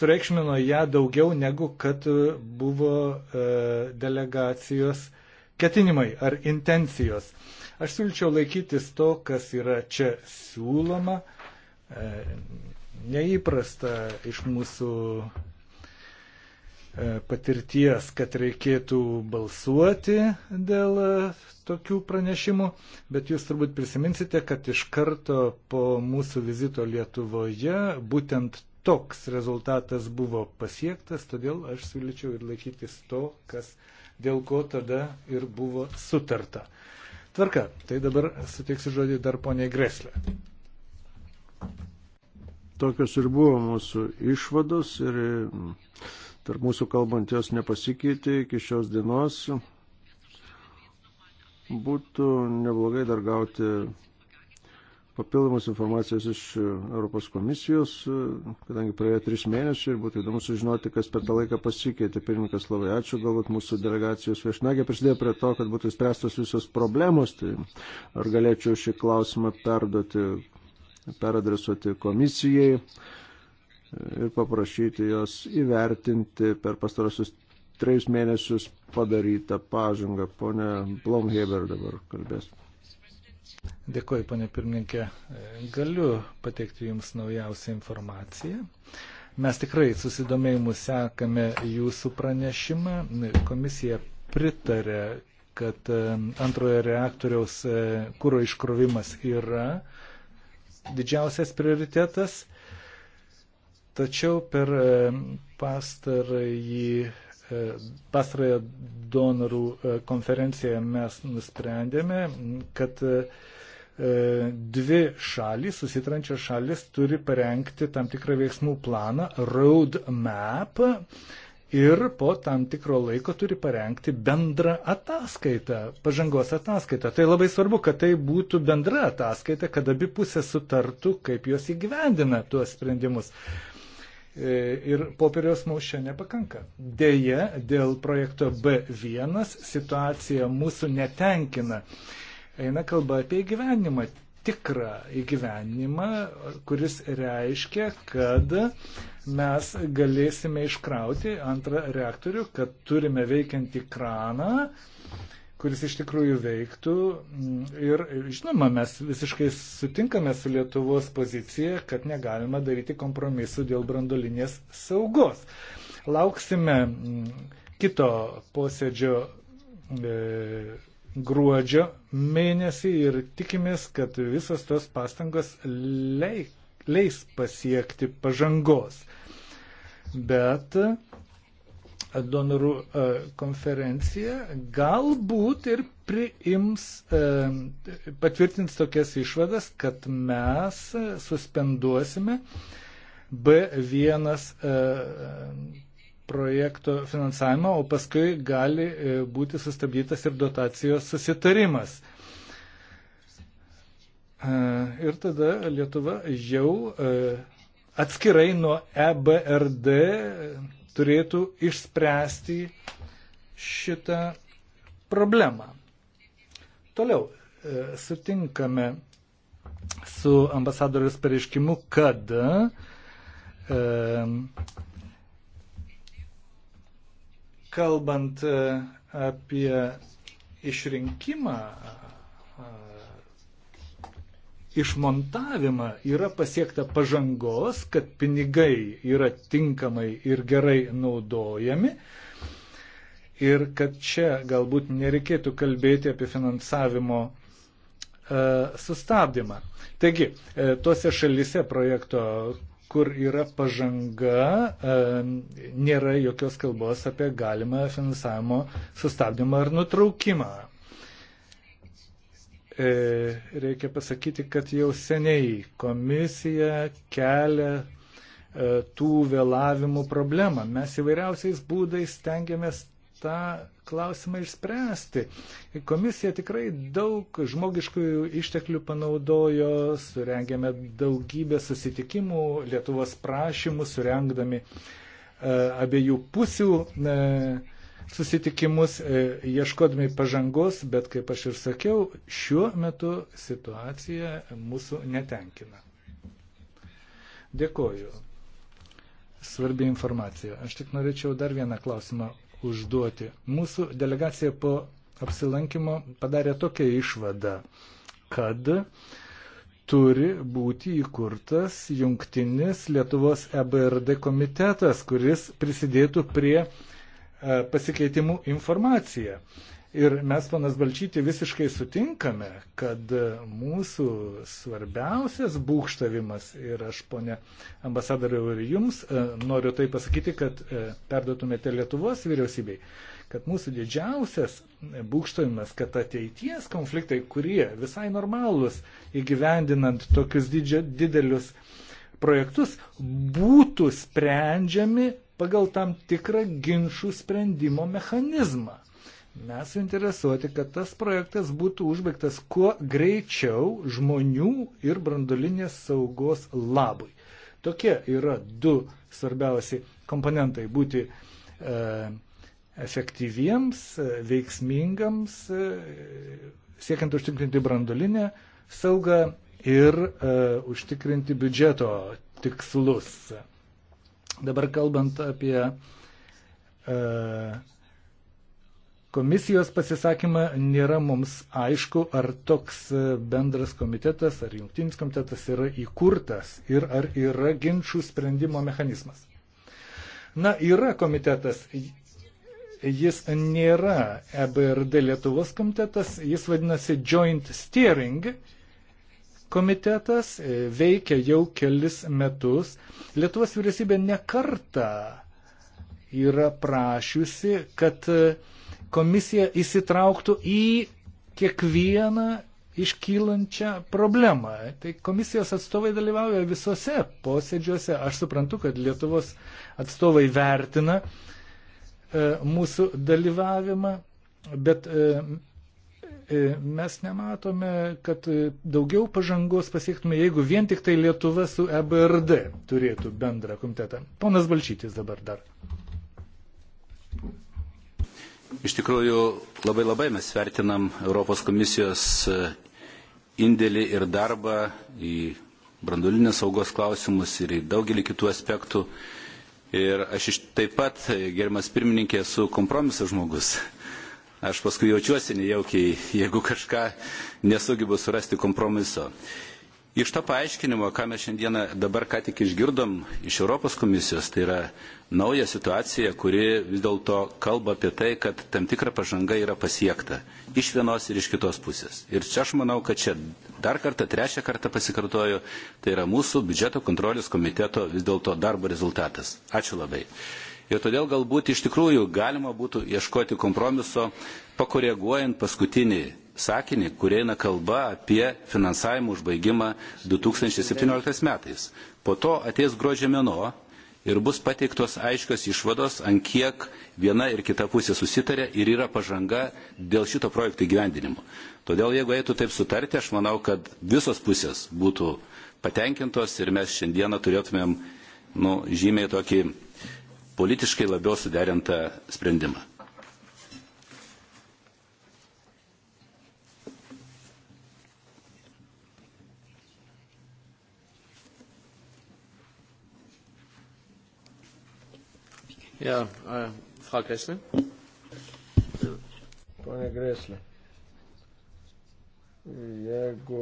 sureikšmino ją daugiau negu kad buvo delegacijos dalimi ketinimai ar intencijos. Aš siūlyčiau laikytis to, kas yra čia siūloma. E, neįprasta iš mūsų e, patirties, kad reikėtų balsuoti dėl e, tokių pranešimų, bet jūs turbūt prisiminsite, kad iš karto po mūsų vizito Lietuvoje būtent toks rezultatas buvo pasiektas, todėl aš siūlyčiau ir laikytis to, kas uh, dėl ko tada ir buvo sutarta. Tvarka, tai dabar suteiksiu žodį dar poniai Greslė. Tokios ir buvo mūsų išvados ir mm, tarp mūsų kalbant jos nepasikeitė iki šios dienos. Būtų neblogai dar gauti papildomos informacijos iš Europos komisijos, kadangi praėjo tris mėnesiai ir būtų įdomu sužinoti, kas per tą laiką pasikeitė. Pirmininkas labai ačiū, galbūt mūsų delegacijos viešnagė prisidėjo prie to, kad būtų spręstos visos problemos. Tai ar galėčiau šį klausimą perduoti, peradresuoti komisijai ir paprašyti jos įvertinti per pastarosius trejus mėnesius padarytą pažangą. Pone Blomheber dabar kalbės. Dėkuoju, ponė pirmininkė. Galiu pateikti Jums naujausią informaciją. Mes tikrai susidomėjimu sekame Jūsų pranešimą. Komisija pritarė, kad antrojo reaktoriaus e, kūro iškrovimas yra didžiausias prioritetas. Tačiau per pastarąjį E, pastarąją donorų e, konferenciją mes nusprendėme, kad e, dvi šalys, susitrančios šalis turi parengti tam tikrą veiksmų planą, road map, ir po tam tikro laiko turi parengti bendrą ataskaitą, pažangos ataskaitą. Tai labai svarbu, kad tai būtų bendra ataskaita, kad abi pusės sutartų, kaip jos įgyvendina tuos sprendimus. E, ir popieriaus mums čia nepakanka. Deja, dėl projekto B1 situacija mūsų netenkina. Eina kalba apie įgyvenimą, tikrą įgyvenimą, kuris reiškia, kad mes galėsime iškrauti antrą reaktorių, kad turime veikiantį kraną kuris iš tikrųjų veiktų. Ir žinoma, mes visiškai sutinkame su Lietuvos pozicija, kad negalima daryti kompromisų dėl brandolinės saugos. Lauksime mm, kito posėdžio e, gruodžio mėnesį ir tikimės, kad visos tos pastangos leik, leis pasiekti pažangos. Bet donorų e, konferencija galbūt ir priims, e, patvirtins tokias išvadas, kad mes suspenduosime B1 e, projekto finansavimą, o paskui gali būti sustabdytas ir dotacijos susitarimas. Ir tada Lietuva jau atskirai nuo EBRD turėtų išspręsti šitą problemą. Toliau e, sutinkame su ambasadorius pareiškimu, kad e, kalbant e, apie išrinkimą išmontavimą yra pasiekta pažangos, kad pinigai yra tinkamai ir gerai naudojami. Ir kad čia galbūt nereikėtų kalbėti apie finansavimo e, sustabdymą. Taigi, e, tose šalise projekto, kur yra pažanga, e, nėra jokios kalbos apie galimą finansavimo sustabdymą ar nutraukimą. E, reikia pasakyti, kad jau seniai komisija kelia e, tų vėlavimų problemą. Mes įvairiausiais būdais stengiamės tą klausimą išspręsti. Komisija tikrai daug žmogiškųjų išteklių panaudojo, surengėme daugybę susitikimų, Lietuvos prašymų, surengdami e, abiejų pusių. E, susitikimus, e, ieškodami pažangos, bet kaip aš ir sakiau, šiuo metu situacija mūsų netenkina. Dėkoju. Svarbi informacija. Aš tik norėčiau dar vieną klausimą užduoti. Mūsų delegacija po apsilankimo padarė tokią išvadą, kad turi būti įkurtas jungtinis Lietuvos EBRD komitetas, kuris prisidėtų prie uh, E, pasikeitimu informacija. Ir mes, panas Balčyti, visiškai sutinkame, kad mūsų svarbiausias būkštavimas, ir aš, ponė ambasadoriau, ir jums e, noriu tai pasakyti, kad e, perdotumėte Lietuvos vyriausybei, kad mūsų didžiausias būkštavimas, kad ateities konfliktai, kurie visai normalūs įgyvendinant tokius didžio, didelius projektus, būtų sprendžiami pagal tam tikrą ginčių sprendimo mechanizmą. Mes suinteresuoti, kad tas projektas būtų užbaigtas kuo greičiau žmonių ir brandolinės saugos labui. Tokie yra du svarbiausi komponentai - būti e, efektyviems, e, veiksmingams, e, siekiant užtikrinti brandolinę saugą ir e, užtikrinti biudžeto tikslus. E, Dabar kalbant apie e, komisijos pasisakymą, nėra mums aišku, ar toks e, bendras komitetas ar jungtinis komitetas yra įkurtas ir ar yra ginčių sprendimo mechanizmas. Na, yra komitetas, jis nėra EBRD Lietuvos komitetas, jis vadinasi Joint Steering komitetas e, veikia jau kelis metus. Lietuvos vyriausybė nekarta yra prašiusi, kad e, komisija įsitrauktų į kiekvieną iškylančią problemą. Tai komisijos atstovai dalyvauja visose posėdžiuose. Aš suprantu, kad Lietuvos atstovai vertina e, mūsų dalyvavimą, bet e, E, mes nematome, kad daugiau pažangos pasiektume, jeigu vien tik tai Lietuva su EBRD turėtų bendrą komitetą. Ponas Balčytis dabar dar. Iš tikrųjų, labai labai mes vertinam Europos komisijos e, indėlį ir darbą į brandulinės saugos klausimus ir į daugelį kitų aspektų. Ir aš iš, taip pat, e, gerimas pirmininkė, esu kompromiso žmogus aš paskui jaučiuosi nejaukiai, jeigu kažką nesugebu surasti kompromiso. Iš to paaiškinimo, ką mes šiandieną dabar ką tik išgirdom iš Europos komisijos, tai yra nauja situacija, kuri vis dėlto kalba apie tai, kad tam tikra pažanga yra pasiekta iš vienos ir iš kitos pusės. Ir čia aš manau, kad čia dar kartą, trečią kartą pasikartoju, tai yra mūsų biudžeto kontrolės komiteto vis dėlto darbo rezultatas. Ačiū labai. Ir todėl galbūt iš tikrųjų galima būtų ieškoti kompromiso, pakoreguojant paskutinį sakinį, kur eina kalba apie finansavimo užbaigimą 2017 metais. Po to ateis gruodžio mėno ir bus pateiktos aiškios išvados, ant kiek viena ir kita pusė susitarė ir yra pažanga dėl šito projekto įgyvendinimo. Todėl jeigu eitų taip sutarti, aš manau, kad visos pusės būtų patenkintos ir mes šiandieną turėtumėm nu, žymiai tokį politiškai labiau suderintą sprendimą. Ja, äh, Frau Gressle. Pane Gressle, jeigu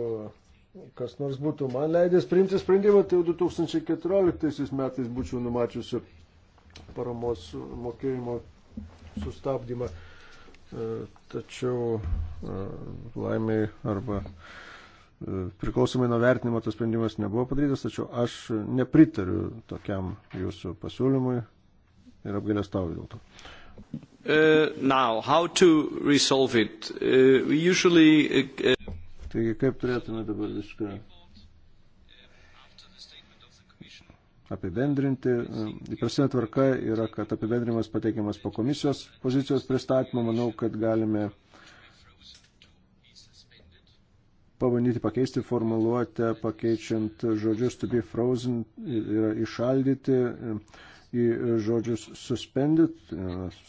kas nors būtų man leidęs priimti sprendimą, tai jau 2014 metais būčiau numačiusi paramos mokėjimo sustabdymą. E, tačiau e, laimiai arba e, priklausomai nuo vertinimo tas sprendimas nebuvo padarytas, tačiau aš nepritariu tokiam jūsų pasiūlymui ir apgailestauju dėl to. Uh, now, how to resolve it? Uh, usually. Uh, Taigi, kaip turėtume dabar viską apibendrinti. Įprastinė tvarka yra, kad apibendrimas pateikiamas po komisijos pozicijos pristatymo. Manau, kad galime pabandyti pakeisti formuluotę, pakeičiant žodžius to be frozen, yra išaldyti į žodžius suspended,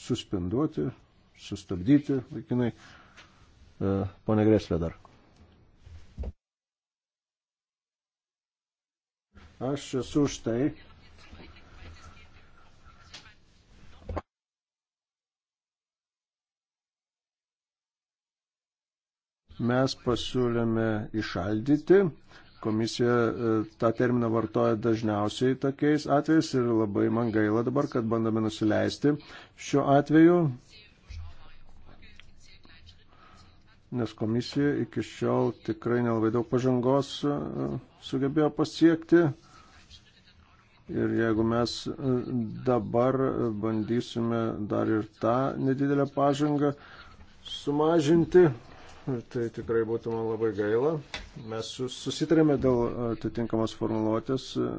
suspenduoti, sustabdyti laikinai. Pone Greslė dar. Aš esu už tai, mes pasiūlėme išaldyti. Komisija e, tą terminą vartoja dažniausiai tokiais atvejais ir labai man gaila dabar, kad bandome nusileisti šiuo atveju, nes komisija iki šiol tikrai nelabai daug pažangos e, sugebėjo pasiekti. Ir jeigu mes e, dabar bandysime dar ir tą nedidelę pažangą sumažinti, tai tikrai būtų man labai gaila. Mes susitarėme dėl atitinkamos formuluotės e,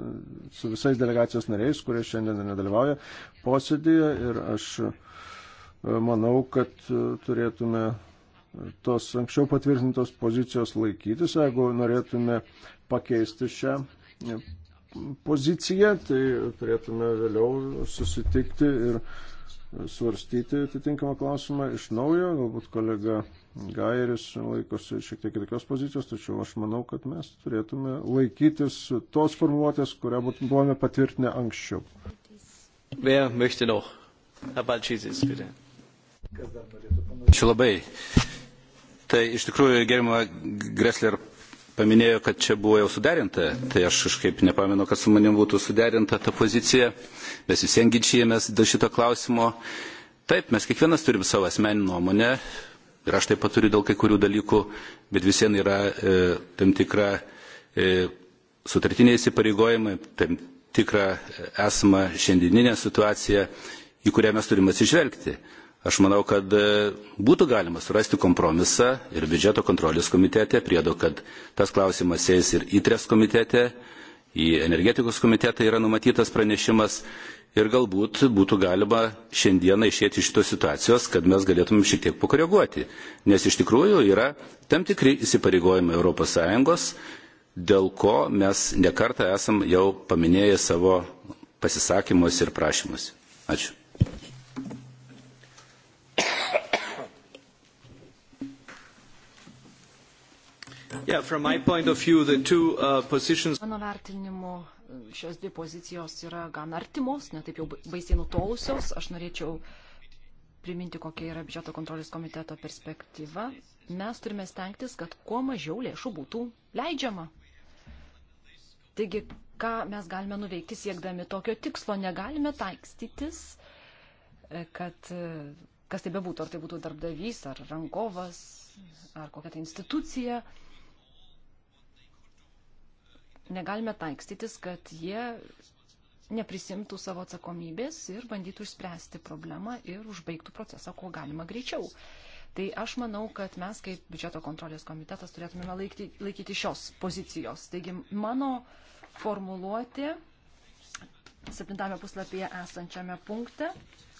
su visais delegacijos nariais, kurie šiandien nedalyvauja posėdėje. Ir aš e, manau, kad turėtume tos anksčiau patvirtintos pozicijos laikytis, jeigu norėtume pakeisti šią poziciją, tai turėtume vėliau susitikti ir svarstyti atitinkamą klausimą iš naujo. Galbūt kolega Gairis laikosi šiek tiek kitokios pozicijos, tačiau aš manau, kad mes turėtume laikytis tos formuotės, kurią buvome patvirtinę anksčiau. Wer möchte noch? Herr Balčytis, bitte. Ačiū labai. Tai iš tikrųjų, gerimo Gresler paminėjo, kad čia buvo jau suderinta, tai aš kažkaip nepamenu, kad su manim būtų suderinta ta pozicija, mes visiems ginčijamės dėl šito klausimo. Taip, mes kiekvienas turim savo asmeninį nuomonę ir aš taip pat turiu dėl kai kurių dalykų, bet visiems yra e, tam tikra e, sutartiniai įsipareigojimai, tam tikrą e, esamą šiandieninę situaciją, į kurią mes turime atsižvelgti. Aš manau, kad e, būtų galima surasti kompromisą ir biudžeto kontrolės komitete, priedo, kad tas klausimas eis ir įtres komitete, į energetikos komitetą yra numatytas pranešimas ir galbūt būtų galima šiandieną išėti iš šitos situacijos, kad mes galėtumėm šiek tiek pakoreguoti, nes iš tikrųjų yra tam tikri įsipareigojimai ES, dėl ko mes nekartą esam jau paminėję savo pasisakymus ir prašymus. Ačiū. Yeah, view, two, uh, positions... Mano vertinimu šios dvi pozicijos yra gan artimos, netaip jau baisiai nutolusios. Aš norėčiau priminti, kokia yra biudžeto kontrolės komiteto perspektyva. Mes turime stengtis, kad kuo mažiau lėšų būtų leidžiama. Taigi, ką mes galime nuveikti siekdami tokio tikslo, negalime taikstytis, e, kad e, kas tai bebūtų, ar tai būtų darbdavys, ar rankovas, ar kokia tai institucija negalime taikstytis, kad jie neprisimtų savo atsakomybės ir bandytų išspręsti problemą ir užbaigtų procesą, kuo galima greičiau. Tai aš manau, kad mes kaip biudžeto kontrolės komitetas turėtumėme laikyti, laikyti šios pozicijos. Taigi mano formuluoti septintame puslapyje esančiame punkte,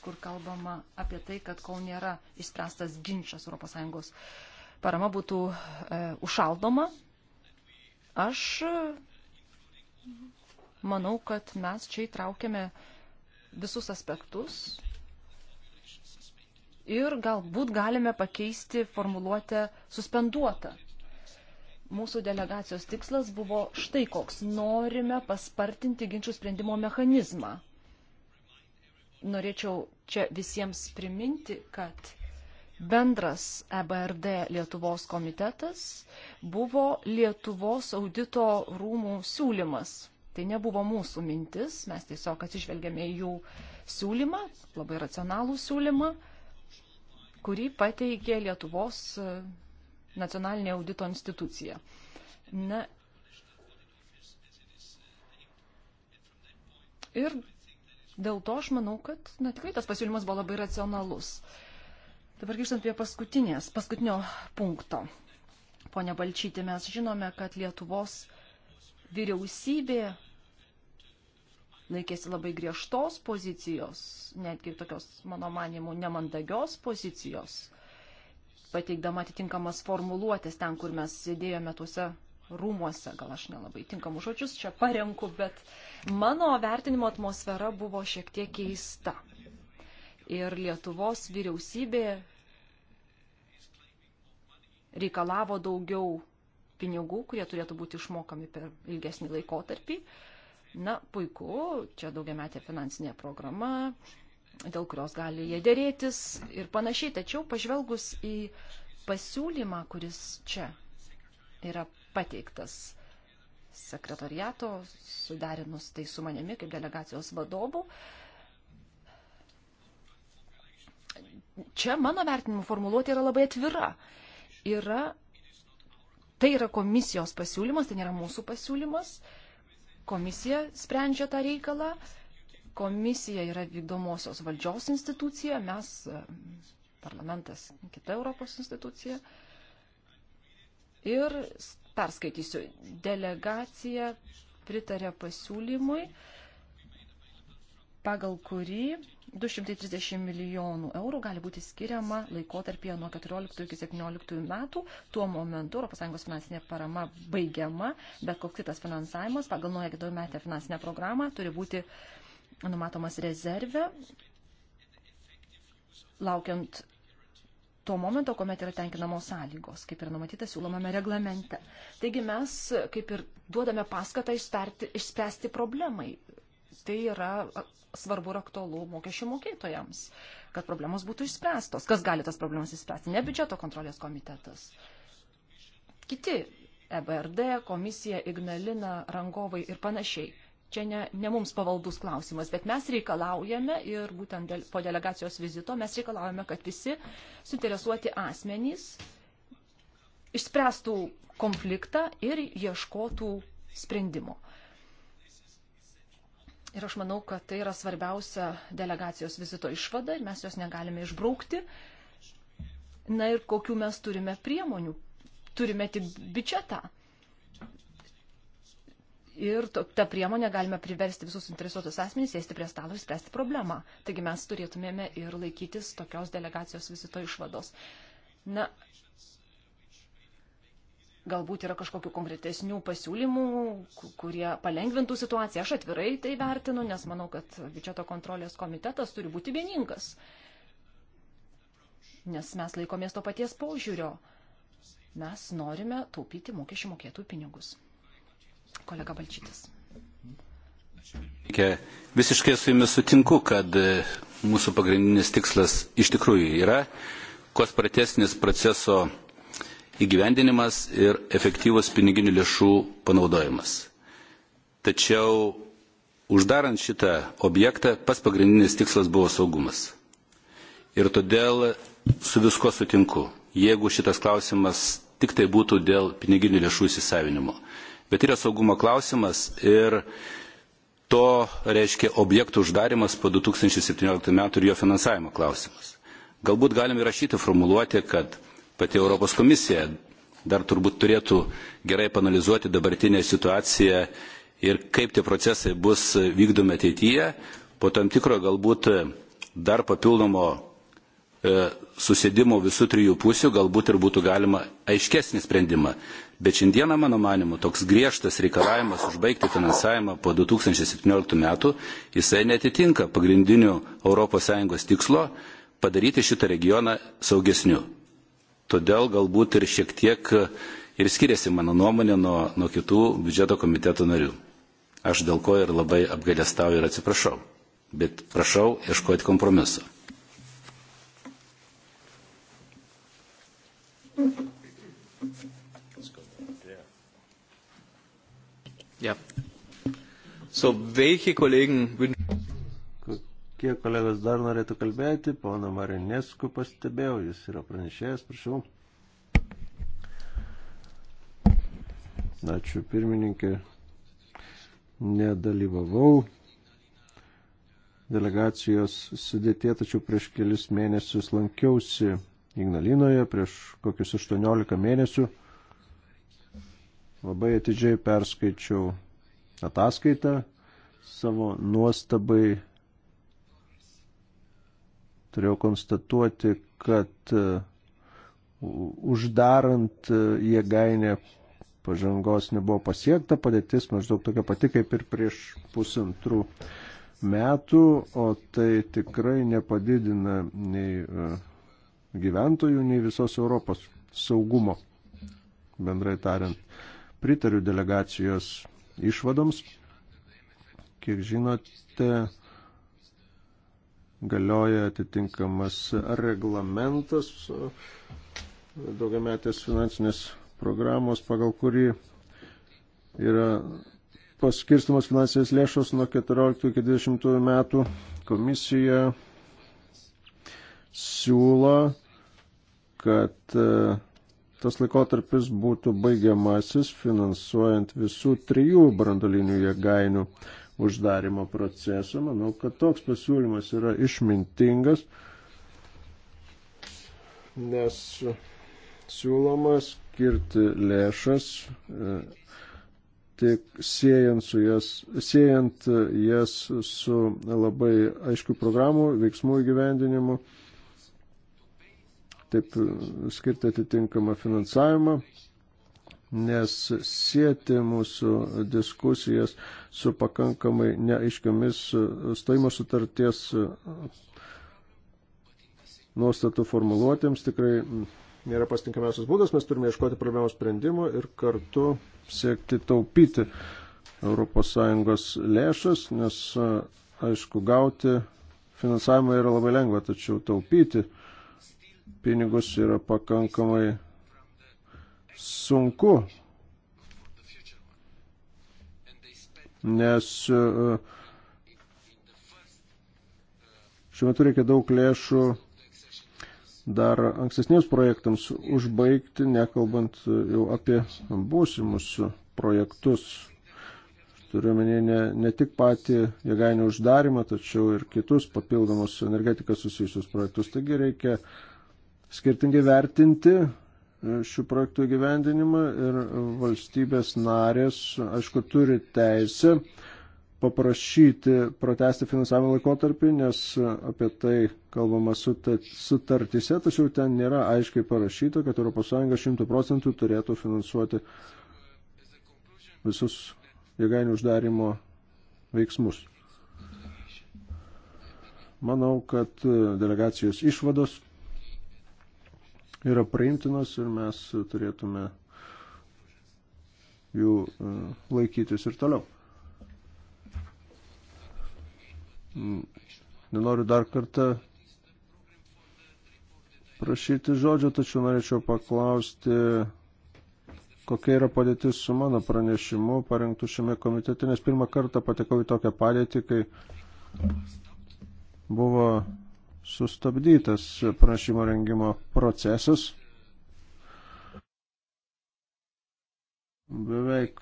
kur kalbama apie tai, kad kol nėra išspręstas ginčas ES parama būtų e, užšaldoma, aš Manau, kad mes čia įtraukėme visus aspektus ir galbūt galime pakeisti formuluotę suspenduotą. Mūsų delegacijos tikslas buvo štai koks. Norime paspartinti ginčių sprendimo mechanizmą. Norėčiau čia visiems priminti, kad Bendras EBRD Lietuvos komitetas buvo Lietuvos audito rūmų siūlymas. Tai nebuvo mūsų mintis, mes tiesiog atsižvelgėme į jų siūlymą, labai racionalų siūlymą, kurį pateikė Lietuvos e, nacionalinė audito institucija. Na, ir dėl to aš manau, kad na, tikrai tas pasiūlymas buvo labai racionalus. Uh, Dabar grįžtant prie paskutinės, paskutinio punkto. Pone Balčyti, mes žinome, kad Lietuvos vyriausybė laikėsi labai griežtos pozicijos, netgi tokios, mano manimu, nemandagios pozicijos, pateikdama atitinkamas formuluotės ten, kur mes sėdėjome tuose rūmuose, gal aš nelabai tinkamus žodžius čia parenku, bet mano vertinimo atmosfera buvo šiek tiek keista. Ir Lietuvos vyriausybė reikalavo daugiau pinigų, kurie turėtų būti išmokami per ilgesnį laikotarpį. Na, puiku, čia daugiametė finansinė programa, dėl kurios gali jie dėrėtis ir panašiai. Tačiau pažvelgus į pasiūlymą, kuris čia yra pateiktas sekretariato, sudarinus tai su manimi kaip delegacijos vadovu, čia mano vertinimų formuluotė yra labai atvira. Uh, yra, tai yra komisijos pasiūlymas, tai nėra mūsų pasiūlymas. Komisija sprendžia tą reikalą. Komisija yra vykdomosios valdžios institucija, mes, parlamentas, kita Europos institucija. Ir perskaitysiu, delegacija pritarė pasiūlymui, pagal kurį 230 milijonų eurų gali būti skiriama laikotarpyje nuo 14 iki 17 metų. Tuo momentu ES finansinė parama baigiama, bet koks kitas finansavimas pagal nuoja daugiametę finansinę programą turi būti numatomas rezerve, laukiant to momento, kuomet yra tenkinamos sąlygos, kaip ir numatyta siūlomame reglamente. Taigi mes kaip ir duodame paskatą išspręsti problemai tai yra svarbu ir aktualu mokesčių mokėtojams, kad problemos būtų išspręstos. Kas gali tas problemas išspręsti? Ne biudžeto kontrolės komitetas. Kiti EBRD, komisija, Ignalina, rangovai ir panašiai. Čia ne, ne mums pavaldus klausimas, bet mes reikalaujame ir būtent dėl, po delegacijos vizito mes reikalaujame, kad visi suinteresuoti asmenys išspręstų konfliktą ir ieškotų sprendimo. Ir aš manau, kad tai yra svarbiausia delegacijos vizito išvada ir mes jos negalime išbraukti. Na ir kokiu mes turime priemonių. Turime tik biudžetą. Ir to, tą priemonę galime priversti visus interesuotus asmenys sėsti prie stalo ir spręsti problemą. Taigi mes turėtumėme ir laikytis tokios delegacijos vizito išvados. Na, Galbūt yra kažkokių konkretesnių pasiūlymų, kurie palengvintų situaciją. Aš atvirai tai vertinu, nes manau, kad biudžeto kontrolės komitetas turi būti vieningas. Nes mes laikomės to paties paužiūrio. Mes norime taupyti mokesčių mokėtų pinigus. Kolega Balčytis. Visiškai su jumis sutinku, kad e, mūsų pagrindinis tikslas iš tikrųjų yra kuo spartesnis proceso įgyvendinimas ir efektyvus piniginių lėšų panaudojimas. Tačiau uždarant šitą objektą, pas pagrindinis tikslas buvo saugumas. Ir todėl su visko sutinku, jeigu šitas klausimas tik tai būtų dėl piniginių lėšų įsisavinimo. Bet yra saugumo klausimas ir to reiškia objektų uždarimas po 2017 metų ir jo finansavimo klausimas. Galbūt galim įrašyti formuluoti, kad Pati Europos komisija dar turbūt turėtų gerai panalizuoti dabartinę situaciją ir kaip tie procesai bus vykdomi ateityje, po tam tikro galbūt e, dar papildomo e, susėdimo visų trijų pusių galbūt ir būtų galima aiškesnį sprendimą. Bet šiandieną, mano manimu, toks griežtas reikalavimas užbaigti finansavimą po 2017 metų, jisai netitinka pagrindinių ES tikslo padaryti šitą regioną saugesniu. Todėl galbūt ir šiek tiek e, ir skiriasi mano nuomonė nuo, nuo kitų biudžeto komiteto narių. Aš dėl ko ir labai apgailestauju ir atsiprašau. Bet prašau ieškoti kompromiso. Ja. So, welche Kollegen würden. Kiek kolegos dar norėtų kalbėti? Pono Marinesku pastebėjau, jis yra pranešėjas, prašau. Ačiū pirmininkė. Nedalyvavau delegacijos sudėtie, tačiau prieš kelis mėnesius lankiausi Ignalinoje, prieš kokius 18 mėnesių. Labai atidžiai perskaičiau ataskaitą, savo nuostabai turėjau konstatuoti, kad e, uždarant e, jėgainę pažangos nebuvo pasiekta, padėtis maždaug tokia pati kaip ir prieš pusantrų metų, o tai tikrai nepadidina nei e, gyventojų, nei visos Europos saugumo, bendrai tariant. Pritariu delegacijos išvadoms. Kiek žinote, galioja atitinkamas reglamentas daugiametės finansinės programos, pagal kurį yra paskirstamos finansinės lėšos nuo 14 iki 20 metų. Komisija siūlo, kad e, tas laikotarpis būtų baigiamasis finansuojant visų trijų brandolinių jėgainių uždarimo procesą. Manau, kad toks pasiūlymas yra išmintingas, nes siūloma skirti lėšas e, tik siejant, su jas, siejant jas su labai aiškių programų, veiksmų įgyvendinimu, taip e, skirti atitinkamą finansavimą nes sėti mūsų diskusijas su pakankamai neaiškiomis stojimo sutarties nuostatų formuluotėms tikrai nėra pastinkamiausias būdas, mes turime ieškoti problemos sprendimo ir kartu siekti taupyti ES lėšas, nes aišku, gauti finansavimą yra labai lengva, tačiau taupyti pinigus yra pakankamai sunku, nes e, šiuo metu reikia daug lėšų dar ankstesniems projektams užbaigti, nekalbant e, jau apie būsimus projektus. Turiuomenė ne, ne tik patį jėgainį uždarimą, tačiau ir kitus papildomus energetikas susijusius projektus. Taigi reikia skirtingai vertinti šių projektų gyvendinimą ir valstybės narės, aišku, turi teisę paprašyti pratesti finansavimo laikotarpį, nes apie tai kalbama sutartise, tačiau ten nėra aiškiai parašyta, kad ES 100 procentų turėtų finansuoti visus jėgainių uždarimo veiksmus. Manau, kad delegacijos išvados yra priimtinos ir mes turėtume jų e, laikytis ir toliau. Mm, nenoriu dar kartą prašyti žodžio, tačiau norėčiau paklausti, kokia yra padėtis su mano pranešimu parengtų šiame komitete, nes pirmą kartą patekau į tokią padėtį, kai buvo sustabdytas prašymo rengimo procesas. Beveik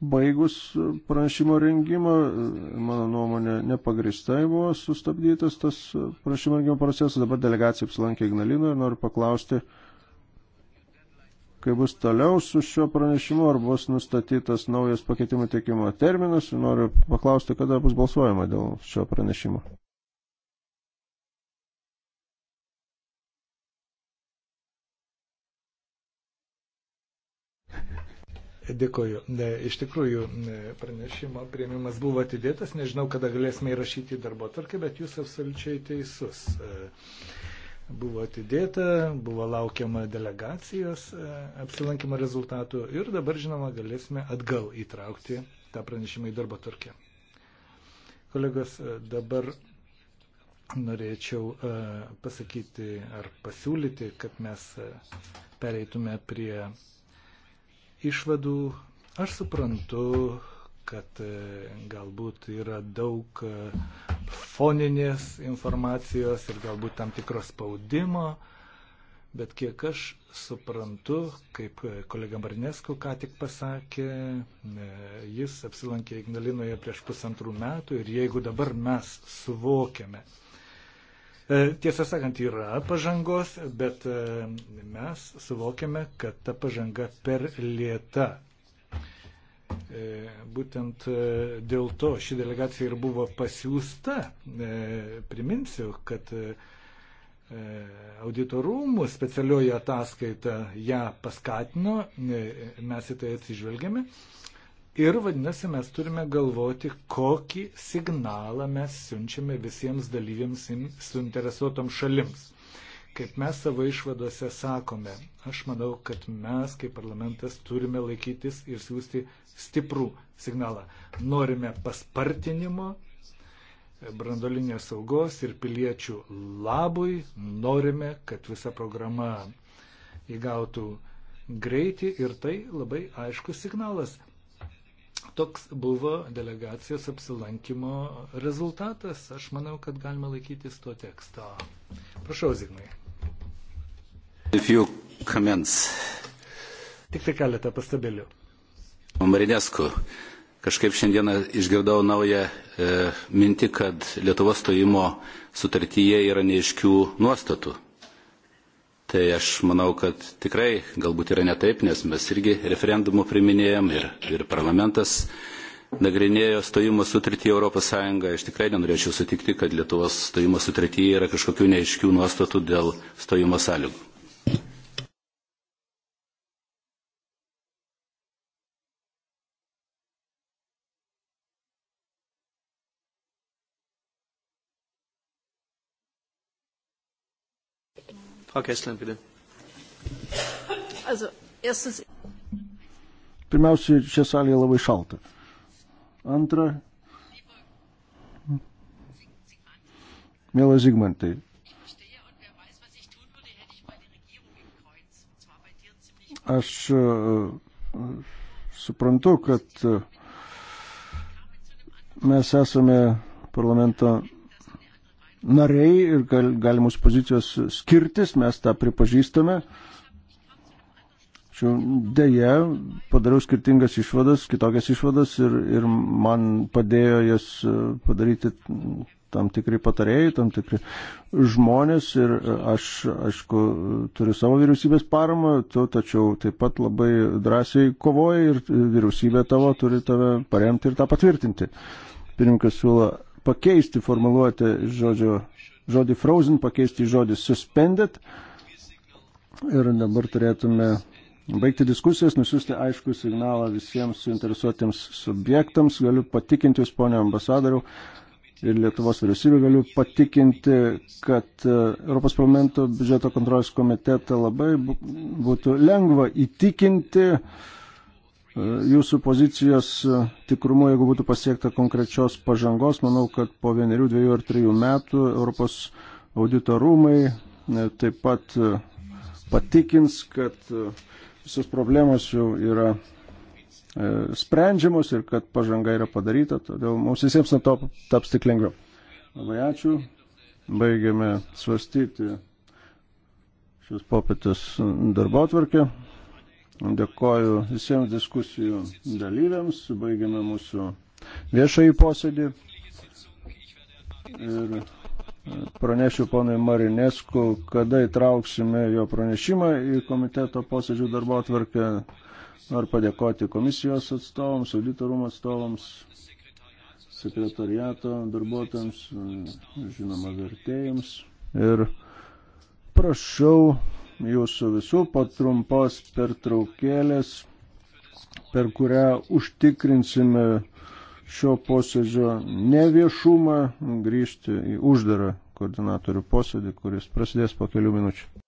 baigus prašymo rengimą, mano nuomonė, nepagristai buvo sustabdytas tas prašymo rengimo procesas. Dabar delegacija apsilankė Ignaliną ir noriu paklausti, kai bus toliau su šiuo pranešimu, ar bus nustatytas naujas pakeitimų teikimo terminas. Noriu paklausti, kada bus balsuojama dėl šio pranešimo. Dėkoju. Iš tikrųjų, pranešimo prieimimas buvo atidėtas, nežinau, kada galėsime įrašyti į darbo tarkį, bet jūs absoliučiai teisus. E, buvo atidėta, buvo laukiama delegacijos e, apsilankimo rezultatų ir dabar, žinoma, galėsime atgal įtraukti tą pranešimą į darbo turkę. Kolegos, e, dabar norėčiau e, pasakyti ar pasiūlyti, kad mes pereitume prie išvadų. Aš suprantu, kad e, galbūt yra daug e, foninės informacijos ir galbūt tam tikro spaudimo, bet kiek aš suprantu, kaip kolega Marnesku ką tik pasakė, e, jis apsilankė Ignalinoje prieš pusantrų metų ir jeigu dabar mes suvokiame, Tiesą sakant, yra pažangos, bet mes suvokiame, kad ta pažanga per lieta. E, būtent e, dėl to ši delegacija ir buvo pasiūsta. E, priminsiu, kad auditorumų specialioji ataskaita ją paskatino, mes į tai atsižvelgėme. Ir vadinasi, mes turime galvoti, kokį signalą mes siunčiame visiems dalyviams suinteresuotom šalims kaip mes savo išvadose sakome. Aš manau, kad mes kaip parlamentas turime laikytis ir siūsti stiprų signalą. Norime paspartinimo, brandolinės saugos ir piliečių labui. Norime, kad visa programa įgautų greitį ir tai labai aiškus signalas. Toks buvo delegacijos apsilankimo rezultatas. Aš manau, kad galima laikytis to teksto. Prašau, Zigmai. Tik tai keletą pastabėlių. Marinesku, kažkaip šiandieną išgirdau naują e, mintį, kad Lietuvos stojimo sutartyje yra neiškių nuostatų. Tai aš manau, kad tikrai galbūt yra netaip, nes mes irgi referendumų priminėjom ir, ir parlamentas nagrinėjo stojimo sutartį į Europos Sąjungą. Aš tikrai nenorėčiau sutikti, kad Lietuvos stojimo sutartyje yra kažkokių neiškių nuostatų dėl stojimo sąlygų. Frau Kessler, bitte. Also, erstens. Pirmiausia, čia salėje labai šalta. Antra. Mėla Zigmantai. Aš e, suprantu, kad e, mes esame parlamento nariai ir gal, galimus pozicijos skirtis, mes tą pripažįstame. Šiuo dėje padariau skirtingas išvadas, kitokias išvadas ir, ir man padėjo jas e, padaryti tam tikri patarėjai, tam tikri žmonės ir e, aš, aišku, turiu savo vyriausybės paramą, tu tačiau taip pat labai drąsiai kovoji ir e, vyriausybė tavo turi tave paremti ir tą patvirtinti. Pirmininkas siūlo pakeisti formuluotę žodžio, žodį frozen, pakeisti žodį suspended. Ir dabar turėtume baigti diskusijas, nusiųsti aišku signalą visiems suinteresuotiems subjektams. Galiu patikinti Jūs, ponio ambasadoriau, ir Lietuvos vyriausybė galiu patikinti, kad e, Europos parlamento biudžeto kontrolės komitetą labai būtų lengva įtikinti jūsų pozicijos e, tikrumu, jeigu būtų pasiekta konkrečios pažangos. Manau, kad po vienerių, dviejų ar trijų metų Europos audito rūmai e, taip pat e, patikins, kad visos problemos jau yra sprendžiamos ir kad pažanga yra padaryta, todėl mums visiems nuo to taps tik lengviau. Labai ačiū. Baigiame svarstyti šios popietės darbo atvarkę. Dėkoju visiems diskusijų dalyviams. Baigiame mūsų viešąjį posėdį. Ir e, pranešiu ponui Marinesku, kada įtrauksime jo pranešimą į komiteto posėdžių darbo atvarkę. Noriu padėkoti komisijos atstovams, auditorumo atstovams, sekretariato darbuotojams, e, žinoma, vertėjams. Ir prašau jūsų visų po trumpos pertraukėlės, per kurią užtikrinsime šio posėdžio neviešumą, grįžti į uždarą koordinatorių posėdį, kuris prasidės po kelių minučių.